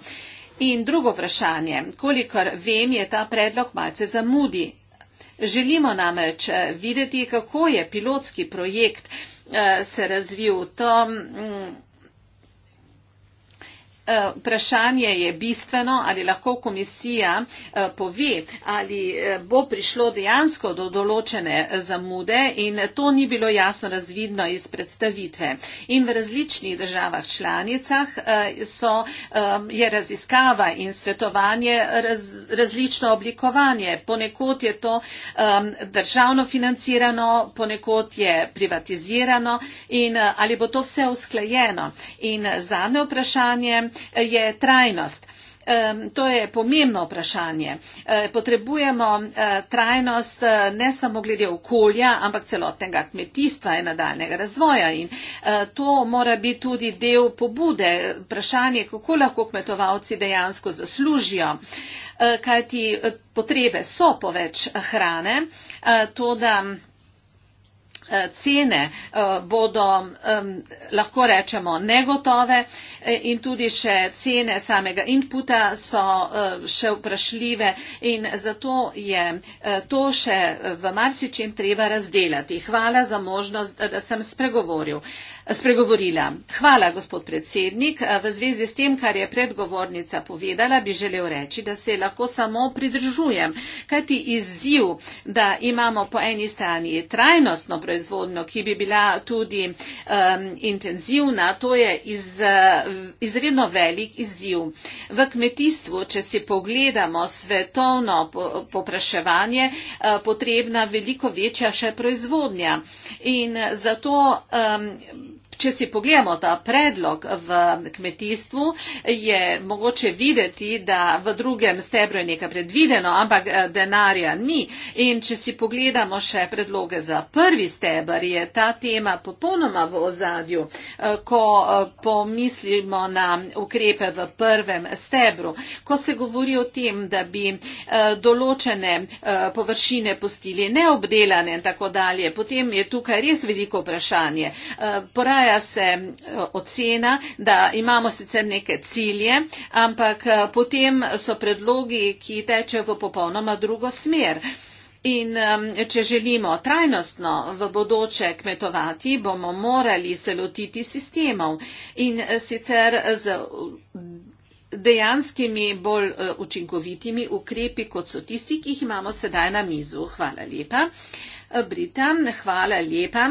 In drugo vprašanje, kolikor vem, je ta predlog malce zamudi. Želimo namreč eh, videti, kako je pilotski projekt eh, se razvil. To, mm, Eh, vprašanje je bistveno, ali lahko komisija eh, pove, ali eh, bo prišlo dejansko do določene zamude in to ni bilo jasno razvidno iz predstavitve. In v različnih državah članicah so, je raziskava in svetovanje raz, različno oblikovanje. Ponekod je to državno financirano, ponekod je privatizirano in ali bo to vse usklajeno. In zadnje vprašanje, je trajnost. To je pomembno vprašanje. E, potrebujemo e, trajnost e, ne samo glede okolja, ampak celotnega kmetijstva in nadaljnega razvoja. In to mora biti tudi del pobude, vprašanje, kako lahko kmetovalci dejansko zaslužijo. Kajti potrebe so po več hrane, to da. Eh, cene eh, bodo lahko rečemo negotove eh, in tudi še cene samega inputa so še vprašljive in zato je to še v marsičem treba razdelati. Hvala za možnost, da sem spregovoril spregovorila. Hvala, gospod predsednik. Eh, v zvezi s tem, kar je predgovornica povedala, bi želel reči, da se lahko samo pridržujem, kajti izziv, da imamo po eni strani trajnostno proizvodno, ki bi bila tudi um, intenzivna, to je iz, izredno velik izziv. V kmetijstvu, če si pogledamo svetovno popraševanje, eh, potrebna veliko večja še proizvodnja. In zato um, Če si pogledamo ta predlog v kmetijstvu, je mogoče videti, da v drugem stebru je nekaj predvideno, ampak eh, denarja ni. In če si pogledamo še predloge za prvi stebr, je ta tema popolnoma v ozadju, eh, ko eh, pomislimo na ukrepe v prvem stebru. Ko se govori o tem, da bi določene površine postili neobdelane in tako dalje, potem je tukaj res veliko vprašanje. Poraja izvaja se eh, ocena, da imamo sicer neke cilje, ampak eh, potem so predlogi, ki tečejo v popolnoma drugo smer. In če želimo trajnostno v bodoče kmetovati, bomo morali se lotiti sistemov in eh, sicer z dejanskimi bolj učinkovitimi ukrepi, kot so tisti, ki jih imamo sedaj na mizu. Hvala lepa. Britan, hvala lepa.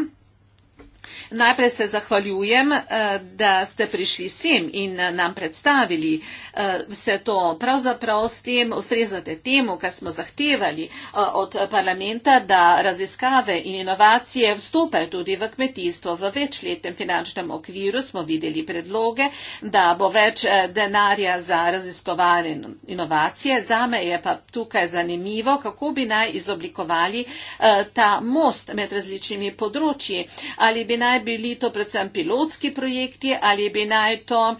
Najprej se zahvaljujem, eh, da ste prišli sem in eh, nam predstavili eh, vse to. Pravzaprav s tem ustrezate temu, kar smo zahtevali od parlamenta, da raziskave in inovacije vstopajo tudi v kmetijstvo. V večletnem finančnem okviru smo videli predloge, da bo več denarja za raziskovanje in inovacije. Zame je pa tukaj zanimivo, kako bi naj izoblikovali ta most med različnimi področji. Ali bi bi naj bili to predvsem pilotski projekti ali bi naj to um,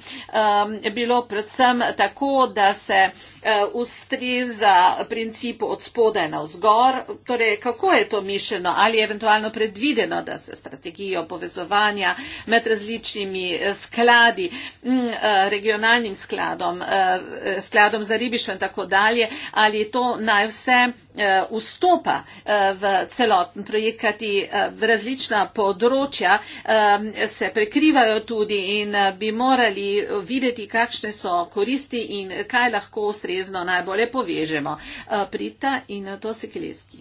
bilo predvsem tako, da se uh, ustreza principu od spodaj na vzgor. Torej, kako je to mišljeno ali je eventualno predvideno, da se strategijo povezovanja med različnimi eh, skladi, m, mm, eh, regionalnim skladom, uh, skladom za ribištvo in tako dalje, ali je to naj vse Eh, vstopa eh, v celoten projekt, kajti eh, različna področja se prekrivajo tudi in bi morali videti, kakšne so koristi in kaj lahko ustrezno najbolje povežemo. Prita in to se kleski.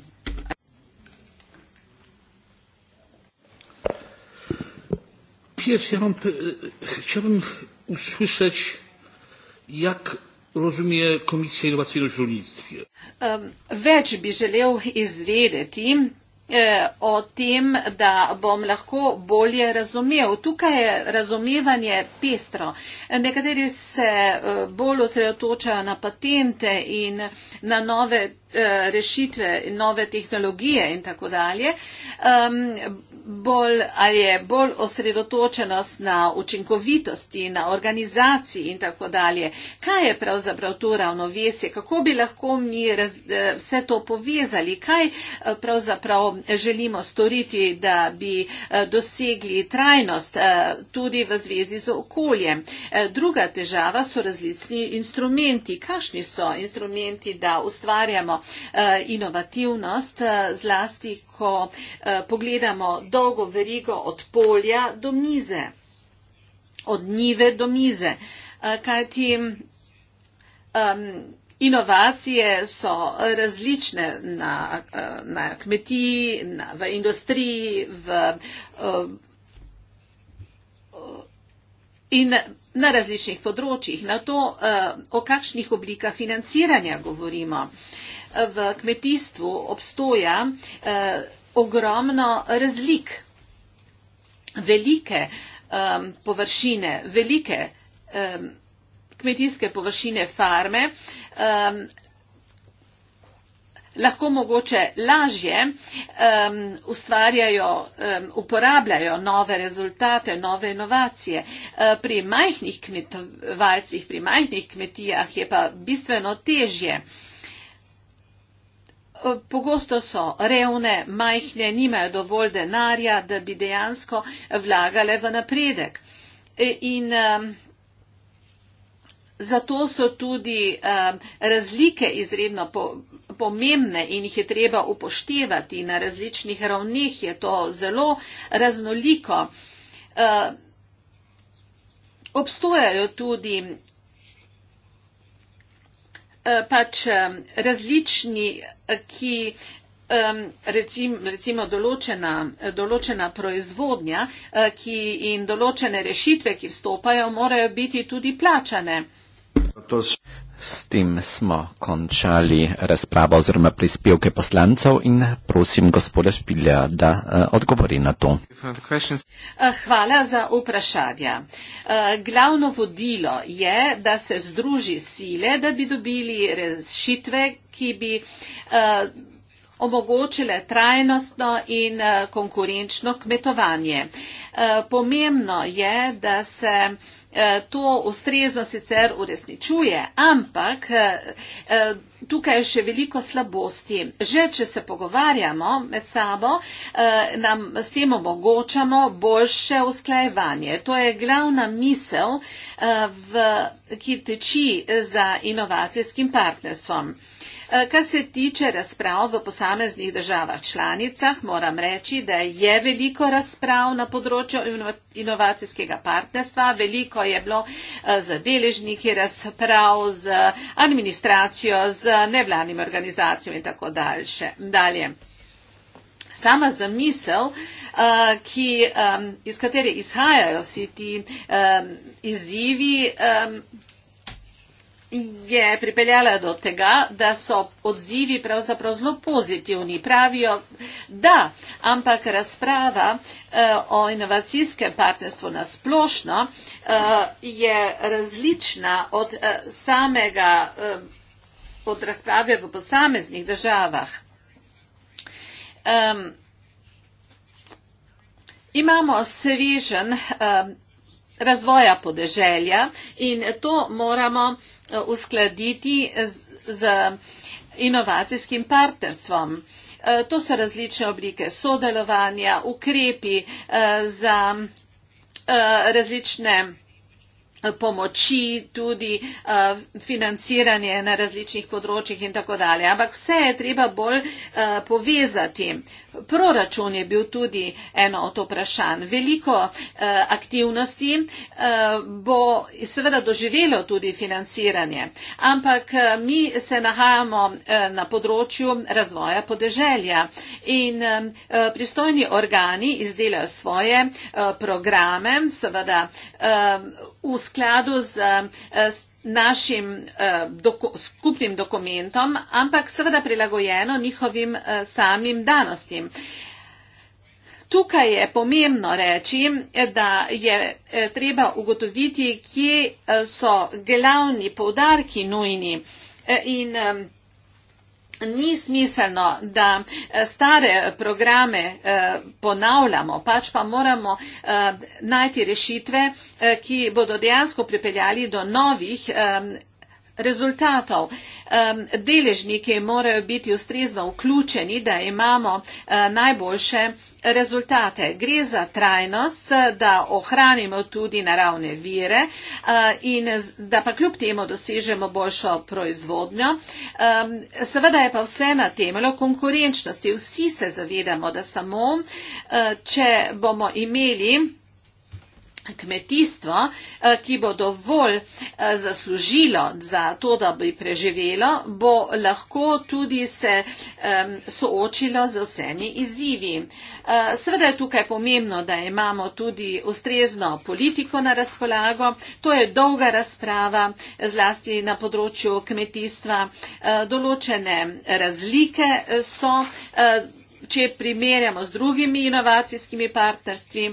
Pierwsze, ja mam, chciałbym usłyszeć, jak rozumije Komisija inovacijnosti v rolnictvu? Več bi želel izvedeti eh, o tem, da bom lahko bolje razumel. Tukaj je razumevanje pestro. Nekateri se eh, bolj osredotočajo na patente in na nove eh, rešitve, nove tehnologije in tako dalje bolj, ali je bolj osredotočenost na učinkovitosti, na organizaciji in tako dalje. Kaj je pravzaprav to ravnovesje? Kako bi lahko mi raz, eh, vse to povezali? Kaj eh, pravzaprav želimo storiti, da bi eh, dosegli trajnost tudi v zvezi z okoljem? Druga težava so različni instrumenti. Kakšni so instrumenti, da ustvarjamo inovativnost zlasti, ko pogledamo dolgo verigo od polja do mize, od njive do mize. Eh, kajti um, inovacije so različne na, eh, na kmetiji, na, v industriji v, uh, in na različnih področjih. Na to, uh, o kakšnih oblikah financiranja govorimo. V kmetijstvu obstoja uh, ogromno razlik, velike um, površine, velike um, kmetijske površine farme, um, lahko mogoče lažje um, ustvarjajo, um, uporabljajo nove rezultate, nove inovacije. Uh, pri majhnih kmetovalcih, pri majhnih kmetijah je pa bistveno težje. Um, pogosto so revne, majhne, nimajo dovolj denarja, da bi dejansko vlagale v napredek. E, in um, zato so tudi um, razlike izredno pomembne in jih je treba upoštevati. Na različnih ravneh je to zelo raznoliko. E, obstojajo tudi Eh, pač različni, eh, ki recimo določena, eh, določena proizvodnja ki in določene rešitve, ki vstopajo, morajo biti tudi plačane. S tem smo končali razpravo oziroma prispevke poslancev in prosim gospoda Špilja, da eh, odgovori na to. Eh, hvala za vprašanja. Eh, glavno vodilo je, da se združi sile, da bi dobili rešitve, ki bi omogočile trajnostno in eh, konkurenčno kmetovanje. Eh, pomembno je, da se eh, to ustrezno sicer uresničuje, ampak tukaj je še veliko slabosti. Že če se pogovarjamo med sabo, nam s tem omogočamo boljše usklajevanje. To je glavna misel v ki teči eh, za inovacijskim partnerstvom. Eh, kar se tiče razprav v posameznih državah članicah, moram reči, da je veliko razprav na področju inovacijskega partnerstva, veliko je bilo eh, z deležniki razprav, z administracijo, z nevladnimi organizacijami in tako dalje sama zamisel, uh, ki, um, iz katere izhajajo vsi ti um, izzivi, um, je pripeljala do tega, da so odzivi pravzaprav zelo pozitivni. Pravijo, da, ampak razprava uh, o inovacijskem partnerstvu na splošno uh, je različna od uh, samega. Uh, od razprave v posameznih državah. Um, imamo svežen um, razvoja podeželja in to moramo eh, uskladiti z, z inovacijskim partnerstvom. Eh, to so različne oblike sodelovanja, ukrepi eh, za različne pomoči, tudi eh, financiranje na različnih področjih in tako dalje. Ampak vse je treba bolj eh, povezati. Proračun je bil tudi eno od vprašanj. Veliko eh, aktivnosti bo seveda doživelo tudi financiranje, ampak mi se nahajamo na področju razvoja podeželja in pristojni organi izdelajo svoje programe, seveda usklajujejo skladu z, z eh, našim eh, doko, skupnim dokumentom, ampak seveda prilagojeno njihovim eh, samim danostim. Tukaj je pomembno reči, da je treba ugotoviti, kje so glavni povdarki nujni. In, ni smiselno, da eh, stare eh, programe eh, ponavljamo, pač pa moramo najti rešitve, ki bodo dejansko pripeljali do novih rezultatov. Deležniki morajo biti ustrezno vključeni, da imamo eh, najboljše rezultate. Gre za trajnost, da ohranimo tudi naravne vire eh, in da pa kljub temu dosežemo boljšo proizvodnjo. Seveda je pa vse na temelju konkurenčnosti. Vsi se zavedamo, da samo, eh, če bomo imeli kmetijstvo, eh, ki bo dovolj eh, zaslužilo za to, da bi preživelo, bo lahko tudi se soočilo z vsemi izzivi. Eh, seveda je tukaj pomembno, da imamo tudi ustrezno politiko na razpolago. To je dolga razprava, zlasti na področju kmetijstva. Določene razlike so, če primerjamo z drugimi inovacijskimi partnerstvi,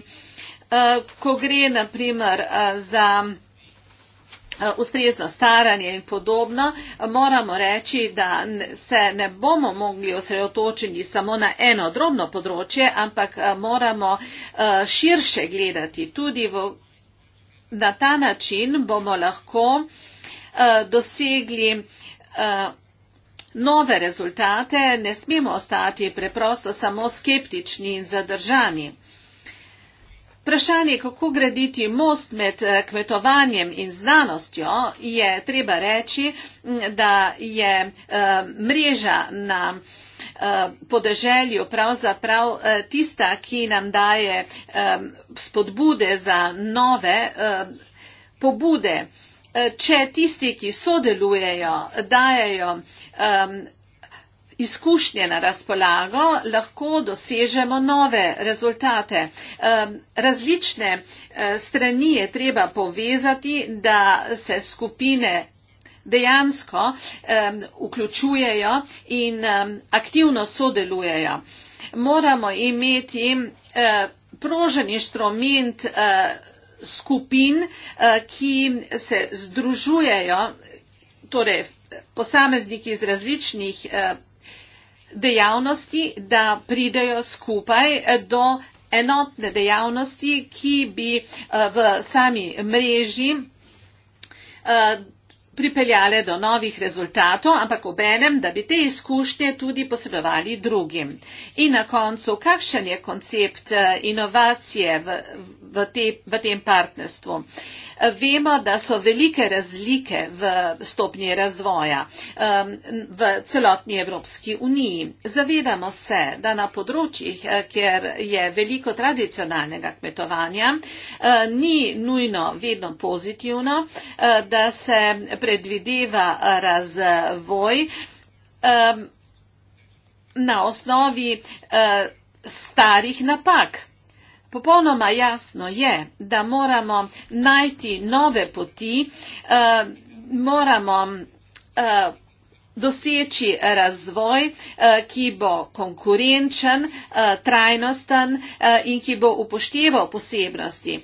Eh, ko gre naprimer eh, za eh, ustrezno staranje in podobno, moramo reči, da se ne bomo mogli osredotočiti samo na eno drobno področje, ampak moramo širše gledati. Tudi v, na ta način bomo lahko dosegli nove rezultate. Ne smemo ostati preprosto samo skeptični in zadržani. Vprašanje, kako graditi most med eh, kmetovanjem in znanostjo, je treba reči, mm, da je eh, mreža na eh, podeželju pravzaprav tista, ki nam daje spodbude za nove pobude. Če tisti, ki sodelujejo, dajajo izkušnje na razpolago, lahko dosežemo nove rezultate. Različne e, strani je treba povezati, da se skupine dejansko vključujejo in aktivno sodelujejo. Moramo imeti e, prožen inštrument e, skupin, ki se združujejo, torej posamezniki iz različnih dejavnosti, da pridejo skupaj eh, do enotne dejavnosti, ki bi eh, v sami mreži eh, pripeljale do novih rezultatov, ampak obenem, da bi te izkušnje tudi posredovali drugim. In na koncu, kakšen je koncept inovacije v, v, te, v tem partnerstvu? Uh, Vemo, da so velike razlike v stopnji razvoja um, v celotni Evropski uniji. Zavedamo se, da na področjih, eh, kjer je veliko tradicionalnega kmetovanja, eh, ni nujno vedno pozitivno, eh, da se predvideva razvoj na osnovi starih napak. Popolnoma jasno je, da moramo najti nove poti, eh, moramo eh, doseči razvoj, eh, ki bo konkurenčen, trajnosten in ki bo upošteval posebnosti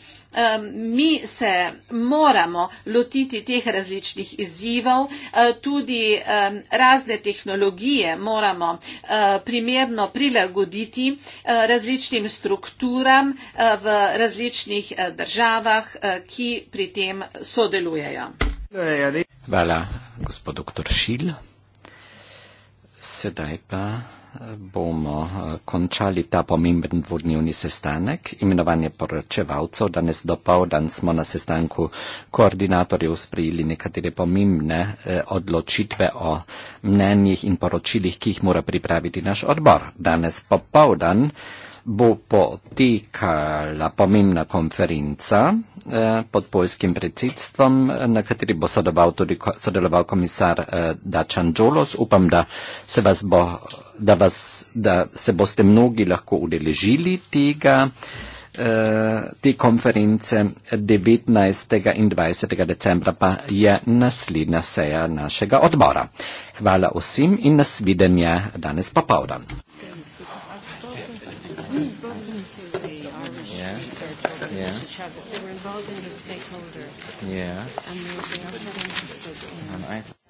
mi se moramo lotiti teh različnih izzivov, e, tudi razne tehnologije moramo e, primerno prilagoditi e, različnim strukturam v različnih državah, ki pri tem sodelujejo. Hvala, gospod dr. Šil. Sedaj pa bomo eh, končali ta pomemben dvodnevni sestanek, imenovanje poročevalcev. Danes do povdan smo na sestanku koordinatorjev sprejeli nekatere pomembne eh, odločitve o mnenjih in poročilih, ki jih mora pripraviti naš odbor. Danes popovdan bo potekala pomembna konferenca eh, pod poljskim predsedstvom, eh, na kateri bo sodeloval tudi sodeloval komisar eh, Dačan Džolos. Upam, da se, vas bo, da, vas, da se boste mnogi lahko udeležili tega, te konference 19. in 20. decembra pa je naslednja seja našega odbora. Hvala vsem in nasvidenje danes popovdan into the Irish yeah. research organization, yeah. the Chavez. They were involved in the stakeholder. Yeah. And they also interested in. Um, I